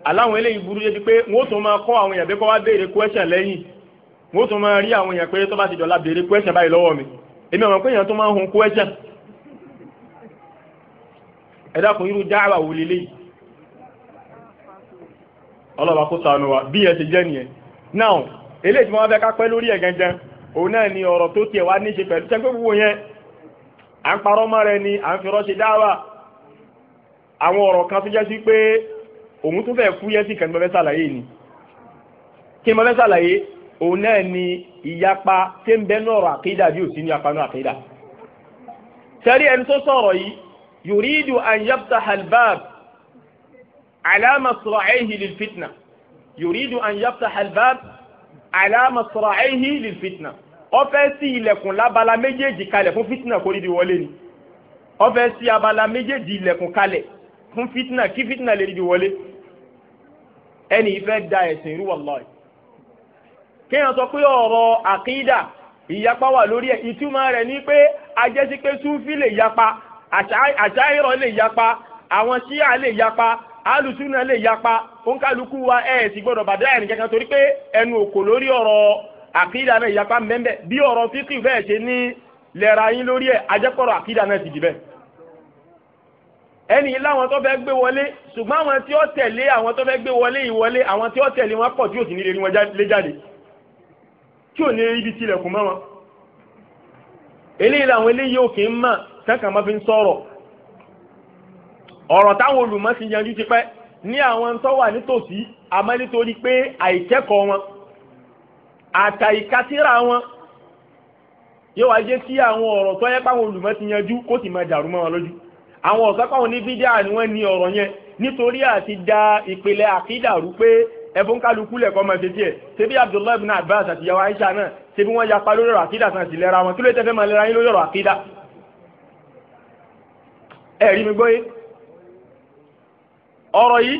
aláwọn eléyìí burú yé ti pé kọ tún máa kọ́ àwọn èèyàn pé kọ́ wá béèrè question lẹ́yìn wọ́n tún máa rí àwọn èèyàn pé tó bá ti dọ̀la béèrè question báyìí lọ́wọ́ mi èmi àwọn pé èèyàn tó máa ń hun question ẹ dákun irú dáhàwá wò lélẹ́yìí ọlọ́ba kó sànù wa bí ẹ ti jẹ́ nìyẹn now eléyìí tí wọ́n fẹ́ ká pẹ́ lórí ẹ̀ òun náà ni ọ̀rọ̀ tó tiẹ̀ wá níṣe pẹ̀lú gbogbo yẹn à ń parọ́ mọ́ rẹ àwọn ọ̀rọ̀ kan tó jẹ́ sí pé òun tó fẹ́ fúyẹ́ sí kẹ́ni mọ́fẹ́ sàlàyé ni kí mọ́fẹ́ sàlàyé òun náà ni ìyapa tí ń bẹ́nu ọ̀rọ̀ àkídà bí ò sí ní apanú àkídà sẹ́rí ẹni tó sọ̀rọ̀ yìí yuridu an yaftaha al-bab ala masra'ihi lil fitna yuridu an yaftaha al-bab ala fitna ó fẹ́ ilẹ̀kùn lábala méjèèjì kalẹ̀ fún fitna kórìdì wọlé ni ó fẹ́ abala méjèèjì ilẹ̀kùn kalẹ̀ fún fitna kí fitna lè ríbi wọlé ẹni ìfẹ́ da ẹ̀sìn irú wallahi kéèyàn sọ pé ọ̀rọ̀ àkídà ìyapa wà lórí ẹ̀ ìtumọ̀ rẹ̀ ni pé ajẹ́sí pé súfì lè yapa àṣàyẹ̀rọ̀ lè yapa àwọn ṣíà lè yapa alùsùnà lè yapa òǹkàlùkù wa ẹ̀ sì gbọ́dọ̀ bàdá ẹ̀rìn kankan torí pé ẹnu òkò lórí ọ̀rọ̀ àkídà náà ìyapa mẹ́mbẹ́ bí ọ̀rọ̀ fíkì bẹ́ẹ̀ ṣe ní lẹ́ra yín lórí ẹ̀ ajẹ́pọ̀rọ̀ àkídà náà ti dì bẹ́ẹ̀ ẹni láwọn tó fẹ́ gbé wọlé ṣùgbọ́n àwọn tí ó tẹ̀lé àwọn tó fẹ́ gbé wọlé ìwọlé àwọn tí ó tẹ̀lé wọn pọ̀ tí ò sì ní lè rí wọn lé jáde tí ò ní ibi tilẹ̀kùn mọ́ wọn. eléyìí làwọn eléyìí ò kì í mọ̀ kankan máa fi ń sọ̀rọ̀ ọ̀rọ̀ táwọn olùmọ̀ ti yanjú ti pẹ́ ní àwọn tó wà nítòsí àmọ́ nítorí pé àìkẹ́kọ̀ọ́ wọn àtàìkátírà wọn yóò wá sí àwọn ọ̀rọ̀ tó yẹ àwọn ọ̀sánkọ́ wọn ní bídíà ni wọ́n ní ọ̀rọ̀ yẹn nítorí àti da ìpìlẹ̀ àkídà rú pé ẹ̀bùn kálukú lẹ̀kọ́ máa ṣe tiẹ̀ ṣebí Abdullahi ibn Abbas àti yawa Aisha náà ṣebí wọ́n yapa lórí ọ̀rọ̀ àkídà sàn sí lẹ́ra wọn kí ló tẹ́ fẹ́ máa lẹ́ra yín lórí ọ̀rọ̀ àkídà ẹ̀rí mi gbóyé ọ̀rọ̀ yìí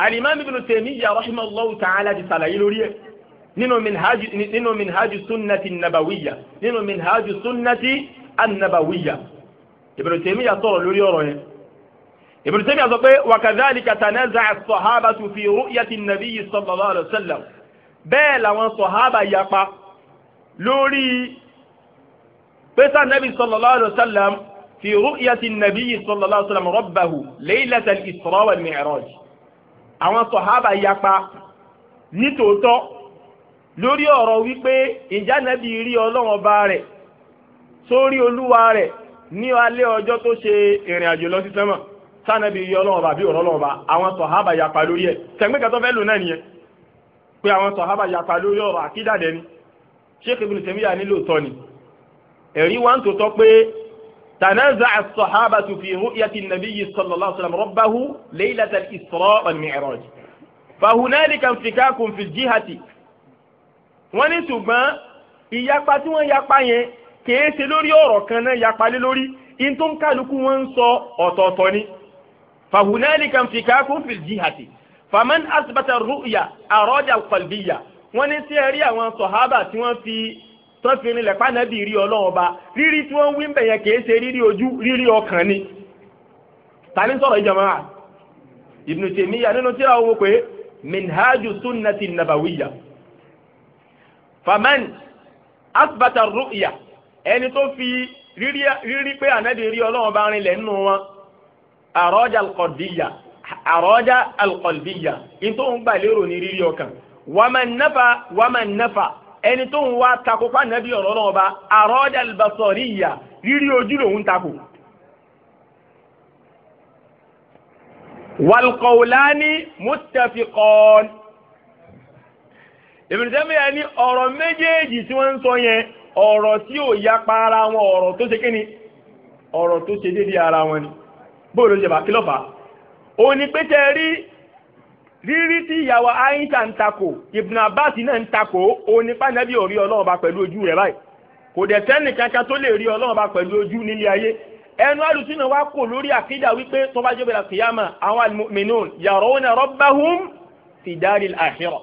Al-Imam Ibn Taymiyyah rahimahullahu ta'ala ti sàlàyé lórí ẹ̀ nínú minhaju nínú sunnati nabawiyya nínú minhaju sunnati annabawiyya Ibn Taymiyyah sọ̀rọ̀ lórí ọ̀rọ̀ yẹn Ibn Taymiyyah sọ pé wa kadhalika tanaza'a as-sahabatu fi ru'yati an-nabiy sallallahu alayhi wa sallam bẹ́ẹ̀ làwọn sọ̀hábà yapa lórí pẹ́sà nàbí sallallahu alayhi wa sallam fi ru'yati an-nabiy sallallahu alayhi wa sallam rabbahu laylata al-isra wal-mi'raj àwọn sọ̀hábà sórí olúwa rẹ̀ ní alẹ́ ọjọ́ tó ṣe ìrìn àjò lọ sí sẹ́mọ̀ sànàbí iye ọlọ́run bá bí ọ̀rọ̀ ọlọ́run bá àwọn sọ̀hábà yapa lórí ẹ̀ tẹ̀gbẹ́ka tó fẹ́ lò náà nìyẹn pé àwọn sọ̀hábà yapa lórí ọ̀rọ̀ àkídàdẹ ni Sheikh Ibn Taymiyyah nílò tọ́ ni ẹ̀rí wa ń tòótọ́ pé تنازع الصحابة في رؤية النبي صلى الله عليه وسلم ربه ليلة الإسراء والمعراج فهنالك انفكاك في الجهة wọ́n ní ṣùgbọ́n kèé ṣe lórí ọ̀rọ̀ kan náà yapalé lórí in tó ń kálukú wọn ń sọ ọ̀tọ̀ọ̀tọ̀ ni fahunalika infikakun fil jihati faman asibata ru'ya arada qalbiya wọ́n ní sí ẹ̀rí àwọn sọ̀hábà tí wọ́n fi tán fi rinlẹ̀ rí ọlọ́run ọba rírí tí wọ́n wí ń bẹ̀yẹn kèé ṣe rírí ojú rírí ọkàn ni tani sọ̀rọ̀ ìjọba wa Ibn Taymiyyah nínú tíra owó pé minhaju sunnati nabawiyya faman asibata ru'ya ẹni tó fi rírí pé ànábì rí ọlọ́run bá rinlẹ̀ nínú wọn àrọ́jà alkọ̀díyà àrọ́jà alkọ̀díyà ní tó ń gbà lérò ní rírí ọkàn wàmà nàfà wàmà nàfà ẹni tó ń wá takò fún ànábì ọ̀rọ̀ ọlọ́run bá àrọ́jà albasọ̀ríyà rírí ojú lòun takò. walqawlani muttafiqan Ibn Taymiyyah ní ọ̀rọ̀ méjèèjì tí wọ́n ń sọ yẹn ọ̀rọ̀ tí ò yapa ara wọn ọ̀rọ̀ tó ṣe kíni ọ̀rọ̀ tó ṣe dédé ara wọn ni bóòlù ṣe bá kí lọ́fà ó ní pé tẹ́ rí rírí tí ìyàwó Aisha ń takò Ibn Abbas náà ń takò ó ní pàǹdàbí ò rí ọlọ́run bá pẹ̀lú ojú rẹ̀ báyìí kò dẹ̀ tẹ́nì kankan tó lè rí ọlọ́run bá pẹ̀lú ojú nílé ayé ẹnu alùsùnà wa kò lórí àkídà wípé tó bá jẹ́ bẹ̀rẹ̀ kìyàmà àwọn al-mu'minun yarawna rabbahum fi daril akhirah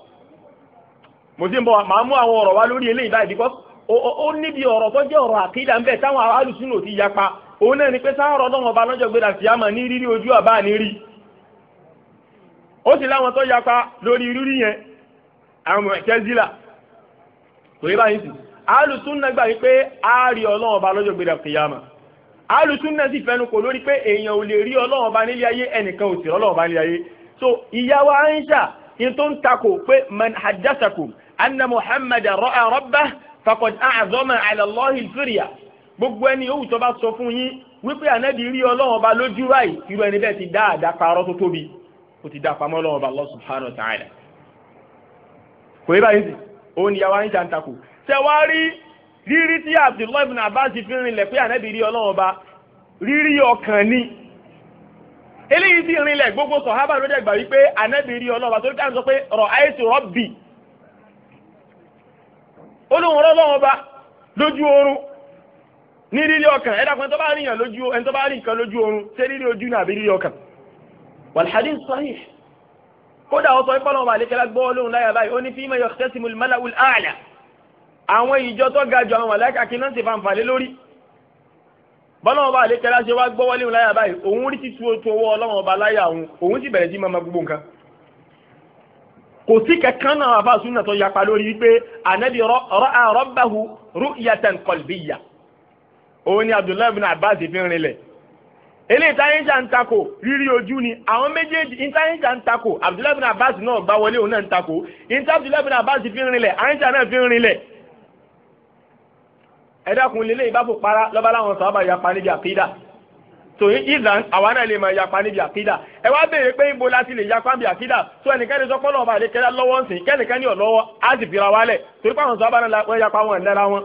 mo ti ń bọ̀ màá mú àwọn ọ̀rọ̀ wa lórí eléyìí báyìí because ó níbi ọ̀rọ̀ tó jẹ́ ọ̀rọ̀ àkídà ń bẹ̀ táwọn aráàlú sínú ò ti yapa òun náà ni pé sáwọn ọ̀rọ̀ náà ọba lọ́jọ́ gbéra sí àmọ́ ní rírí ojú àbá ní rí ó sì láwọn tó yapa lórí rírí yẹn àwọn Mu'tazila kò yẹ báyìí sí aráàlú náà gbà wípé a rí ọlọ́run ọba lọ́jọ́ gbéra sí àmọ́ aráàlú náà sì fẹnu kò lórí pé èèyàn ò lè rí ọlọ́run ọba nílé ayé ẹnìkan ò sì so ìyàwó Aisha in tó ń takò pé man hajjasakum anna fakọd àzọmọ àìlọlọhìn fìrìyà gbogbo ẹni yòówù tó bá sọ fún yín wípé ànábì rí ọba lójú ráì irú ẹni bẹ́ẹ̀ ti dá àdá tó tóbi ti dá pamọ́ ọba Allah subhanahu wa kò yẹ báyìí òun ni yàrá níta ń takò tẹwárí rírí tí Abdullahi ibn Abbas fi rinlẹ̀ pé rí ni eléyìí ti rinlẹ̀ gbogbo sọ̀hábà ló dẹ̀ gbà wípé rí olóhùn ọlọ́wọ́n ba lójú oorun ní rírí ọkàn ẹ dákun ẹni tó bá rí yàn lójú ẹni tó bá rí nǹkan lójú oorun ṣé rírí ojú ni àbí rírí ọkàn wàlhàdí sahih kódà ó sọ pé fọlọ́wọ́n àlékẹ́lá gbọ́ olóhùn láyà báyìí ó ní fíìmù ẹ̀yọ tẹ́símù mẹ́láwùl àlà àwọn ìjọ tó ga jù àwọn màláíkà kí náà ṣe fanfà lé lórí bọ́lọ́wọ́n bá àlékẹ́lá ṣe wá gbọ́ wọlé láyà báyìí òun rí títú owó ọlọ́wọ́n ọba láyà òun òun sì bẹ̀rẹ̀ sí máa gbogbo nǹkan kò sí kankan náà àfa sunna tó yapa lórí wípé anabi ra'a rabbahu ru'yatan qalbiyya òun ni abdullahi bin abbas fi ń rinlẹ̀ eléyìí táyéjà ń takò rírí ojú ni àwọn méjèèjì táyéjà ń takò abdullahi bin abbas náà gbá wọlé òun náà ń takò ìta abdullahi bin abbas fi ń rinlẹ̀ àyíjà náà fi rinlẹ̀ ẹ̀dá kun lélẹ́yìn bá fò para lọ́ba láwọn sábà yapa níbi àkídà tòyí ìlànà àwa náà lè máa yapa níbi àkídà ẹ wá béèrè pé ibo láti lè yapa níbi àkídà tó ẹnikẹ́ni sọ pọ́nlọ́ ọba àlékẹ́lá lọ́wọ́ ń sìn kẹ́nikẹ́ni ọ̀lọ́wọ́ á sì fira wálẹ̀ torí pé àwọn sábà náà wọ́n yapa wọn ẹ̀dára wọn.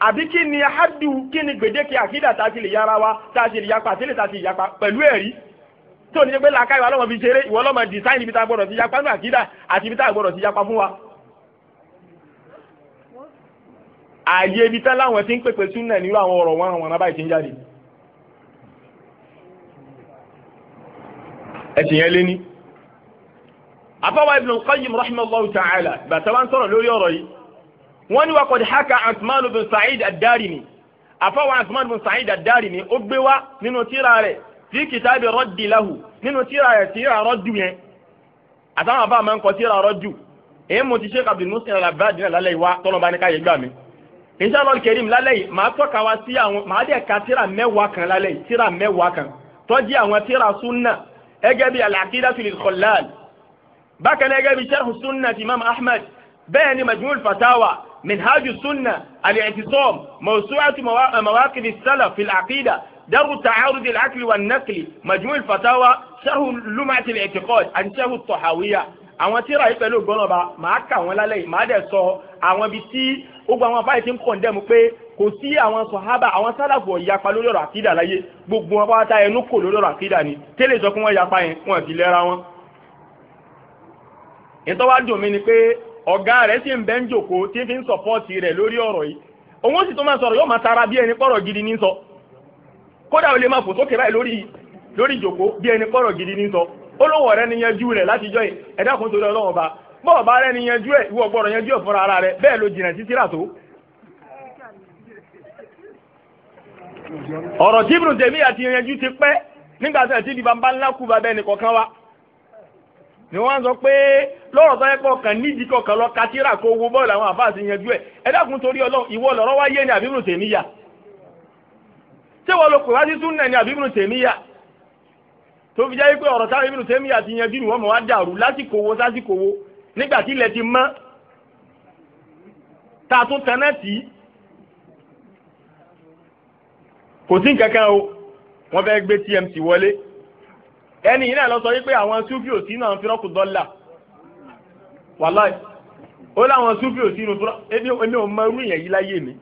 àbí kí ni hadu kí ni gbèdéke àkídà tá a ti lè yára wa tá a ti lè yapa àti lè tá a ti yapa pẹ̀lú ẹ̀rí tó ní pé làákàyè wa lọ́mọ fi ṣeré ìwọ lọ́mọ design ibi tá a gbọ́dọ̀ ti yapa nínú àkídà àti ẹ̀sìn yẹn lé ní. àfọwọ́ ibn al-qayyim rahimahullahu ta'ala bàtà wa ń sọ̀rọ̀ lórí ọ̀rọ̀ yìí wọ́n ní wa qad haka asman bin sa'id ad-darimi àfọwọ́ asman bin sa'id ad-darimi ó gbé wá nínú tíra rẹ̀ fi kitabi raddi lahu nínú tíra rẹ̀ tíra raddu yẹn àtàwọn àbá máa ń kọ tíra raddu èyí mo ti sheikh abdul muslim alabadi náà lálẹ́ ìwá tọ́lọ́ bá ní káyé gbà mí inshallah kerim lálẹ́ yìí màá tọ́ka wa sí àwọn màá dẹ̀ ka tíra mẹ́wàá kan lálẹ́ yìí tíra mẹ́wàá kan tọ́jú àwọn tíra sunna ẹgẹ́ bíi al-aqidatu lil-khallal bákan náà ẹgẹ́ bíi sharh sunna ti imam ahmed bẹ́ẹ̀ ni majmu'ul fatawa minhaju sunna al-i'tisam mawsu'atu mawaqif as-salaf fi al-aqida درء تعارض العقل والنقل مجموع الفتاوى شرح لمعة الاعتقاد عن شرح الطحاوية àwọn tíra yìí pẹ̀lú ògbọ́n ọba màá kà wọ́n lálẹ́ yìí màá dẹ̀ sọ àwọn ibi tí ó gba àwọn afáyé ti ń kọ̀ǹdẹ́mu pé kò sí àwọn sọ̀hábà àwọn sálàfù ọ̀yapa lórí ọ̀rọ̀ àkídà láyé gbogbo wọn pátá ẹnu kò lórí ọ̀rọ̀ àkídà ni tẹ́lẹ̀ sọ pé wọ́n yapa yẹn wọn ti lẹ́ra wọn. ìtọ́ wá dùn mí ni pé ọ̀gá rẹ̀ sì ń bẹ́ ń jòkó tí fi ń sọ̀pọ́ọ̀tì rẹ̀ lórí ọ̀rọ̀ yìí òun sì tó máa sọ̀rọ̀ yóò máa tara bí ẹni pọ̀rọ̀ gidi ní sọ kódà ó lè máa fò sókè báyìí lórí lórí ìjòkó gidi ní sọ ó ni yanjú rẹ látijọ́ yìí ẹ̀dá kan tó lọ́wọ́ ba bọ́ọ̀ ni yanjú ẹ̀ ìwọ gbọ́dọ̀ yanjú ẹ̀ fúnra ara rẹ bẹ́ẹ̀ ọ̀rọ̀ tí Ibn Taymiyyah àti ìrìnàjò ti pẹ́ nígbà tí àti ìdìbò bá ńlá kú bàbá ẹnì kọ̀ọ̀kan wa ni wọ́n sọ pé lọ́rọ̀ tó yẹ kọ́ kan nídìí kọ̀ọ̀kan lọ katira kó wo bọ́ọ̀lù àwọn àbá àti ìyẹnjú ẹ̀ ẹ dákun torí Ọlọ́run ìwọ lọ́rọ̀ wá yé ni àbí Ibn Taymiyyah ṣé wọ́n lo kùrá sí súnà ni àbí Ibn Taymiyyah tó fi jẹ́ pé ọ̀rọ̀ táwọn Ibn Taymiyyah àti ìyẹnjú ni wọ́n mọ̀ wá dàrú lásìkò wo sásìkò kò sí nǹkankan o wọ́n fẹ́ gbé TMC wọlé ẹni yìí náà lọ sọ wípé àwọn sufi ò sí náà fírọ́kù dọ́là wàláì ó láwọn sufi ò sí inú fírọ́ èmi ò mọ irú yẹn yìí láyé mi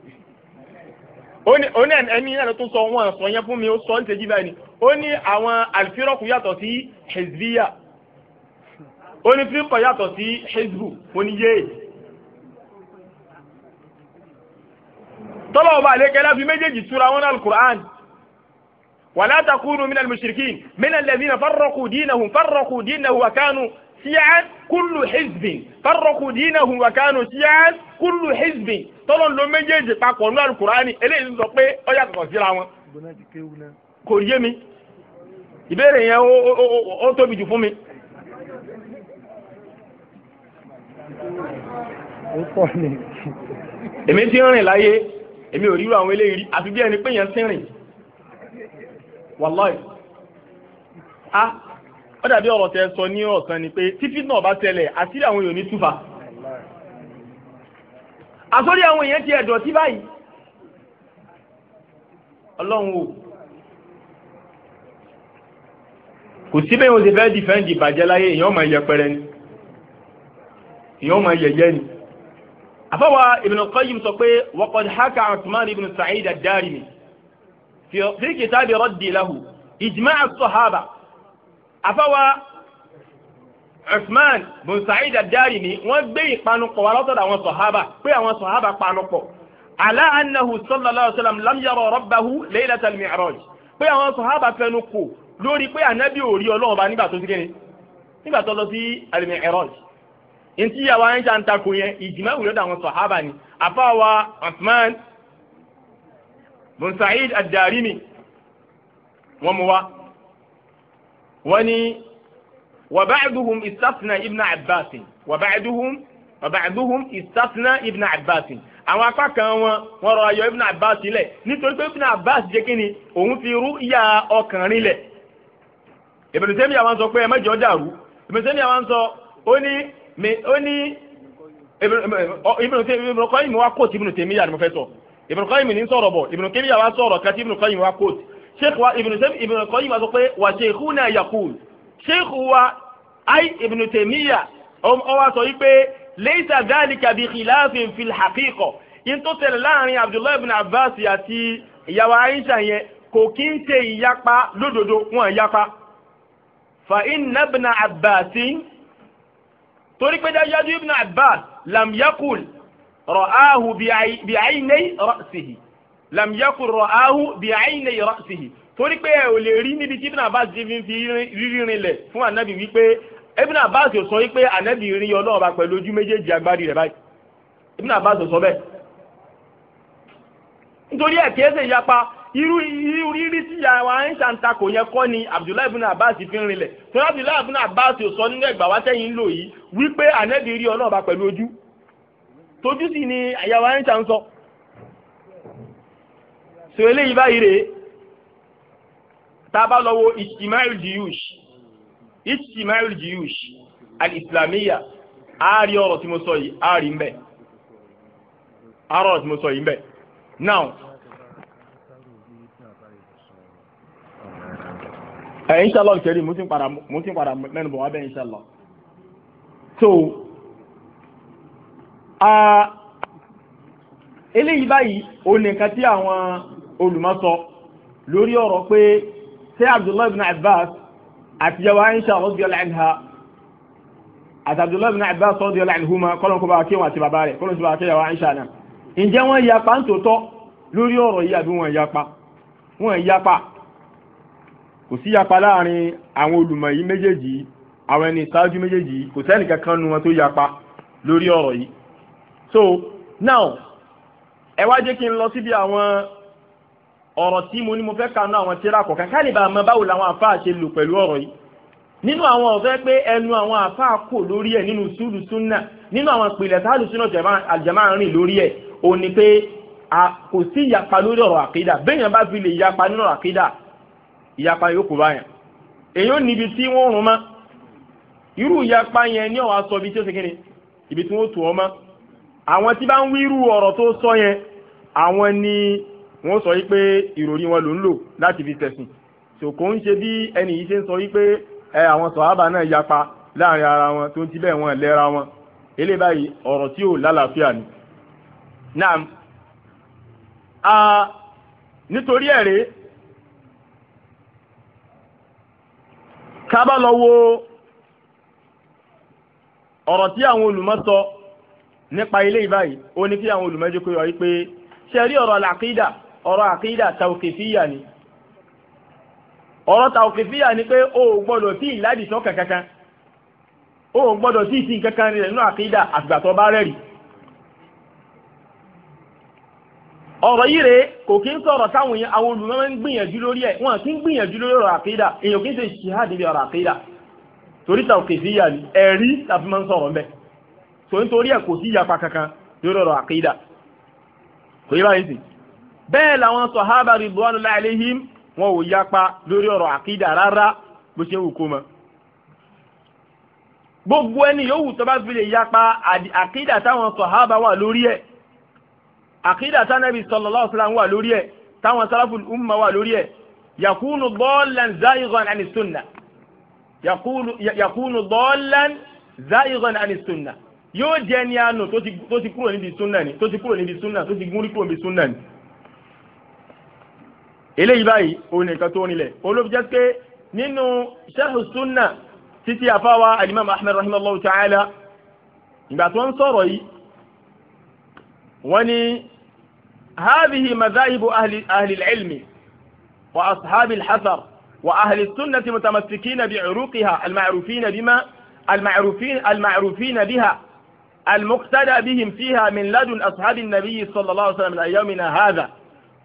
ó ní ẹni yìí náà tó sọ wọn sọ yẹn fún mi ó sọ ní tẹ́jú báyìí ó ní àwọn àlfírọ́kù yàtọ̀ sí hezbiya ó ní fírọ́kù yàtọ̀ sí hezbu ó ní yéèyì. tọ́lọ̀ ọba àlékẹ́lá fi méjèèjì túra wọn alukur'an wàlá takunu minal mushrikin minal ladhina farraqu dinahum farraqu dinahum wa kanu shi'an kullu hizbin farraqu dinahum wa kanu shi'an kullu hizbin tọ́lọ̀ ló méjèèjì papọ̀ ní alukur'an eléyìí sọ pé ó yàtọ̀ síra wọn. kò yé mi ìbéèrè yẹn ó tóbi jù fún mi. èmi ti ń rìn láyé èmi ò ríru àwọn eléyìí rí àfi bí ẹni pé yẹn sínrìn wàláì a ó dàbí ọ̀rọ̀ tẹ sọ ní ọ̀sán ni pé títí náà bá tẹlẹ̀ àti àwọn èèyàn ní túfà àsórí àwọn èèyàn ti ẹ̀dọ̀ tí báyìí ọlọ́run o kò sí bẹ́ẹ̀ wọ́n ti fẹ́ dìfẹ́ǹdì ìbàjẹ́ láyé èèyàn máa yẹpẹrẹ ni èèyàn máa yẹ̀yẹ́ ni àfọwọ́ Ibn al-Qayyim sọ pé waqad haka Uthman ibn Sa'id ad-Darimi fi kitabi raddi lahu ijma' as-sahaba àfọwọ́ Uthman ibn Sa'id ad-Darimi wọ́n gbé ìpanupọ̀ wá lọ́sọ̀dọ̀ àwọn sọ̀hábà pé àwọn sọ̀hábà panupọ̀ ala annahu sallallahu alayhi wa sallam lam yara rabbahu laylata al-mi'raj pé àwọn sọ̀hábà fẹnu kò lórí pé ànábì ò rí Ọlọ́run nígbà tó ti kéde nígbà tó lọ sí al ntí yàwá Aisha ń takò yẹn ìjìmá wùlọ́ dà wọn sàhábà ni àfàwà Uthman bin Sa'id ad-Darimi wọn mu wa wọn ni wa ba'duhum istathna ibn Abbas wa ba'duhum wa ba'duhum istathna ibn Abbas àwọn apá kan wọn wọn rọ ayọ ibn Abbas lẹ nítorí pé ibn Abbas jẹ kí ni òun fi rú ìyá ọkàn lẹ Ibn Taymiyyah àwọn sọ pé ẹ mẹjọ dàrú Ibn Taymiyyah àwọn sọ ó ní mẹ ó ní Ibn Ibn Qayyim wa kóòtù Ibn Taymiyyah ni mo fẹ́ sọ Ibn Qayyim ní sọ̀rọ̀ bọ̀ Ibn Taymiyyah wa sọ̀rọ̀ kàtí Ibn Qayyim wa kóòtù sheikh wa Ibn Qayyim wa sọ pé wa sheikhuna yaqul sheikh wa ay Ibn Taymiyyah ọ wa sọ yìí pé laysa dhalika bi khilafin fil haqiqa yín tó tẹ̀lé láàrin Abdullahi ibn Abbas àti ìyàwó Aisha yẹn kò kí ń wọn ìyapa fa inna ibn Abbas torí pé dájúdájú ibn abbas lam yakul ra'ahu bi aynay ra'sihi lam yakul ra'ahu bi aynay ra'sihi torí pé ẹ ò lè rí níbi tí ibn abbas ti fi rírin lẹ̀ fún anabi wípé ibn abbas ò sọ wípé anabi rí ọlọ́run bá pẹ̀lú ojú méjèèjì agbárí rẹ̀ báyìí ibn abbas ò sọ bẹ́ẹ̀ nítorí ẹ̀ kìí ṣe ìyapa irú irú rírí tí yàrá àyíṣà ń kọ́ ni abdullahi ibn abbas fi ń rinlẹ̀ abdullahi ibn abbas ò sọ nínú ẹgbàá wá sẹ́yìn lò yìí wípé ànẹ́bí rí ọlọ́run bá pẹ̀lú ojú tójú ni yàrá àyíṣà ń sọ. sọ eléyìí báyìí rèé tá a bá lọ wo ishmael jiyush ishmael jiyush al àárí ọ̀rọ̀ tí mo sọ yìí àárí ẹ̀ inṣàlọ́ ìkẹrí mo ti ń padà mo ti ń padà mẹ́nu bọ̀ wá bẹ́ẹ̀ inṣàlọ́ so eléyìí báyìí òun nìkan tí àwọn olùmọ̀sọ lórí ọ̀rọ̀ pé ṣé Abdullahi bin Abbas àti yàwó Aisha radiyallahu anha àti Abdullahi bin Abbas radiyallahu anhuma kọ́lọ́n kó bá kí wọn àti bàbá rẹ̀ kọ́lọ́n kó bá kí yàwó Aisha náà ǹjẹ́ wọ́n yapa ń tòótọ́ lórí ọ̀rọ̀ yìí àbí kò sí yapa láàrin àwọn olùmọ̀ yìí méjèèjì àwọn ẹni ìsáájú méjèèjì kò sẹ́ni kankan nu wọn tó yapa lórí ọ̀rọ̀ yìí so now ẹ wá jẹ́ kí n lọ síbi àwọn ọ̀rọ̀ tí mo ní mo fẹ́ kanú àwọn tíra kọ̀ọ̀kan ká lè bá mọ báwo làwọn àfáà ṣe lò pẹ̀lú ọ̀rọ̀ yìí nínú àwọn ọ̀fẹ́ pé ẹnu àwọn àfáà kò lórí ẹ̀ nínú sùúrù súnà nínú àwọn ìpìlẹ̀ tá àlùsúnà àjẹmá rìn lórí ẹ̀ ò pé kò sí ìyapa lórí ọ̀rọ̀ àkídà béèyàn bá fi lè yapa nínú ọ̀rọ̀ àkídà ìyapa yóò kó báyẹn èyàn níbi tí wọ́n rún mọ́ irú ìyapa yẹn ní ọ̀wá sọ ibi tí ó ṣe kíni ibi tí wọ́n tù ọ́ mọ́ àwọn tí bá ń wí irú ọ̀rọ̀ tó sọ yẹn àwọn ni wọ́n sọ wípé ìròrí wọn ló ń lò láti fi tẹ̀sìn ṣòkò ń ṣe bí ẹnì yìí ṣe ń sọ wípé ẹ àwọn sọ̀hábà náà yapa láàrin ara wọn tó ń ti bẹ́ẹ̀ wọn lẹ́ra wọn eléyìí báyìí ọ̀rọ̀ tí ò lálàáfíà ni. nítorí ẹ̀rẹ́ kábà lọ wo ọ̀rọ̀ tí àwọn olùmọ̀ sọ nípa ilé ìbáyìí ó ní kí àwọn olùmọ̀ jẹ́ kó yọ yí pé ṣe rí ọ̀rọ̀ làkídà ọ̀rọ̀ àkídà tàwùkìfíyà ni ọ̀rọ̀ tàwùkìfíyà ni pé o gbọ́dọ̀ tí ìládìsọ́ kankan o gbọ́dọ̀ tí ìsìn kankan rẹ̀ nínú àkídà àgbàtọ́ bá rẹ̀ rí ọ̀rọ̀ yìí rèé kò kí ń sọ̀rọ̀ táwọn yẹn àwọn olùmọ̀ ń gbìyànjú lórí ẹ̀ wọn kì í gbìyànjú lórí ọ̀rọ̀ àkídà èèyàn kì í ṣe jihad níbi ọ̀rọ̀ àkídà torí tàwọn kèsì yà ni ẹ̀rí tàbí máa ń sọ̀rọ̀ mbẹ́ tó nítorí ẹ̀ kò sí ìyapa kankan lórí ọ̀rọ̀ àkídà kò yí báyìí sì bẹ́ẹ̀ làwọn sọ̀hábà ridwanullahi alaihim wọn yapa lórí ọ̀rọ̀ àkídà rárá bó ṣe wù kó mọ́ yapa àkídà táwọn sọ̀hábà wà lórí ẹ̀ àkídà tánàbí sallallahu alaihi wasallam wà lórí ẹ̀ táwọn salaful umma wà lórí ẹ̀ yakunu dọ́ọ̀lan záyìgàn àni sunna yakunu dọ́ọ̀lan záyìgàn àni sunna yóò jẹ́ ní àánú tó ti kúrò níbi sunna ni tó ti kúrò níbi sunna tó ti gún kúrò níbi sunna ni. eléyìí báyìí òun nìkan tó nílẹ̀ olóbi jẹ́ pé nínú sharhu sunna títí àfáwa alimami ahmed rahimahullah ta'ala ìgbà tó ń sọ̀rọ̀ yìí wọ́n ní. هذه مذاهب أهل, أهل العلم وأصحاب الحثر وأهل السنة متمسكين بعروقها المعروفين بما المعروفين المعروفين بها المقتدى بهم فيها من لدن أصحاب النبي صلى الله عليه وسلم من أيامنا هذا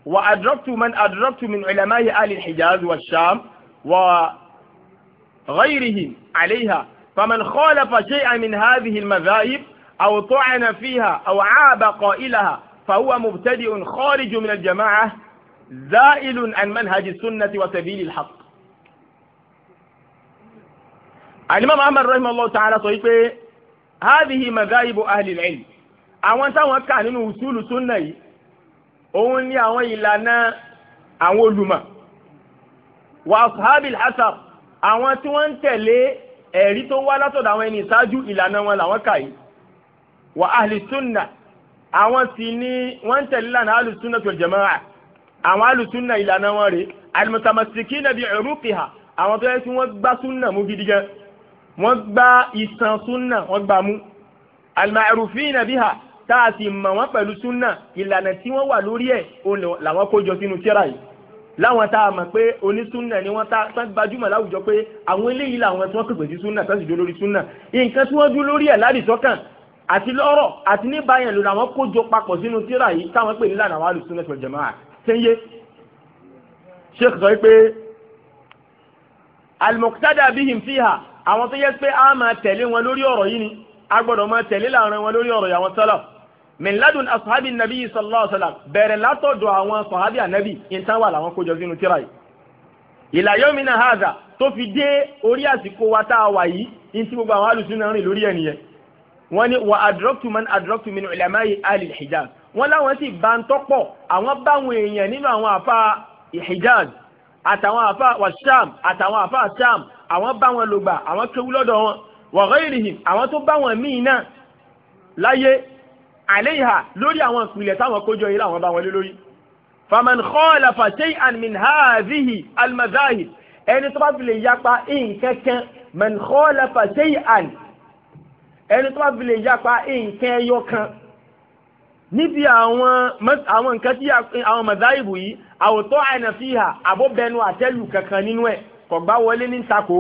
وأدركت من أدركت من علماء أهل الحجاز والشام وغيرهم عليها فمن خالف شيئا من هذه المذاهب أو طعن فيها أو عاب قائلها فهو مبتدئ خارج من الجماعة زائل عن منهج السنة وسبيل الحق الإمام أحمد رحمه الله تعالى صحيح هذه مذاهب أهل العلم àwọn táwọn kà nínú usulu sunna yìí òun ni àwọn ìlànà àwọn olùmọ̀ wa ashabil hasab àwọn tí wọ́n ń tẹ̀lé ẹ̀rí tó wá látọ̀dọ̀ àwọn ẹni ìṣáájú ìlànà wọn làwọn kà yìí wa ahli sunna àwọn sì ní wọ́n ń tẹ̀lé lánàá alùsùnà tó jẹ̀mọ́ra àwọn alùsùnà ìlànà wọn rè alùmọ̀tàmọ̀sìkì nàbí ẹ̀rúkìhà àwọn tó yẹ kí wọ́n gbá súnà mú gidi gan wọ́n gbá ìsàn súnà wọ́n gbà mú alùmọ̀ẹ̀rùfín nàbí hà tá a sì mọ̀ wọ́n pẹ̀lú súnà ìlànà tí wọ́n wà lórí ẹ̀ làwọn kó jọ sínú tíra yìí láwọn tá a mọ̀ pé onísúnà ni wọ́n tá gbajúmọ̀ láwùjọ pé àwọn eléyìí làwọn tí wọ́n pèpè sí súnà tó sì dúró lórí súnà nǹkan tí wọ́n dúró lórí ẹ̀ ládìsọ́kàn àti lọ́rọ̀ àti níbàyàn ló làwọn kójọ papọ̀ sínú tíra yìí táwọn pè nílànà àwọn alùsùnà wal jamaa sẹ́yẹ. sheikh sọ pé al-muqtada bihim fiha àwọn tó yẹ pé a máa tẹ̀lé wọn lórí ọ̀rọ̀ yìí ni a gbọ́dọ̀ máa tẹ̀lé láàrin wọn lórí ọ̀rọ̀ yìí àwọn salaf min ladun ashabi nabi sallallahu alaihi wasallam bẹ̀rẹ̀ látọ̀dọ̀ àwọn sahabi anabi ìtàn wà làwọn kójọ sínú tíra yìí ila yawmina hadha wọ́n ní wà adraktu man adraktu min ulama'i alil hijaz wọ́n láwọn sì bá ń tọ́pọ̀ àwọn báwọn èèyàn nínú àwọn àfa hijaz àtàwọn àfa wa sham àtàwọn àfa sham àwọn báwọn lògbà àwọn kéwú lọ́dọ̀ wọn wa ghayrihim àwọn tó báwọn míì náà láyé àléhà lórí àwọn ìpìlẹ̀ táwọn kójọ yìí láwọn bá lé lórí. faman khalafa shay'an min hadhihi al ẹni tó bá fi lè yapa nǹkankan man khalafa shay'an ẹni tó bá fi lè yapa nǹkan ẹyọ kan níbi àwọn àwọn nǹkan tí àwọn mọ̀záìbù yìí àwòtọ́ àìnàfíhà àbóbẹnu àtẹ́lù kankan nínú ẹ̀ kò gbá wọlé ní takò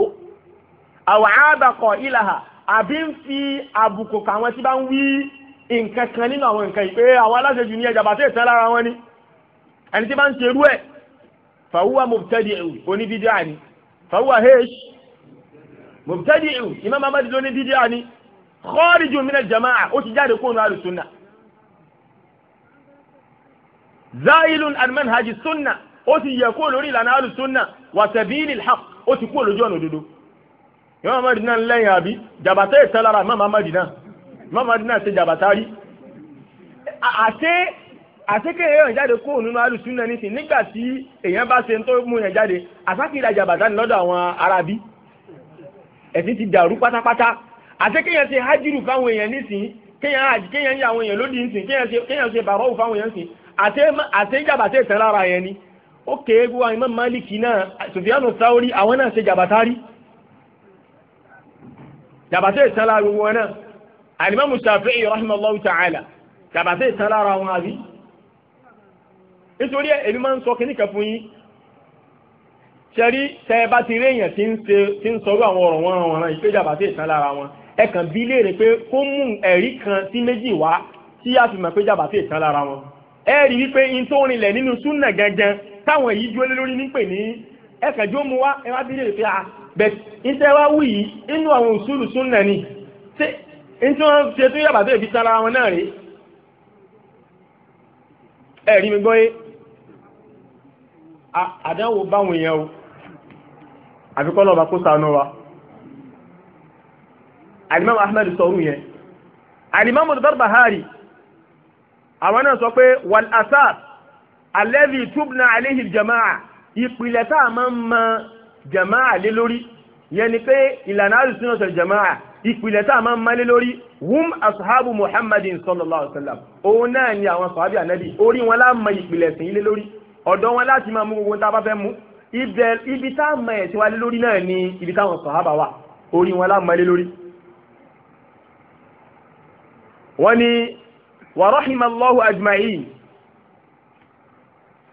àwọ̀ àbàkọ̀ ìlàhà àbí ń fi àbùkù àwọn tí bá ń wí nǹkan kan nínú àwọn nǹkan yìí pé àwọn aláṣẹjù ní ẹjà bàtẹ́ ìtàn lára wọn ni ẹni tí bá ń ṣerú ẹ̀ fàwúwà mọ̀tẹ́dì ẹ̀wù oníbídíà ni fàwúwà hẹ́ẹ̀ṣ mọ̀tẹ́dì ẹ̀wù ìmọ̀ kharijun min al-jama'a ó ti jáde kóun alu sunna zailun an manhaji sunna ó ti yẹ kó lórí ìlànà alu sunna wa sabilil haqq ó ti kó lójú ọ̀nà òdodo ìmọ̀ amadi náà lẹ́yìn àbí jàbàtà yẹ tẹ́lára ìmọ̀ amadi náà ìmọ̀ amadi náà ṣe jàbàtà rí àṣẹ àṣekè èèyàn jáde kó nínú alùsùnà nísìn nígbà tí èèyàn bá ṣe ń tó mú yẹn jáde àsákìlà jàbàtà ni lọ́dọ̀ àwọn arábí ẹ̀sìn ti dàrú pátápátá àti kéèyàn ṣe hajiru fáwọn èèyàn nísìn kéèyàn hajj kéèyàn yà àwọn èèyàn lódì nísìn kéèyàn ṣe kéèyàn ṣe bàrọ́wù fáwọn èèyàn nísìn àti àti jàbàtà ìtàn lára yẹn ni ó kéé gbogbo Imam Maliki náà Sufyanu Thawri àwọn náà ṣe jàbàtà rí jàbàtà ìtàn lára gbogbo wọn náà Al-Imam Shafi'i rahimahullahu ta'ala jàbàtà ìtàn lára wọn àbí nítorí èmi máa ń sọ kíní kan fún yín ṣe rí tẹ bá ti rí èèyàn tí ń sọrú àwọn ọ̀rọ̀ wọn ọ̀ràn ìpéjàbàtà ìtàn lára wọn ẹ kàn bí léèrè pé kó mú ẹ̀rí kan sí méjì wá tí a fi mọ̀ pé jàbá sí ìtàn lára wọn ẹ rí wípé in tó rinlẹ̀ nínú súnà gangan táwọn èyí dúró lé lórí nípè ní ẹ jó mu wá ẹ wá bí léèrè pé a ah, bẹ̀t iṣẹ́ wa wù yìí inú àwọn òṣùlù súnà ni ṣé in tí wọ́n ṣe tó yàbá sí ìtàn lára wọn náà rèé ẹ̀rí mi gbọ́ yé àdánwò báwọn èèyàn o àfikọ́ lọ́ba kó ṣàánú wa alimami ahmed sọ̀rọ̀ yẹn alimami Barbahari àwọn náà sọ pé wal asas alladhi tubna alayhi jamaa ìpìlẹ̀ tá a máa ń mọ jamaa lé lórí yẹn ni pé ìlànà àdùsùn ọ̀sẹ̀ jamaa ìpìlẹ̀ tá a máa ń mọ lé lórí wum asuhabu muhammadin sallallahu alayhi wa sallam òun náà ni àwọn sọ̀hábì ànábì orí wọn lá mọ ìpìlẹ̀ sìn ilé lórí ọ̀dọ̀ wọn láti máa mú gbogbo tá a mú ibi tá a mọ ẹ̀ tí wá lé lórí náà ni ibi táwọn sọ̀hábà wà orí wọn lá mọ lé lórí wọ́n ní wàrọ́hìmá lọ́hùn àjùmáyìn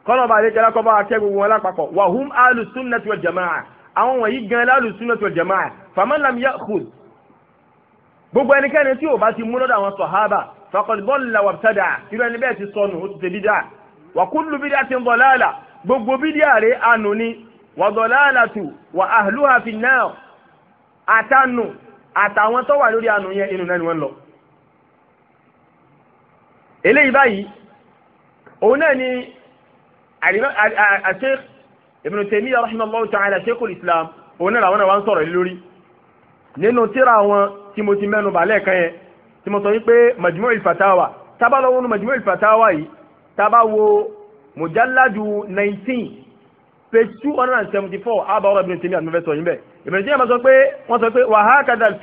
kọ́nà bá lè jẹ́lá kọ́bá akẹ́gbogbo wọn lápapọ̀ wà hum alùsùnàtì wal jamaa àwọn wọ̀nyí gan lálùsùnàtì wal jamaa faman lam ya'khud gbogbo ẹnikẹ́ni tí ò bá ti múlọ́dọ̀ àwọn sọ̀hábà faqad dalla irú ẹni bẹ́ẹ̀ ti sọnù ó ti ṣe bídà wa kullu bid'atin dalala gbogbo bídà rẹ̀ ànú ni wa dalalatu wa ahluha fin nar àtànù àtàwọn tó wà lórí ànú yẹn inú náà ni wọ́n lọ eléyìí báyìí òun náà ni àṣẹ Ibn Taymiyyah rahimahullahu ta'ala Sheikhul Islam òun náà làwọn náà wá ń sọ̀rọ̀ lórí nínú tíra wọn tí mo ti mẹ́nu bàálẹ̀ kan yẹn tí mo sọ wípé Majmu'ul Fatawa tábà lọ́wọ́ nu Majmu'ul Fatawa yìí tábà wo mujalladu nineteen page two hundred and seventy four àbáwọ̀ Ibn Taymiyyah àti mọ̀fẹ́sọ̀ yìí bẹ́ẹ̀ Ibn Taymiyyah máa sọ pé wọ́n sọ pé wa hakadha al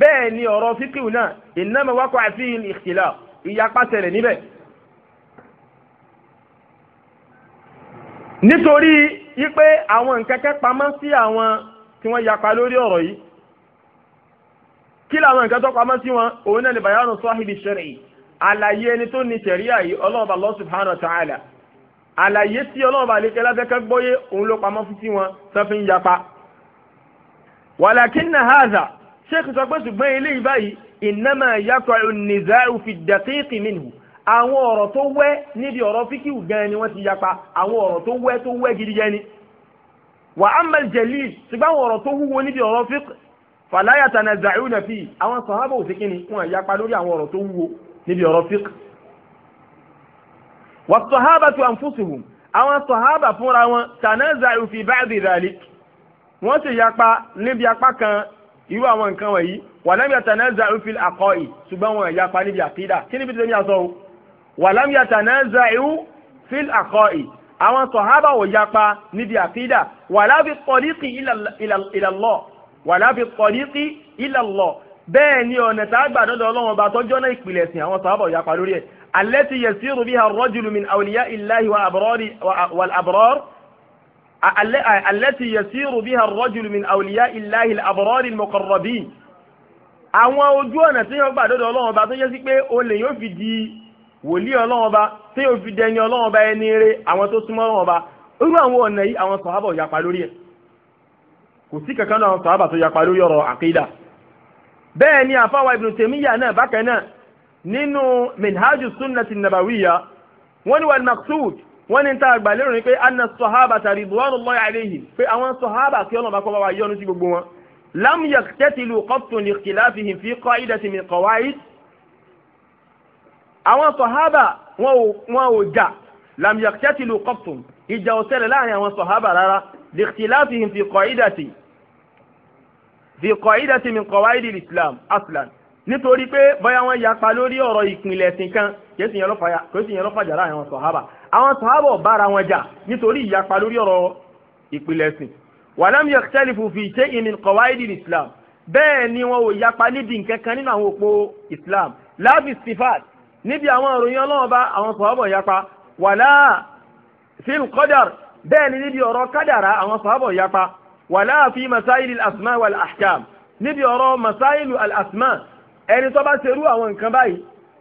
bẹ́ẹ̀ ni ọ̀rọ̀ fiqhu náà innama waqa'a fihi al ìyapa ṣẹlẹ̀ níbẹ̀ nítorí wípé àwọn nkẹ́kẹ́ pamọ́ sí àwọn tí wọ́n yapa lórí ọ̀rọ̀ yìí kí làwọn nǹkan tó pamọ́ sí wọn òun náà ni bayanu sahibi shari'i àlàyé ẹni tó ní sẹ̀ríà yìí ọlọ́ọ̀bà Allah subhanahu wa ta'ala àlàyé tí ọlọ́ọ̀bà àlekẹ́ lábẹ́kẹ́ gbọ́yé òun ló pamọ́ fún sí wọn tó fi ń yapa. walakinna hadha sheikh sọ pé ṣùgbọ́n eléyìí báyìí ìnáma yàtọ̀ nìzáàrù fi dàkíkì mìíràn àwọn ọ̀rọ̀ tó wẹ́ níbi ọ̀rọ̀ fíkìwù gan ni wọ́n ti yapa àwọn ọ̀rọ̀ tó wẹ́ tó wẹ́ gidi jẹ́ ni. wà á mẹ́lì jẹ̀lì ṣùgbọ́n àwọn ọ̀rọ̀ tó wúwo níbi ọ̀rọ̀ fík fàlàyà tànà zàrú nà fi àwọn sàhábà ò sí kíni wọn yapa lórí àwọn ọ̀rọ̀ tó wúwo níbi ọ̀rọ̀ fík. wà sàhábà tu ànfúsùhùm àwọn wọn tànà irú àwọn nǹkan wọ̀nyí wàlámi àtànáza ìfìl àkọ́ì ṣùgbọ́n wọn ìyapa níbi àkídà kí níbi tẹ̀lé àṣọ o wàlámi àtànáza ìfìl àkọ́ì àwọn sọ̀hábà wọ̀ yapa níbi àkídà wàláfi tọ́líkì ìlàlọ́ wàláfi tọ́líkì ìlàlọ́ bẹ́ẹ̀ ni ọ̀nà tá a gbà dọ́dọ̀ ọlọ́run ọba tọ́jọ́ náà ìpìlẹ̀ sìn àwọn sọ̀hábà wọ̀ yapa lórí ẹ̀ alẹ́ ti yẹ sírù bí i àrọ́jùlùmí àwòlíyá ìláhi wà àbúrọ́rì التي يسير بها الرجل من أولياء الله الأبرار المقربين àwọn ojú ọ̀nà tí yóò gbà dọ́dọ̀ ọlọ́run ọba tó yẹ sí pé olè yóò fi di wòlíì ọlọ́run ọba tí yóò fi dẹni ọlọ́run ọba ẹni eré àwọn tó súnmọ́ ọlọ́run ọba irú àwọn ọ̀nà yìí àwọn sọ̀hábà ò yapa lórí ẹ̀ kò sí kankan náà àwọn sọ̀hábà tó yapa lórí ọ̀rọ̀ àkídà bẹ́ẹ̀ ni àfáwà Ibn Taymiyyah náà bákan náà nínú minhajus sunnati nabawiyyah wọ́n ní wal maqsud wọ́n ní tá a gbà lérò ní pé anna sọ̀hábà tàbí buhari lọ́yà àléhì pé àwọn sọ̀hábà kí ọlọ́mà kọ́ bá wa yọ́nu sí gbogbo wọn. lam yaqtatilu qattun li ikhtilafihim fi qa'idatin min qawaid. àwọn sọ̀hábà wọn ò jà lam yaqtatilu qattun ìjà ò ṣẹlẹ̀ láàrin àwọn sọ̀hábà rárá li ikhtilafihim fi qa'idatin fi qa'idatin min qawaid al-islam aslan nítorí pé bóyá wọ́n yapa lórí ọ̀rọ̀ ìpìlẹ̀ ẹ̀sìn kò sí yẹn ló láàrin àwọn sọ̀hábà àwọn sàhábọ̀ bára wọn jà nítorí ìyapa lórí ọ̀rọ̀ ìpìlẹ̀ ẹ̀sìn wàlámù yakhtalifu fi shay'in min qawaidi islam bẹ́ẹ̀ ni wọn ò yapa nídìí nkankan nínú àwọn òpó islam láàbì sifat níbi àwọn ìròyìn ọlọ́wọ́n bá àwọn sàhábọ̀ yapa wàlá fil qadar bẹ́ẹ̀ ni níbi ọ̀rọ̀ kádàrá àwọn sàhábọ̀ yapa wàlá fi masáìlì asma wal ahkam níbi ọ̀rọ̀ masáìlì al asma ẹni tó bá ṣerú àwọn nǹkan báyìí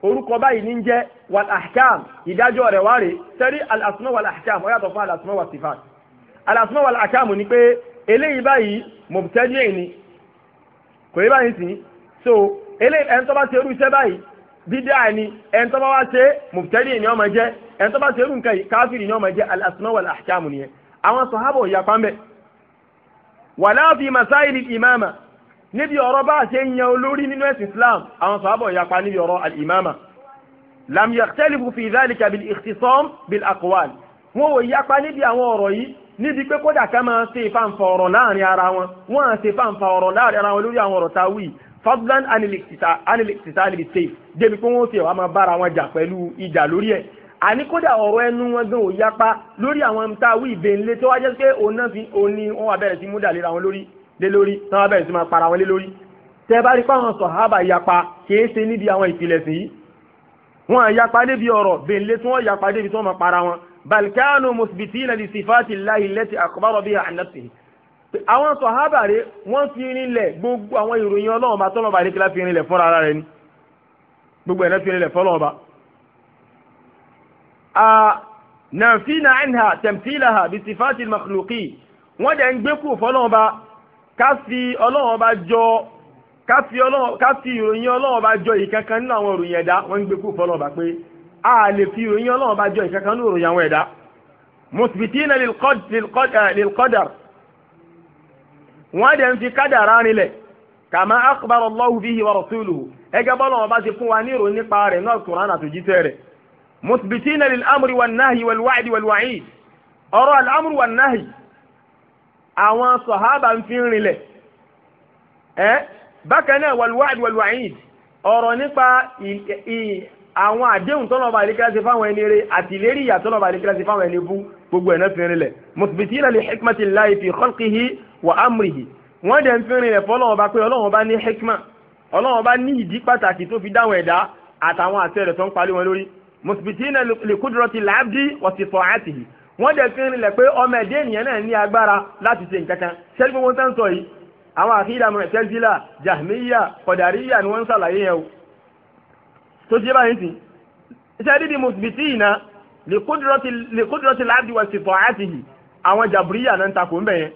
orúkọ báyìí ní ń jẹ́ wal ahkam ìdájọ́ rẹ̀ wáre sẹ́rí al asma wal ahkam ó yàtọ̀ fún al asma wal sifat al asma wal ahkam ni pé eléyìí báyìí mubtadi' ni kò yí báyìí sìn so eléyìí ẹni tó bá ṣe irú iṣẹ́ báyìí bídà ni ẹni tó bá wá ṣe mubtadi' ni ó máa jẹ́ ẹni tó bá ṣe irú nǹkan yìí káfíìrì ni ó máa jẹ́ al asma wal ahkam nìyẹn àwọn sọ̀hábọ̀ ìyapa ń bẹ̀ wala fi masáìlì ìmáàmà níbi ọ̀rọ̀ bá ṣe ń yan olórí nínú ẹ̀sìn Islam àwọn sọ̀hábọ̀ ìyapa níbi ọ̀rọ̀ al-ìmáàmà lam yakhtalifu fi dhalika bil ikhtisam bil aqwal wọn ò yapa níbi àwọn ọ̀rọ̀ yìí níbi pé kódà ká máa ṣe ìfàǹfà ọ̀rọ̀ láàrin ara wọn wọn à ṣe ìfàǹfà ọ̀rọ̀ láàrin ara wọn lórí àwọn ọ̀rọ̀ tá a wí fadlan anilixita alibise débi pé wọn ò tiẹ̀ wá máa bára wọn jà pẹ̀lú ìjà lórí ẹ̀ àní kódà ọ̀rọ̀ ẹnu wọn gan ò yapa lórí àwọn tá wí ìbẹ̀ǹlẹ̀ tó wájẹ́ pé òun náà fi òun wọn wà bẹ̀rẹ̀ sí múdà lé wọn lórí lé lórí tí wọn bẹ̀rẹ̀ sí máa para wọn lé lórí tẹ bá rí pé sọ̀hábà yapa kì í ṣe níbi àwọn ìfilẹ̀sìn yìí wọn yapa débi ọ̀rọ̀ bẹ̀lẹ́ tí wọ́n yapa débi tí wọ́n máa para wọn balkanu musbitina li sifati lahi lẹ́tì àkọ́bárọ̀ bíi ànàtì. àwọn sọ̀hábà rẹ̀ wọ́n fi rinlẹ̀ gbogbo àwọn ìròyìn ọlọ́run bá tọ́lọ́ bá rí kílá fi rinlẹ̀ fúnra ara rẹ̀ ni gbogbo ẹ̀rẹ́ fi rinlẹ̀ fọ́lọ́run bá. nàfínà ẹ̀nà tẹ̀mtílàhà bí sifati makhluki wọ́n dẹ̀ ń gbé kú fọ́lọ́run bá ká fi jọ ká fi ìròyìn ọlọ́run bá jọ ìkankan nínú àwọn ìròyìn ẹ̀dá wọ́n ń gbé kú fọlọ́run bá pé a lè fi ìròyìn ọlọ́run bá jọ ìkankan nínú ìròyìn àwọn ẹ̀dá musbitina lilqadar eh, wọ́n dẹ̀ ń fi kádàrá rinlẹ̀ kàmá akhbar Allahu bihi wa rasuluhu ẹgẹ́ bọ́lọ́run bá ṣe fún wa ní ìròyìn nípa bákan náà wàlúwàd wàlúwàid ọ̀rọ̀ nípa àwọn àdéhùn tọ́nà ọba àdékẹ́lá ṣe fáwọn ẹni rẹ àti ìlérí ìyà tọ́nà ọba àdékẹ́lá ṣe fáwọn ẹni bú gbogbo ẹ̀ náà fi rinlẹ̀ musbitina li hikmatillahi fi khalqihi wa amrihi wọ́n dẹ̀ ń fi rinlẹ̀ fọlọ́wọ́n bá pé ọlọ́wọ́n bá ní hikma ọlọ́wọ́n bá ní ìdí pàtàkì tó fi dáwọn ẹ̀dá àtàwọn àṣẹ rẹ̀ tó ń àwọn àkídà mọ̀tẹ́sílà jahmiya kọ̀dàríyà ni wọ́n ń sàlàyé yẹn o tó jẹ́ báyìí sí iṣẹ́ dídì mùsùlùmí iná lèkúdúrọ́tì láàbí wà sìtọ̀ àtìhì àwọn jàbúríyà náà ń takò ń bẹ̀yẹn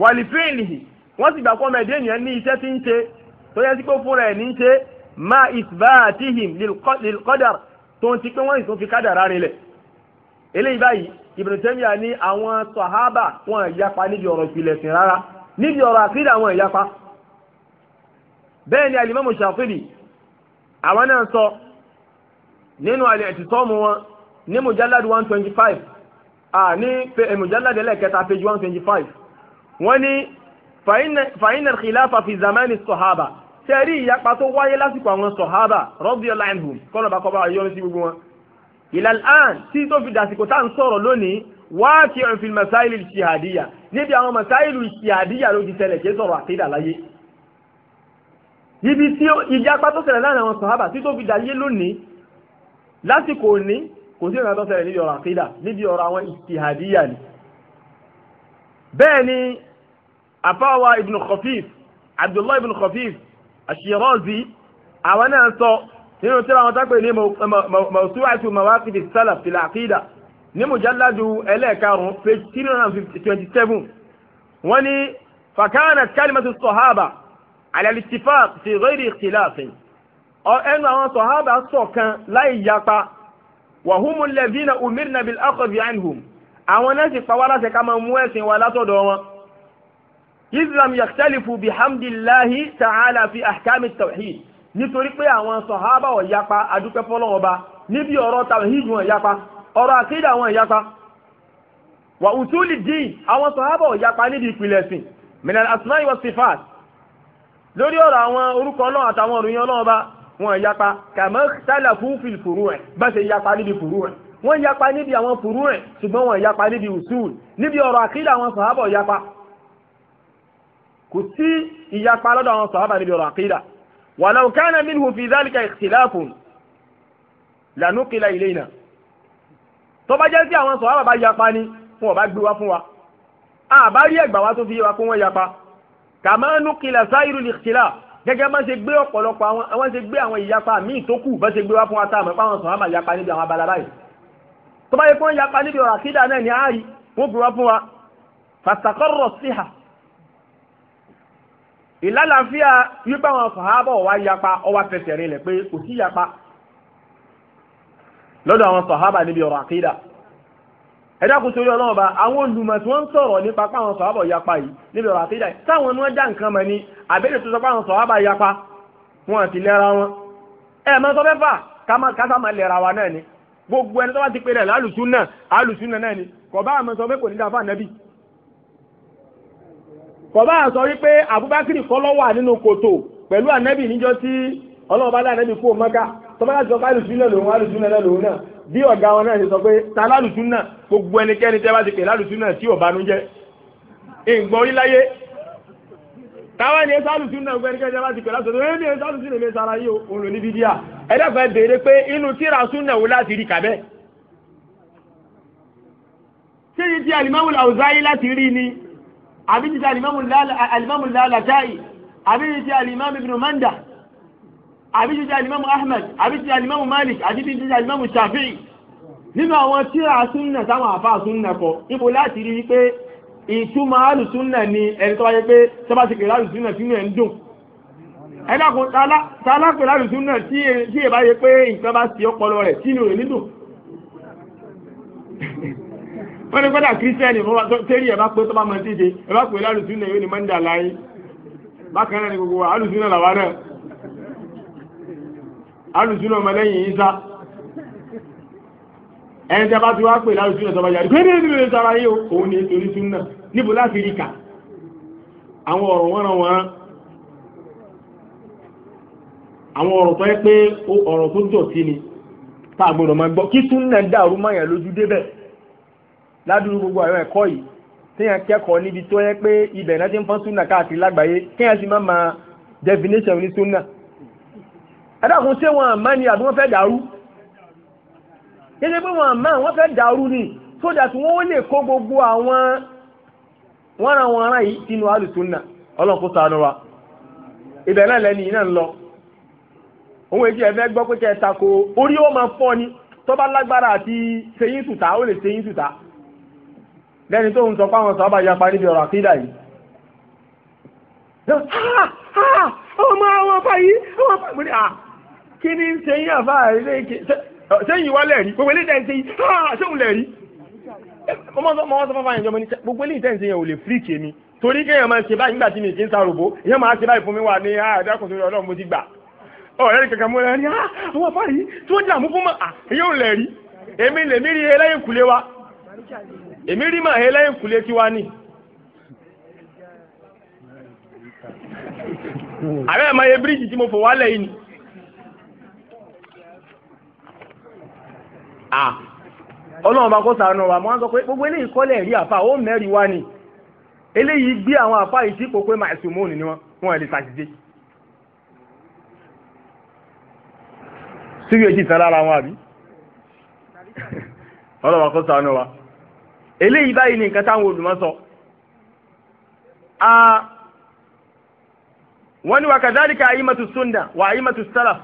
wàlìfíìlì wọ́n sì gbà pọ́ mẹ́ẹ̀dé ènìyàn ní iṣẹ́ tí ń ṣe tó yẹ sí pé fúnra ẹ̀ ní ṣe má ìsbáàtìhìm lìkọ́dàr tó ń ti pé wọ́n ìsún Ibn Taymiyyah ní àwọn sọ̀hábà wọn ìyapa níbi ọ̀rọ̀ ìpìlẹ̀ sìn rárá níbi ọ̀rọ̀ àkídà wọn ìyapa bẹ́ẹ̀ ni alimami Shafi'i àwọn náà sọ nínú al-i'tisamu wọn ní mujallad one twenty five ní eh, mujallad ẹlẹ́kẹta page one twenty five wọ́n ní fàyínà khilafa fi zamani sọ̀hábà tẹ́rí ìyapa tó wáyé lásìkò àwọn sọ̀hábà radiyallahu anhum kọ́nà bá kọ́ bá yọ́nu sí gbogbo ìlàlán tí tó fi dàsìkò tá à ń sọ̀rọ̀ lónìí wá kí ọ̀n fi masáìlì ṣìhàdíyà níbi àwọn masáìlì ṣìhàdíyà ló ti ṣẹlẹ̀ kí sọ̀rọ̀ àkídà láyé ibi tí ìjàpá tó ṣẹlẹ̀ láàrin àwọn sàhábà tí tó fi dàyé lónìí lásìkò òní kò sí ìrìnàjò ṣẹlẹ̀ níbi ọ̀rọ̀ àkídà níbi ọ̀rọ̀ àwọn ṣìhàdíyà ni bẹ́ẹ̀ ni àfáwà ibn Khafif Abdullah ibn Khafif ash àwọn náà sọ nínú tíra wọn tápẹ̀ ní mawsu'atu mawaqidi salaf fil aqida ní mujalladu ẹlẹ́ẹ̀karùn-ún page three hundred and twenty seven wọ́n ní fakana kalimatu sọ̀hábà alalitifaq fi ghairi ikhtilafin ẹnu àwọn sọ̀hábà ṣọ̀kan láì yapa wàhùnmù lẹ́bínà umirna bil akhadhi anhum àwọn náà sì pawá láti ká máa mú ẹ̀sìn wa látọ̀dọ̀ wọn. islam yakhtalifu bihamdillahi ta'ala fi ahkami tawhid nítorí pé àwọn sọ̀hábà ò yapa adúpẹ́ fọ́lọ́run ọba níbi ọ̀rọ̀ tawhid wọn yapa ọ̀rọ̀ àkídà wọn yapa wà ùtúlì dín àwọn sọ̀hábà ò yapa níbi ìpìlẹ̀ ẹ̀sìn minal asma'i wa sifat lórí ọ̀rọ̀ àwọn orúkọ náà àtàwọn òròyìn ọlọ́run ọba wọn yapa kàmọ́ tálà fún fìl fùrú ẹ̀ bá ṣe yapa níbi fùrú ẹ̀ wọ́n yapa níbi àwọn fùrú ẹ̀ ṣùgbọ́n wọ́n yapa níbi usul níbi ọ̀rọ̀ àkídà àwọn sọ̀hábà ò kò sí ìyapa lọ́dọ̀ àwọn sọ̀hábà níbi ọ̀rọ̀ àkídà ولو كان minhu fi dhalika ikhtilafun lanukila ilayna tó bá jẹ́ sí àwọn sọ̀rọ̀ bá yapa ni wọn bá gbé wá fún wa àbá rí ẹ̀gbà wa tó fi yé wa pé wọ́n yapa kama nukila sairul ikhtilaf gẹ́gẹ́ bá ṣe gbé ọ̀pọ̀lọpọ̀ àwọn àwọn ṣe gbé àwọn ìyapa míì tó kù bá ṣe gbé wá fún wa tá pé àwọn sọ̀rọ̀ máa yapa níbi àwọn abala báyìí tó bá yẹ kí wọ́n yapa níbi ọ̀rọ̀ àkídà náà ni àárí wọ́n gbé wá fún wa fastaqarra siha ìlàlàfíà wípé àwọn sàhábọ̀ wá yapa ọwá fẹsẹ̀ rẹ̀ lẹ̀ pé kò sí yapa lọ́dọ̀ àwọn sàhábà níbi ọ̀rọ̀ àkídà ẹ̀dá kò torí ọlọ́run ọba àwọn olùmọ̀ tí wọ́n ń sọ̀rọ̀ nípa páwọn sàhábà yapa yìí níbi ọ̀rọ̀ àkídà táwọn ni wọ́n já nǹkan mọ̀ ni àbẹ̀rẹ̀ tó sọ páwọn sàhábà yapa wọn àti lẹ́ra wọn ẹ̀ mọ́ sọ fẹ́fà kásá máa lẹ́ra wa náà ni gbogbo ẹni tó bá ti pe rẹ̀ lálùsùn náà alùsùn náà náà ni kò bá àmọ́ sọ pé kò ní dáa fáànẹ́bí kọ̀bá sọ wípé abubakiri kọ́ ló wà nínú kòtò pẹ̀lú ànábì níjọ́ tí ọlọ́run bá dá ànábì kú mọ́ká tọ́ba láti sọ pé alùsùn náà lòun alùsùn náà lòun náà bí ọ̀gá wọn náà ṣe sọ pé ta lálùsùn náà gbogbo ẹnikẹ́ni tẹ́ bá ti pè lálùsùn náà tí ò banújẹ́ ìgbọ́n oríláyé táwọn ènìyàn sálùsùn náà gbẹ́ni kẹ́ni tẹ́ bá ti pè lálùsùn náà ènìyàn sálùsùn náà sara yìí òun lò ní bídíà ẹ̀dẹ́fẹ́ béèrè pé inú tíra sùn náà wò láti rí kàbẹ́ ṣé ti ti àlìmáwò làwùzáyé láti rí ni àbí ti alimamu lalatai àbí ti alimamu ibn manda àbí ti alimamu ahmed àbí ti alimamu malik àbí ti alimamu shafi'i nínú àwọn tírà súnnà táwọn àfáà súnnà kọ níbo láti rí pé ìtumọ̀ alùsúnnà ni ẹni tó wáyé pé tọ́bá ti kèrè alùsúnnà sínú ẹ̀ ń dùn ẹ̀dàkùn tálákùn alùsúnnà tí èbá yẹ pé nǹkan bá sí ọpọlọ rẹ̀ sínú rẹ̀ nídùn wọ́n ní kọ́dà kírísítẹ́nì fún wa tẹ́rí ẹ̀ bá pé tó bá mọ̀ sí ṣe ẹ̀ bá pè lálùsùn náà yóò ní mọ́ndà láyé bákan náà ni gbogbo wa alùsùn náà làwa náà alùsùn náà ọmọlẹ́yìn yìí sá ẹni tí a bá ti wá pè lálùsùn náà sọ́bàjá pé ní ìdílé sára yìí òun ni ètò orísun náà níbo láti rí kà àwọn ọ̀rọ̀ wọ́n wọn àwọn ọ̀rọ̀ tó yẹ pé ọ̀rọ̀ tó ládùúgbò gbogbo àwọn ẹ̀kọ́ yìí téèyàn kẹ́kọ̀ọ́ níbi tó yẹ pé ibẹ̀ náà ti ń fọ́n súnà káàkiri lágbàáyé kéèyàn sì máa ma definition ní súnà. ẹ ṣé wọn àmọ́ ni àbí wọ́n fẹ́ dàrú kéde pé wọn wọn fẹ́ dàrú ni wọ́n lè kó gbogbo àwọn wọn ra wọn ara yìí sínú ọlọ́run wa ibẹ̀ náà lẹ́nu yìí náà ń lọ òun èjì ẹ̀fẹ́ gbọ́ pé kẹ́ tako orí ni bá lágbára àti ó lẹ́ni tó ń sọ fáwọn sọ́ọ́bà yapa níbi ọ̀rọ̀ àkídà yìí ah, ah, ọmọ àwọn ọba yìí àwọn ọba ìgbèrè à ah, kí ni ṣe yí àfá àrílé ike sẹ́yìn wá lẹ́rí gbogbo ilé ìtẹ́ǹsẹ́ yìí ṣéun lẹ́rí ọmọ ọmọ sọ fáfá ìjọba ní gbogbo ilé ìtẹ́ǹsẹ́ yẹn ò lè fíríkì mi torí kéèyàn máa ṣe báyìí nígbà tí mi kì í saròbó ìyẹn máa ṣe báyìí fún mi wà ní àdákùnso ọlọ́run èmi rí màá he lẹ́yìn kùlé tí wá ní. àbẹ́ ẹ̀ máa ye bíríìjì tí mo fò wálẹ̀ yìí ni. ọlọ́run bá kó sànù wa mo á sọ pé gbogbo eléyìí kọ́lẹ̀ rí àfa ó mẹ́rin wá ni eléyìí gbé àwọn àfa yìí sí ipò pé màá sùn mọ́ọ̀nù ni wọ́n wọ́n ẹ̀ lè ṣàṣìṣe. síbi èjì tán lára wọn àbí ọlọ́run bá kó sànù wa eléyìí báyìí ni nǹkan táwọn olùmọ̀ sọ wọ́n ní wa kadhalika aimatu sunna wa aimatu salaf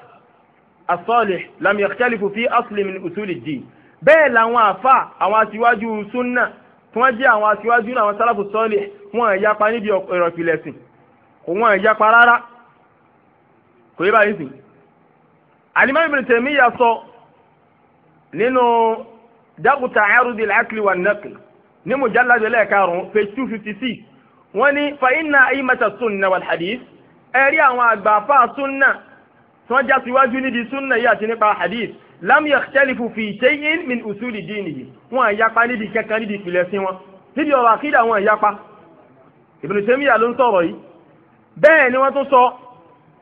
as-salih lam yakhtalifu fi asli min usuli din bẹ́ẹ̀ làwọn àfa àwọn aṣíwájú sunna tí wọ́n jẹ́ àwọn aṣíwájú náà àwọn salafu salih wọn ìyapa níbi ọ̀rọ̀ ìpìlẹ̀sìn kò wọn ìyapa rárá kò yé báyìí sìn. alimami ibn Taymiyyah sọ nínú dakuta arudil akli wa nakli ní mujalladu lẹ́ẹ̀karùn-ún page two fifty six wọ́n ní fàyínà ayimata sunna wal hadith ẹ̀rí àwọn àgbà afa sunna tí wọ́n já síwájú nídìí sunna yìí àti nípa hadith lam yakhtalifu fi shay'in min usuli dinihi wọn àyapa nídìí kankan nídìí ìpìlẹ̀ sí wọn nídìí ọ̀rọ̀ àkídà wọn àyapa Ibn Taymiyyah ló ń sọ̀rọ̀ yìí bẹ́ẹ̀ ni wọ́n tún sọ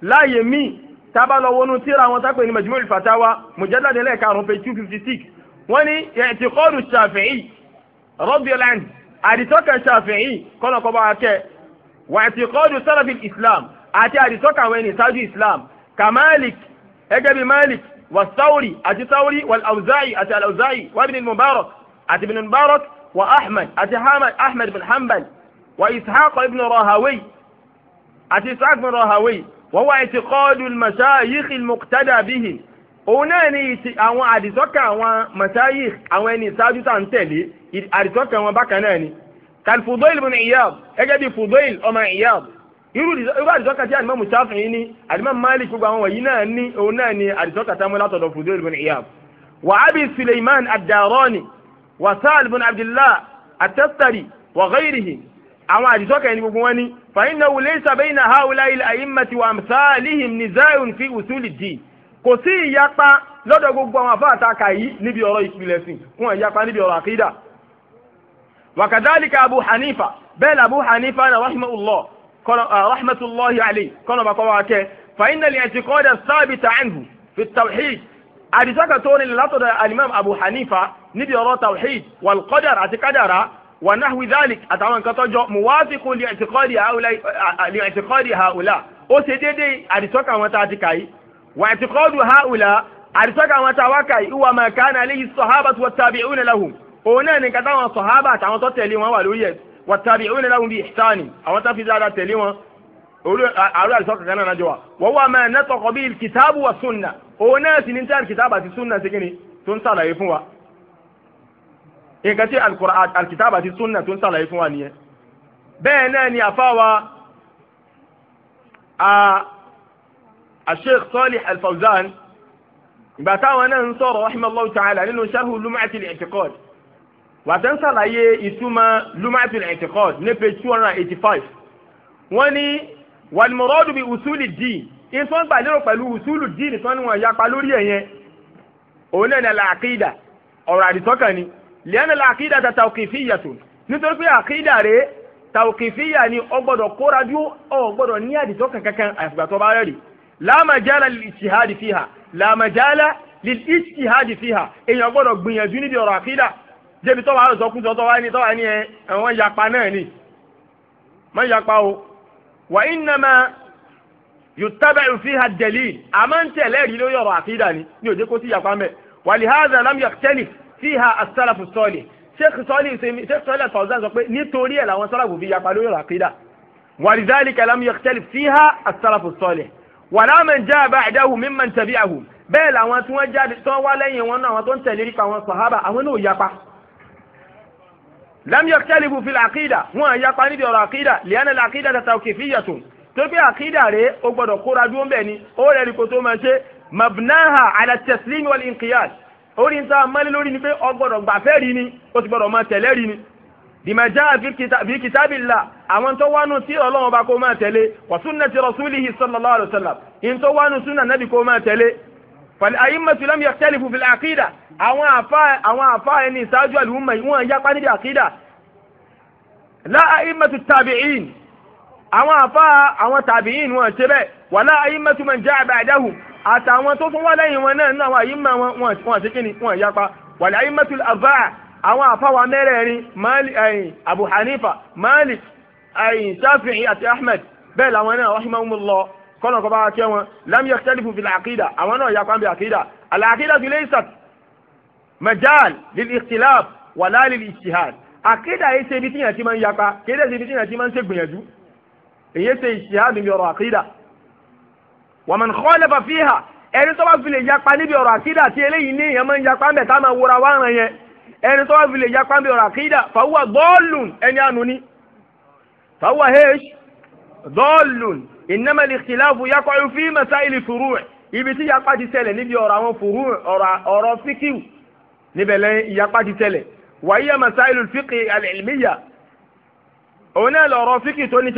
láàyè míì tábà lọ wọnú tíra wọn sápẹ́ ní Majmu' fatawa mujallad lẹ́ẹ̀karùn-ún page two fifty six wọ́n ní i'tiqadu Shafi'i رضي الله عنه أريتوك الشافعي كنا قبعا كي واعتقاد سلف الإسلام أتي أريتوك وين ساجي الاسلام كمالك أجب مالك والثوري أتي ثوري والأوزاعي أتي الأوزاعي وابن المبارك أتي ابن المبارك وأحمد أتي حامد أحمد بن حنبل وإسحاق ابن راهوي أتي إسحاق بن راهوي وهو اعتقاد المشايخ المقتدى به òun náà ni ìtì àwọn àdìsọ́kà àwọn mọ̀sáyì àwọn ẹni ìsáájú tá à ń tẹ̀lé àdìsọ́kà wọn bákan náà ni kan fudoil bin iyab gẹ́gẹ́ bí fudoil ọmọ iyab irú àdìsọ́kà tí alimami Shafi'i ní alimami Malik gbogbo àwọn wọ̀nyí náà ní òun náà ni àdìsọ́kà tá a mú látọ̀dọ̀ fudoil bin iyab wa abi suleiman ad-darani wa sa'al bin abdullah at-tastari wa àwọn àdìsọ́kà ẹni gbogbo wọn ni fa innahu laysa bayna ha'ula'i kò sí ìyapa lọ́dọ̀ gbogbo àwọn àfáàtà kàyí níbi ọ̀rọ̀ ìpìlẹ̀ sìn wọn ìyapa níbi ọ̀rọ̀ àkídà wàkàdálíkà abu hanifa bẹ́ẹ̀ làbú hanifa na ah, rahmatulahi alayhi kọ́nà bàkọ́ wa kẹ́ fàyínà lè ti kọ́ da sábì ta ànhu fi tawhid àdìsọ́kà tó ní látọ̀dọ̀ alimam abu hanifa níbi ọ̀rọ̀ tawhid wal qadar àti qadara wa nahwi dhalik àtàwọn nǹkan tọ́jọ́ muwafiqun li i'tiqadi haula ó ṣe déédéé àdìsọ́kà wọn tá a ti kàyí wà á ti kọ́ọ̀dù ha ìlà àdìsọ́kà àwọn tàwákà ìwà màkánà aléyìí sọ̀hábà tó tàbí ìwé lẹ́hùn òun náà ní kàtà àwọn sọ̀hábà àtàwọn tó tẹ̀lé wọn wà lórí ẹ̀ wà tàbí ìwé lẹ́hùn bíi ìtàní àwọn tó fi dáadáa tẹ̀lé wọn àrú àdìsọ́kà kan náà jọ wa wọ́n wà máa nẹ́tọ̀kọ̀ bíi kìtàbù wà sunna òun náà sì ní tí àlùkìtàbù àti sunna ṣe kíni tó ń sàlàyé fún wa nǹkan tí àlùkìtàbù àti sunna tó ń sàlàyé fún wa nìyẹn bẹ́ẹ̀ náà ni àfáwa Sheikh Salih Al-Fawzan ìgbà táwọn náà ń sọ̀rọ̀ rahimallahu ta'ala nínú sharhu lum'ati al-i'tiqad wàtí ń sàlàyé ìtumọ̀ lum'ati al-i'tiqad ní page two hundred and eighty five wọ́n ní wal-muradu bi usuli d-din ìsọ́n gbà lérò pẹ̀lú usulu d-din nìkan ni wọ́n yapa lórí ẹ̀yẹn òun náà ní al-aqida ọ̀rọ̀ àdìsọ́kàn ni li'anna al-aqida tawqifiyyatun nítorí pé àkídà rẹ̀ tawqifiyyah ni ó gbọ́dọ̀ kóra dúró ó gbọ́dọ̀ ní àdìsọ́kàn kankan àfìgbà tó bá rẹ̀ rí la majala lil ijtihadi fiha la majala lil ijtihadi fiha èèyàn gbọ́dọ̀ gbìyànjú níbi ọ̀rọ̀ àkídà débi tọ́wọ́ àrùn sọkún sọ tọ́wọ́ ẹni tọ́wọ́ ẹni ẹ àwọn yapa náà ni má yapa o wa innama yuttaba'u fiha ad-dalil àmọ́ ń tẹ̀lé rí lórí ọ̀rọ̀ àkídà ni ní òde kó sí yapa mẹ́ wa lihadha lam yakhtalif fiha as-salafu salih sheikh sọ́ọ̀lì sheikh sọ́ọ̀lì Fawzan sọ pé nítorí ẹ̀ làwọn sọ́lá kò fi yapa lórí ọ̀rọ̀ àkídà wa lidhalika lam yakhtalif fiha as-salafu salih wàlá man jaa ba'dahu mimman tabi'ahu bẹ́ẹ̀ làwọn tí wọ́n jáde tí wọ́n wá lẹ́yìn wọn náà àwọn tó ń tẹ̀lé nípa àwọn sàhábà àwọn náà yapa lam yaktalifu fil àkídà wọn yapa níbi ọ̀rọ̀ àkídà li'anna al-àkídà tawqifiyyatun tó pé àkídà rẹ̀ ó gbọ́dọ̀ kóra dúró bẹ́ẹ̀ ni ó rẹ̀ rí kó tó máa ṣe mabnaha ala taslimi wal inqiyad orí ń bìmọ̀já fi kitabillah àwọn tó wánu tí ọlọ́run bá kó máa tẹ̀lé wa sunnati rasulihi sallallahu alayhi wa sallam in tó wánu sunna nabi kó máa tẹ̀lé fal a'immatu lam yakhtalifu fil aqida àwọn àfa àwọn àfa ẹni ìsáájú àlùmọ̀ ìwọ̀n yapa níbi àkídà la a'immatu tabi'in àwọn àfa àwọn tabi'in wọn ṣe bẹ́ẹ̀ wala a'immatu man ja'a ba'dahum àtàwọn tó tún àwọn àfáwà mẹ́rẹ̀ẹ̀rin malik ayin eh, abu hanifa malik ayin eh, shafi'i àti ahmed bẹ́ẹ̀ làwọn náà rahimahumullah kọ́nà kọ́ bá kẹ́ wọn lam yakhtalifu fil aqida àwọn náà yapa bí aqida al aqida tu laysat majal lil ikhtilaf wala lil ijtihad aqida yìí ṣe ibi tí yàn ti máa ń yapa kéde ṣe ibi tí yàn ti máa ń ṣe gbìyànjú èyí ṣe ijtihad níbi ọ̀rọ̀ aqida wa man khalafa fiha ẹni tó bá fi lè yapa níbi ọ̀rọ̀ aqida tí eléyìí ní èèyàn máa ń yapa ń máa wúra wá ràn yẹn ẹni tó wá fi lè yapa mi ọ̀rọ̀ àkídà fàwọ́ dọ́ọ̀lùn ẹni àánú ni fàwọ́ hesh dọ́ọ̀lùn ìnámẹ́lì ìkìláàfù yakọ̀ fi masáìlì fúrú ẹ̀ ibi tí yapa ti ṣẹlẹ̀ níbi ọ̀rọ̀ àwọn fúrú ọ̀rọ̀ fíkìw níbẹ̀ lẹ́yìn ìyapa ti ṣẹlẹ̀ wàyí ẹ̀ masáìlì fíkì alẹ́lmíyà òun náà lọ̀rọ̀ fíkì tó ní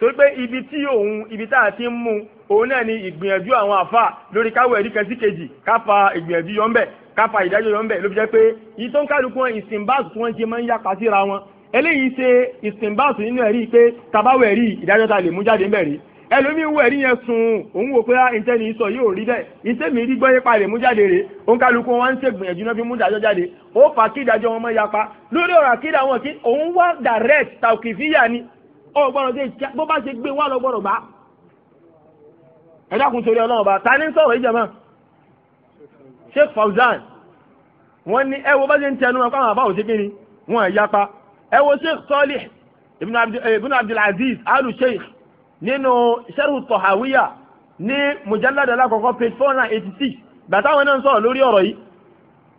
torí pé ibi tí òun ibi tá a ti ń mú òun náà ni ìgbìyànjú àwọn àfa lórí káwọ ẹ̀rí kan sí kejì káfa ìgbìyànjú yọ ńbẹ káfa ìdájọ́ yọ ńbẹ ló fi jẹ́ pé yìí tó ń kálukú wọn ìsìnbáàsù tí wọ́n ṣe máa ń yapa síra wọn eléyìí ṣe ìsìnbáàsù nínú ẹ̀rí pé tabawọ ẹ̀rí ìdájọ́ ta lè mú jáde ńbẹ rí ẹlòmíì wọ ẹ̀rí yẹn sun òun wò pé ìtẹ́ni ah, sọ yóò rí bẹ́ẹ̀ ìtẹ́mi rí gbọ́yé palẹ̀ mú jáde rè òun kálukú wọn ń ṣègbìyànjú náà fi mú ìdájọ́ jáde ó fà kí ìdájọ́ wọn mọ́ yapa lórí ọ̀rọ̀ àkídà wọn kí òun wá direct tàùkìfíyà ni ọgbọ́dọ̀ ṣe bó bá ṣe gbé wá lọ gbọ́dọ̀ gbà. ẹ dákun torí ọlọ́run ọba ta ń sọ̀rọ̀ ìjàmọ́ Sheikh Fauzan wọ́n ní ẹ wo bá ṣe ń tẹnu wọn káwọn àbá òṣè kínní wọn ẹ̀ yapa ẹ wo Sheikh Salih ibn Abdulaziz eh, alu Sheikh nínú sharhu Tahawiya ní mujallada alákọ̀ọ́kọ́ page four hundred eighty six gbàtà wọn náà ń sọ̀rọ̀ lórí ọ̀rọ̀ yìí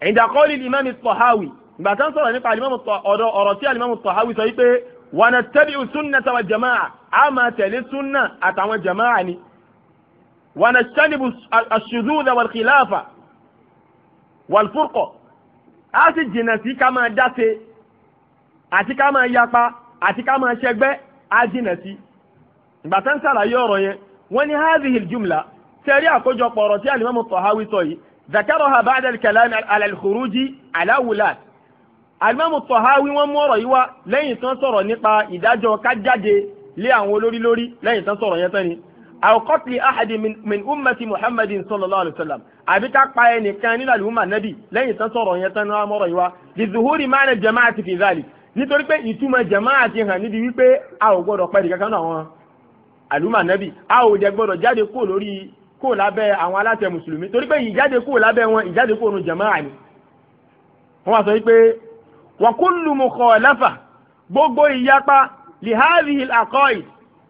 ìdàkọ́lì ìmáàmì Tahawi gbàtà ń sọ̀rọ̀ nípa ọ̀rọ̀ tí alimami Tahawi sọ yìí pé wa nattabi'u sunnata wa jama'a a máa tẹ̀lé sunna àtàwọn jama'a ni wa najtanibu ash-shududha wal khilafa wal furqa a sì jìnnà sí ká máa dáse àti ká máa yapa àti ká máa ṣẹgbẹ́ a jìnnà sí ìgbà tán sàlàyé ọ̀rọ̀ yẹn wọ́n ní hadhihi al-jumla tẹ̀rí àkójọpọ̀ ọ̀rọ̀ tí al-imam at-Tahawi sọ yìí ذكرها بعد الكلام على الخروج على ولاة alimamu tọ̀háwí wọ́n mú ọ̀rọ̀ yìí wá lẹ́yìn tán sọ̀rọ̀ nípa ìdájọ́ kájáde lé àwọn olórí lórí lẹ́yìn tán sọ̀rọ̀ yẹn tán ni àwòkọ́tì ahadi min ummati muhammadin sallallahu alayhi wa sallam àbí ká pa ẹnìkan nínú àlùmọ́ nabi lẹ́yìn tán sọ̀rọ̀ yẹn tán ni wọ́n mú ọ̀rọ̀ yìí wá di zuhuri maana jamaati fi zali nítorí pé ìtumọ̀ jamaati hàn níbi wípé a ò gbọ́dọ̀ pẹ́ nìkan kan àwọn àlùmọ́ nabi a ò jẹ́ gbọ́dọ̀ jáde kó lórí kó lábẹ́ àwọn aláṣẹ mùsùlùmí torí pé ìjáde wa kullu mukhalafa gbogbo ìyapa lihadhihi al-aqaid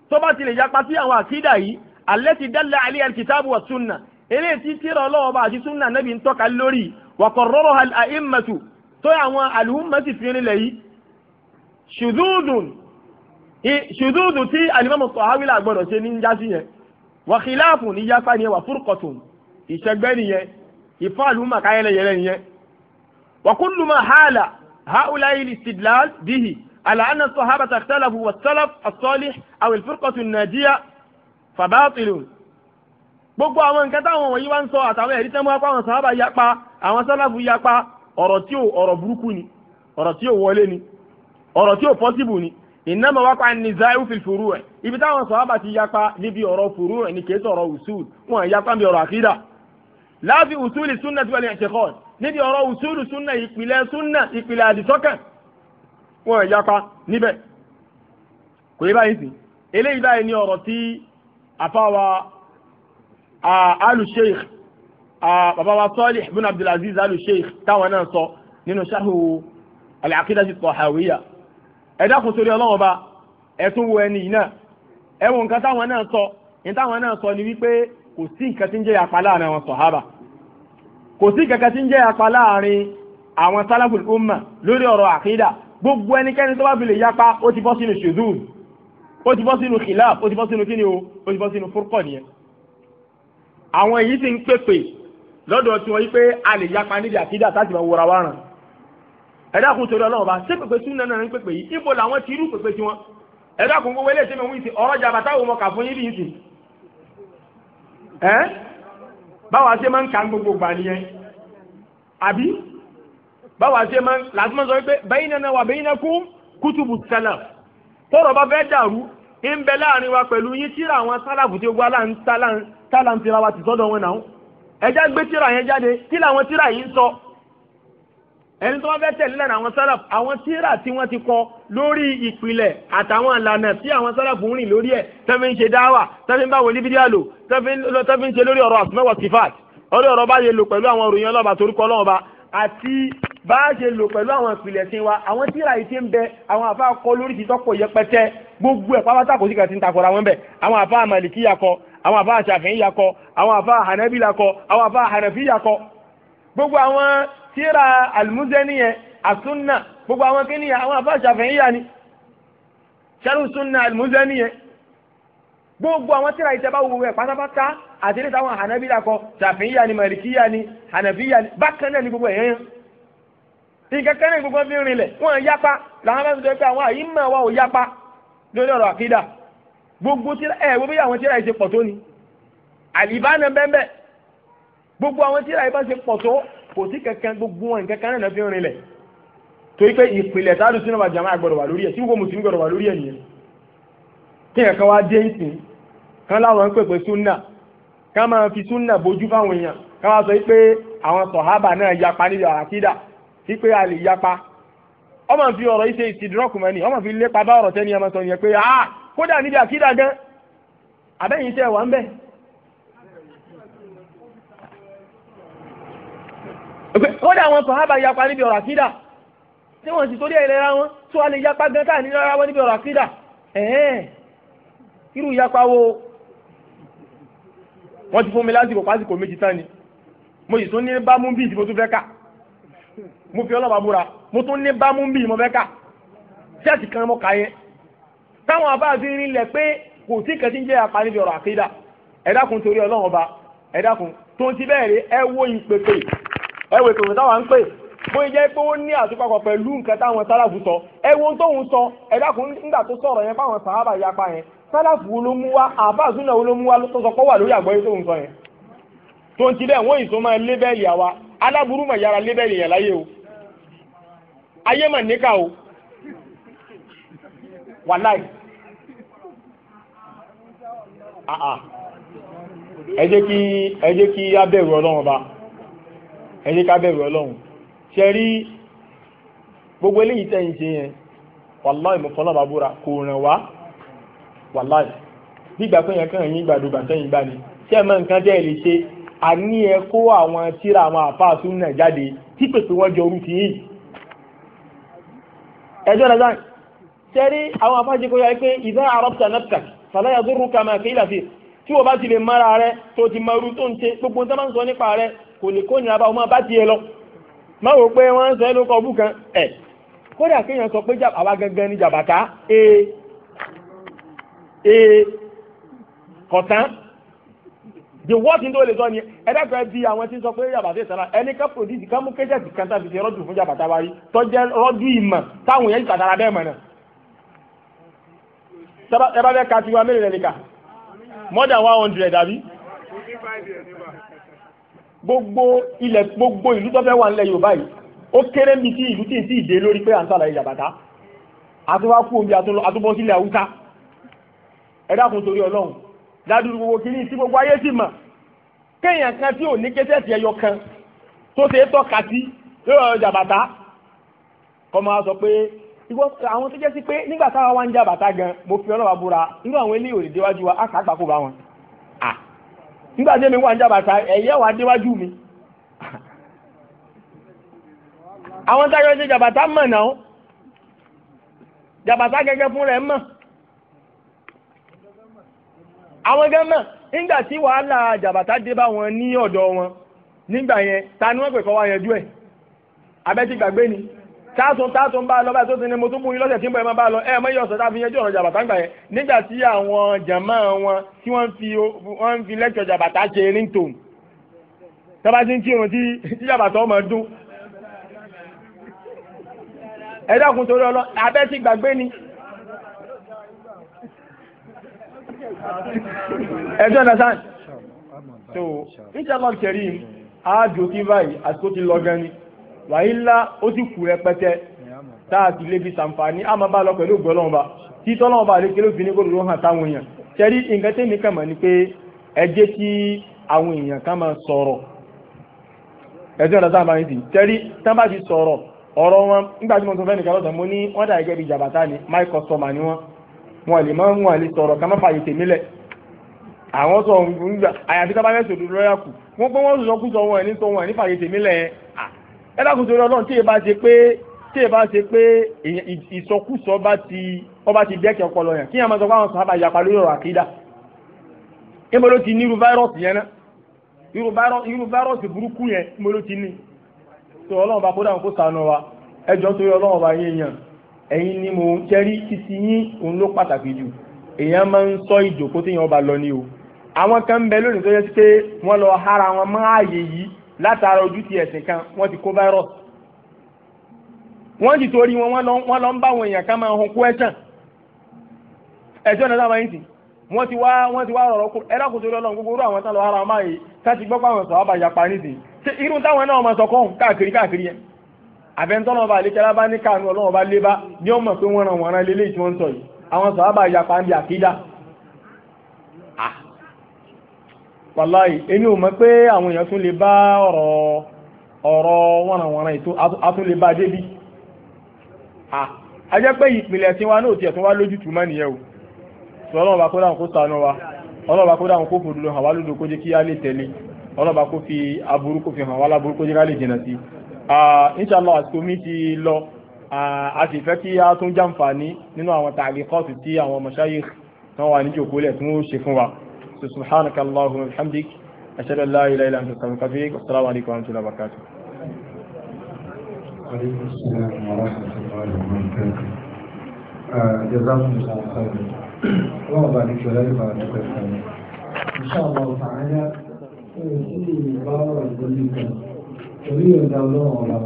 tó bá ti lè yapa sí àwọn àkídà yìí allati dalla alayha al-kitabu wa sunna eléyìí tí tírà ọlọ́wọ́ bá àti sunna nabi ń tọ́ka lórí wa qarraraha al-a'immatu tó àwọn al-ummati fi rinlẹ̀ yìí shududun ṣùdúùdù tí alimami sọ̀háwìlà gbọ́dọ̀ ṣe ní ń jásí yẹn wà kìláàfù ní yáfá ni wà fúrkọ̀tùn ìṣẹ́gbẹ́ nìyẹn ìfọ́ àlùmọ̀ káyẹlẹyẹlẹ nìyẹn wà kúndùmọ̀ hàlà هؤلاء الاستدلال به على أن الصحابة اختلفوا والسلف الصالح أو الفرقة الناجية فباطل gbogbo àwọn nǹkan táwọn wọ̀nyí wá ń sọ àtàwọn ẹ̀rí tẹ́mú apá àwọn sàhábà yapa àwọn sàláfù yapa ọ̀rọ̀ tí ò ọ̀rọ̀ burúkú ni ọ̀rọ̀ tí ò wọlé ni ọ̀rọ̀ tí ò pọ́síbù ni innama waqa nizaayu fil furu' ẹ̀ ibi táwọn sàhábà ti yapa níbi ọ̀rọ̀ furu' ẹ̀ ni kèé sọ̀rọ̀ usul wọn yapa bí ọ̀rọ̀ àkídà la fi usuli sunnati wal i'tiqad níbi ọ̀rọ̀ usulu sunna ìpìlẹ̀ sunna ìpìlẹ̀ àdìsọ́kàn wọn ẹ̀ yapa níbẹ̀ kò yẹ báyìí sí eléyìí báyìí ní ọ̀rọ̀ tí àfáwa alusheikh bàbá wa Salih bin Abdulaziz alusheikh táwọn náà sọ nínú ṣáhù al-aqida at-tahawiyya ẹ dákun sórí ọlọ́wọ́n ba ẹ tún wo ẹni yìí náà ẹ wo nǹkan táwọn náà sọ ní táwọn náà sọ ni wípé kò sí nǹkan tí ń jẹ́ yapa àwọn sọ̀hábà kò sí kankan tí ń jẹ́ apá láàrin àwọn salaful umma lórí ọ̀rọ̀ àkídà gbogbo ẹnikẹ́ni tó bá fi lè yapa ó ti bọ́ sínú shuzuz ó ti bọ́ sínú khilaf ó ti bọ́ sínú kíni o ó ti bọ́ sínú furqa nìyẹn àwọn èyí tí ń pèpè lọ́dọ̀ tí wọ́n yí pé a lè yapa níbi àkídà láti máa wọra wárán ẹ̀dá torí ọlọ́run bá ṣé pèpè súnà náà ń pèpè yìí ibo làwọn ti rú pèpè tiwọn ẹ̀dá kun gbogbo eléyìí tí mo ń wí sí ọ̀rọ̀ jàbá táwọn ọmọ kà fún yín bí yín sí. ẹ́ báwa ṣe máa ń ka gbogbo gbà nìyẹn àbí báwa ṣe máa ń láti máa sọ pé bainana wa bainakum kutubu salaf tọrọ bá fẹ́ dàrú ń bẹ láàrin wa pẹ̀lú yín tíra àwọn sálàfù tí ogun aláǹtálàǹtìra wa ti sọ́dọ̀ wọn náà ẹjá gbé tíra yẹn jáde kí làwọn tíra yìí ń sọ ẹni tó wọ́n fẹ́ tẹ̀lé lẹ́nu àwọn sálàfù àwọn tíra tí wọ́n ti kọ lórí ìpìlẹ̀ àtàwọn ìlànà tí àwọn sálàfù ń rìn lórí ẹ̀ tẹ́fí ń ṣe dáwà tẹ́fí ń bá wòlíì bídíà lò tẹ́fí ń ṣe lórí ọ̀rọ̀ àsùnmẹ́wọ̀ sífàt lórí ọ̀rọ̀ bá yẹ lò pẹ̀lú àwọn òròyìn ọlọ́ba torúkọ ọlọ́ba àti bá a ṣe lò pẹ̀lú àwọn ìpìlẹ̀ sí wa àwọn tíra yìí ti ń bẹ àwọn àfa kọ lórí ti yẹpẹtẹ gbogbo ẹ̀ tíra àlùmúzẹ́ni yẹn àsúnà gbogbo àwọn kí ni àwọn àfáàṣàfẹ́ yíyá ni sẹ́rù súnà àlùmúzẹ́ni yẹn gbogbo àwọn tíra ìjẹba wo ẹ̀ pátápátá àti níta àwọn hànàbíyà kọ ṣàfihàn ni màlìkíyà ni hànàbíyà ni bákan náà ni gbogbo ẹ̀yẹ́ yẹn ìkẹ́kẹ́ ní gbogbo fi ń rinlẹ̀ wọ́n yapa làwọn bá ti sọ pé àwọn àyí mọ̀ wa ò yapa lórí ọ̀rọ̀ àkídà gbogbo tíra ẹ̀ wọ́n bí àwọn tíra yìí ṣe pọ̀ tó ni àlìbá bẹ́ẹ̀ bẹ́ẹ̀ gbogbo àwọn tíra yìí bá ṣe pọ̀ tó kò sí kankan gbogbo wọn kankan náà fi ń to torí pé ìpìlẹ̀ tá a lùsùn náà jàmáà gbọ́dọ̀ wà lórí ẹ̀ tí gbogbo mùsùlùmí gbọ́dọ̀ wà lórí ẹ̀ nìyẹn kéèyàn kan wá dé ìsìn kan láwọn ń súnà ká máa fi súnà bójú fáwọn èèyàn ká wá sọ pé àwọn sọ̀hábà náà yapa níbi sí pé a lè yapa ọmọ fi ọ̀rọ̀ yìí ìsìdúrọ́kù mọ́ ni ọmọ fi lépa bá ọ̀rọ̀ tẹ́ni ẹmọ sọ yẹn pé ah kódà níbi àkídà gan abẹ́yìn iṣẹ́ wà ń kódà àwọn sàhábà yapa níbi ọ̀rọ̀ àkídà tí wọ́n sì torí ẹ̀lẹ́ra wọn tó wà lè yapa gan káà nínú ara wọn níbi ọ̀rọ̀ àkídà ẹ̀ẹ́n irú yapa wo wọ́n ti fún mi lásìkò pásìkò méjì tán ni mo sì tún ní bámú bíi tí mo tún fẹ́ kà mo fi ọlọ́ba búra mo tún ní bámú bíi mo fẹ́ kà ṣẹ́ẹ̀tì kan mo kà yẹn táwọn abáàfin rinlẹ̀ pé kò sí kẹ́tí ń jẹ́ apá níbi ọ̀rọ̀ àkídà ẹ̀dákun torí ọlọ́run ọba ẹ̀dákun tó ti bẹ́ẹ̀ rí ẹ wo ìpèpè ẹ̀wẹ̀ kòrò wa ń pè bóyá jẹ́ pé ó ní àtúpapọ̀ pẹ̀lú nǹkan táwọn sálàfù sọ ẹ̀wọ̀ tóun sọ ẹ̀dá kún nígbà tó sọ̀rọ̀ yẹn fáwọn sàhábà yapa yẹn sálàfù wo ló mú wá àbá àsúnà wo ló mú wá wà lórí àgbọ̀yé tóun sọ yẹn tó ń ti o ayé mà níkà o ah, ah. ẹ jẹ́ kí ẹ jẹ́ kí ẹ jẹ́ ká bẹ̀rù ọlọ́run ṣe rí gbogbo eléyìí tẹ̀ ń ṣe yẹn wàláì mo fọlọ́ bá búra kò ràn wá wàláì bí ìgbà pé yẹn kàn yín gbàdúgbà sẹ́yìn gbà ni ṣé ẹ mọ nǹkan tẹ́ ẹ lè ṣe àní ẹ kó àwọn tíra àwọn àfáà súnà jáde tí pèpè wọn jọ orú ti yìí ẹjọ́ rẹ̀ dáhùn tẹ́rí àwọn afájí kó yá pé ìdá àrọ́pùtà náà fàlàyà dúró kàmá kéèlà sí tí wọ́n bá ti lè mara rẹ tó ti marú tó ń ṣe gbogbo tó máa ń sọ nípa rẹ kò lè kó nira bá ọmọ bá tiẹ̀ lọ má wò pé wọ́n ń sọ ẹnu kọ́bù kan ẹ̀ kódà kéèyàn sọ pé àwa gangan ni jàbàtà ee ee kọ̀tán the worst thing tó lè sọ ni ẹ̀dẹ́gbẹ́ bí àwọn tí ń sọ pé jàbàtà ìsara ẹni ká produce ká mú kéjẹ̀tì kan tàbí ti rọ́dù fún jàbàtà wáyé tọ́jẹ́ rọ́dù ìmọ̀ táwọn yẹn ìtàdára bẹ́ẹ̀ mọ̀ náà ẹ bá fẹ́ ka tiwa mélòó lẹ́nìkà more than one hundred àbí gbogbo ilẹ̀ gbogbo ìlú tó fẹ́ wà nílẹ̀ Yorùbá yìí ó kéré níbi tí ìlú tí ì tí ì dé lórí pé à ń sàlàyé Jàbàtà àtúwá kú omi àtúbọ̀ sílẹ̀ Haúsá ẹ dákun torí Ọlọ́run dádúró gbogbo kìíní tí gbogbo ayé sì mọ̀ kéèyàn kan tí ò ní kẹ́sẹ̀tì ẹyọ kan tó ṣe é tọ́ka sí yóò Jàbàtà kọ́ máa sọ pé ìwọ àwọn tó jẹ́ sí pé nígbà táwa wá ń Jàbàtà gan mo fi Ọlọ́run búra irú àwọn eléyìí ò lè déwájú wa á kà á gbàkó bá wọn nígbà tí èmi wà ń jàbàtà ẹ̀yẹ́ wà déwájú mi àwọn táyọ̀ ṣe jàbàtà mọ̀ náà jàbàtà gẹ́gẹ́ fún rẹ̀ mọ̀ àwọn gẹ́mọ̀ nígbà tí wàhálà jàbàtà dé bá wọn ní ọ̀dọ̀ wọn nígbà yẹn ta ni wọ́n pè kọ́ yẹn jú ẹ̀ abẹ́tí gbàgbé ni tásùn tásùn bá lọ báyìí tó ti ní mo tún mú yín lọ́sẹ̀ tí ń bọ̀ ẹ máa bá lọ ẹ mọ̀ yíyọ̀ sọ́tà fi yẹjú ọ̀rọ̀ jàbàtà ń gbà yẹn nígbà tí àwọn jàmá wọn tí wọ́n fi wọ́n ń fi lẹ́kọ̀ọ́ jàbàtà ṣe ringtone tọ́ba ti ń kírun tí tí jàbàtà ọmọ dún. ẹ dákun torí ọlọ abẹ́ ti gbàgbé ni. ẹ jọ́ ọ̀nà sáà. so inshallah kerim àádùn kí báyìí àsìkò wàhálà ó sì kù rẹpẹtẹ tá a sì lè fi sàǹfààní àmọ́ bá lọ pẹ̀lú ògbọ́n lọ́wọ́ bá tí tọ́lọ́wọ́ bá lè kí ló fi ní kó ló hàn táwọn èèyàn ṣẹ́rí nǹkan tẹ́mi kàn mọ́ ni pé ẹ jẹ́ kí àwọn èèyàn kan máa sọ̀rọ̀ ẹ̀sìn ọ̀dà sáà máa ń sìn ṣẹ́rí tán bá ti sọ̀rọ̀ ọ̀rọ̀ wọn nígbà tí mo sọ fẹ́ nìkan lọ́sàn mo ní wọ́n dà gẹ́gẹ́ bí jàbátá ni my customer ni wọ́n wọn lè máa wọn lè sọ̀rọ̀ ká má fààyè tèmi lẹ̀ àwọn sọ àyàfi tá sòdò lọ́yà kù wọ́n pé wọ́n sọ kú sọ wọn ní sọ wọn ní fààyè tèmi lẹ̀ ẹ dákun torí ọlọ́run tí èèbá ṣe pé tí èèbá ṣe pé ìsọkúsọ bá ti ọba ti dẹ́kẹ̀ ọpọlọ yẹn kí ẹ máa sọ fáwọn sọ́hábà ìyapa lórí ọ̀rọ̀ àkídà níbo ló ti ní irú fáírọ́ọ̀sì yẹn ná irú fáírọ́ọ̀sì burúkú yẹn níbo ló ti ní tó ọlọ́run bá kó dáhùn kó sànù wa ẹjọ́ torí ọlọ́run bá yẹn yàn ẹ̀yin ni mò ń tẹ́rí títí yín òun ló pàtàkì jù èèyàn máa ń sọ ìjòkó téèyàn ọba lọ ní o àwọn kan ń bẹ lónìí tó yẹ sí pé wọ́n lọ hara wọn máa yẹ yìí látara ojú ti ẹ̀sìn kan wọ́n ti kó virus wọ́n ti torí wọn wọ́n lọ ń bá àwọn èèyàn kan máa hun question ẹ̀jọ́ náà dábàá wọ́n ti wá wọ́n ti wá rọ̀rọ̀ kó ẹ̀rọ kò sórí ọlọ́run gbogbo orú àwọn tán lọ ara yìí ká ti gbọ́ pé àwọn sọ̀rọ̀ àbàyà parí sí ṣe irú táwọn náà ọmọ wàláì èmi ò mọ̀ pé àwọn èèyàn tún lè bá ọ̀rọ̀ ọ̀rọ̀ wọ̀nàwọ̀nà ètò atún lè bá a débi a jẹ́ pé ìpìlẹ̀ tí wa náà tiẹ̀ tún wá lójútùú mọ́ nìyẹn o sọ ọlọ́run bá kó dáhùn kó ṣàánú wa ọlọ́run bá kó dáhùn kó fòdúró hàn wá lódò kó jẹ́ kí á lè tẹ̀lé ọlọ́run bá kó fi aburú kó fi hàn wá láburú kó jẹ́ ká lè inshallah àsìkò mi ti a sì fẹ́ kí a tún jàǹfààní nínú àwọn tààlì kọ́ọ̀tù tí àwọn mọ̀ṣáyé tán wà níjòkó lẹ̀ tún ó ṣe fún wa. سبحانك اللهم وبحمدك أشهد أن لا إله إلا أنت أستغفرك فيك والسلام عليكم ورحمة الله وبركاته وعليكم السلام ورحمة الله وبركاته آه، جزاكم الله خيرا اللهم بارك ولا يبارك إن شاء الله تعالى إني آه، بارك بليك torí ọ̀dà ọlọ́run ọ̀la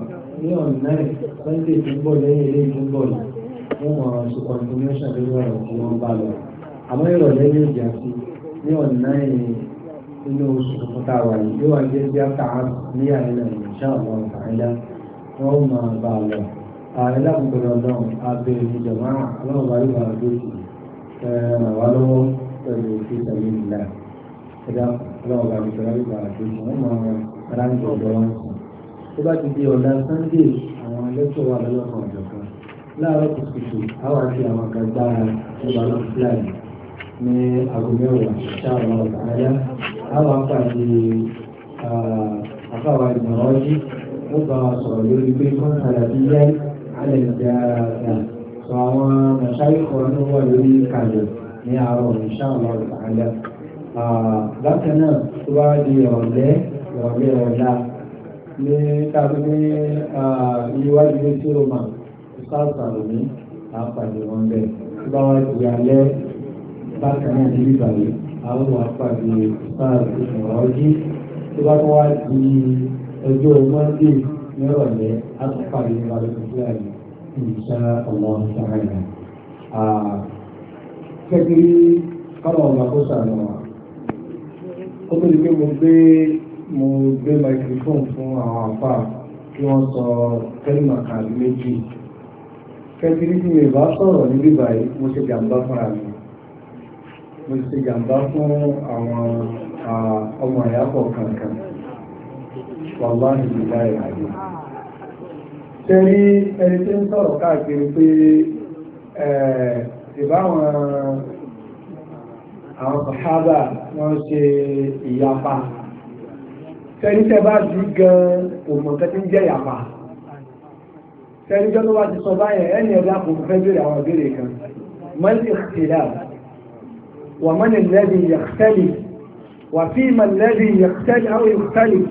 ní ọ̀nà ẹ̀ sunday tó ń bọ̀ lẹ́yìn ilé tó ń bọ̀ yìí wọ́n mọ̀ ọ́n ṣe confirmation ní ọ̀nà inú oṣù tuntun tá a wà yìí yóò wá jẹ́ bí áfíà ní àìlà ìṣá àwọn àìlà wọ́n máa bá a lọ. àìlà gbọdọ̀ náà abẹ́rẹ́ ìjọba aláwọ̀ bá yóò wá lóṣù ẹ̀ràn wá lọ́wọ́ pẹ̀lú òfin tẹ̀lé ìlà ẹ̀dá aláwọ̀ bá yóò wá lóṣù wọ́n máa rà ń jọ ọ̀dọ́ wọn sùn. tó bá ti di ọ̀la sunday àwọn ẹlẹ́tọ̀ wà lọ́lọ́kan ọ̀jọ̀kan láàárọ̀ kùtùkùtù ní aago mẹ́wàá ṣáàlá ọ̀tàlá àwọn apàdé àfàwà ìgbàlọ́ yìí ó bá wa sọ̀rọ̀ lórí pé kọ́ńtàlá ti yẹ alẹ́ dáadáa sọ àwọn mọ̀ṣáyé kan tó wà lórí kalẹ̀ ní àárọ̀ ṣáàlá ọ̀tàlá. bákan náà tó bá di ọ̀lẹ́ ọ̀lẹ́ ọ̀la ní tàbí iwájú tí ó mà sáàtàlù ní àpàdé wọn bẹ́ẹ̀ tó bá wá di alẹ́ bákan náà ní ìbàlẹ̀ àwọn àpàdé sáàrù ìṣòro ọjí tó bá wá di ọjọ́ mọ́ndé nírọ̀lẹ́ àtúpàdé ìbàlẹ̀ fúláì ìṣá ọmọ ṣáàyà. kẹ́kiri kọ́nà ọ̀nà kó sànù wa ó tó di pé mo gbé mo gbé microphone fún àwọn àpá kí wọ́n sọ kẹ́lìmọ̀ kan méjì kẹ́kiri tí mi bá sọ̀rọ̀ níbí báyìí mo ṣe jàǹbá fúnra mi mo ṣe yàmbá fún àwọn ọmọ ìyàpọ̀ kankan wàlá ìgbìlá ìràyè ṣe rí ẹni tí ń sọ̀rọ̀ káàkiri pé ìbáwọn àwọn sàhábà wọ́n ṣe ìyapa ṣẹ́ni tẹ́ bá bí gan òmùnkẹ́ tí ń jẹ́ ìyapa ṣẹ́ni tó wá ti sọ báyẹn ẹni ẹ̀dá kò fẹ́ bèèrè àwọn ìbéèrè kan mọ́lì ìṣẹ̀dá ومن الذي يختلف وفيما الذي يختلف أو يختلف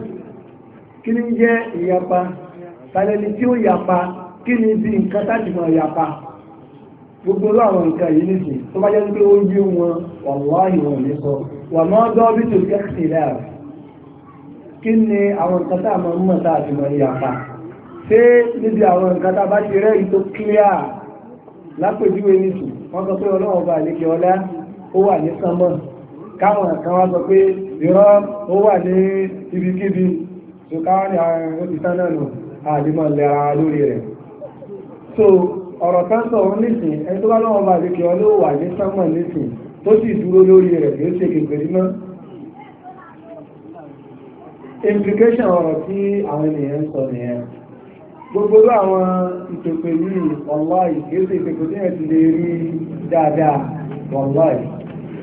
kí ni jẹ́ ìyapa tàlẹ́ni tí ó yapa kí ni bí nǹkan tájùmọ̀ yapa gbogbo ló àwọn nǹkan yìí nìsín tó bá jẹ́ pé ó yé wọn wàláhì wọn ní sọ wà má dọ́ bí tó kẹ́kẹ́ náà kí ni àwọn nǹkan tá a máa ń mọ̀ tá a ti mọ̀ yapa ṣé níbi àwọn nǹkan tá a bá ti rẹ́rìí tó kílíà lápèjúwe nìsín wọ́n sọ pé ọlọ́wọ́ bá àlejò ọlá ó wà ní sánmọ̀ káwọn kan wá sọ pé irọ́ ó wà ní ibikíbi tó káwọn ní àwọn ah, ẹ̀rọ ti tán náà nù àdìmọ̀ lẹ́ra lórí rẹ̀ so ọ̀rọ̀ kan sọ òun nísìn ẹni tó bá lọ́wọ́ bá lè kí ọ ló wà ní sánmọ̀ nísìn tó sì dúró lórí rẹ̀ kì ṣe kékeré mọ́ implication ọ̀rọ̀ tí àwọn ènìyàn ń sọ nìyẹn gbogbo ló àwọn ìpèpè yìí ọ̀wá ìkéṣe ìpèpè tí ẹ̀ ti lè rí dáadáa ọ̀wá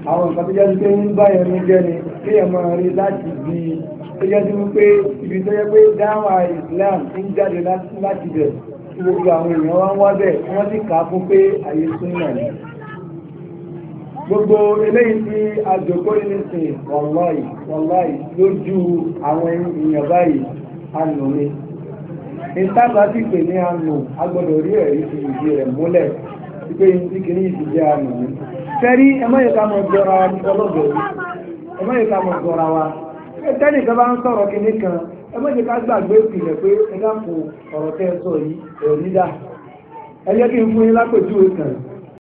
àwọn nǹkan tó jẹ́ pé ń bá ẹnu jẹ́ ni kí ẹ̀ máa rí láti bí i tó jẹ́ wípé ibi tó jẹ́ pé dáhùn Islam ń jáde láti bẹ̀ tí gbogbo àwọn èèyàn wá ń wá bẹ̀ wọ́n sì kà á fún pé àyè súnmọ̀ ni. gbogbo eléyìí tí àjòkó yìí sìn wàláì wàláì lójú àwọn èèyàn báyìí ànú ni. ìtàgbà sì pè ní ànú a rí ẹ̀rí fi ìdí rẹ̀ múlẹ̀ àti pé ní kìíní yìí ti jẹ́ àmì mi. Sẹ́rí ní ọlọ́gbẹ̀ẹ́ ẹ má yẹ ká mọ bá ń sọ̀rọ̀ kìíní kan ẹ ká gbàgbé ìpìlẹ̀ pé ẹ ọ̀rọ̀ tẹ́ sọ yìí nídà.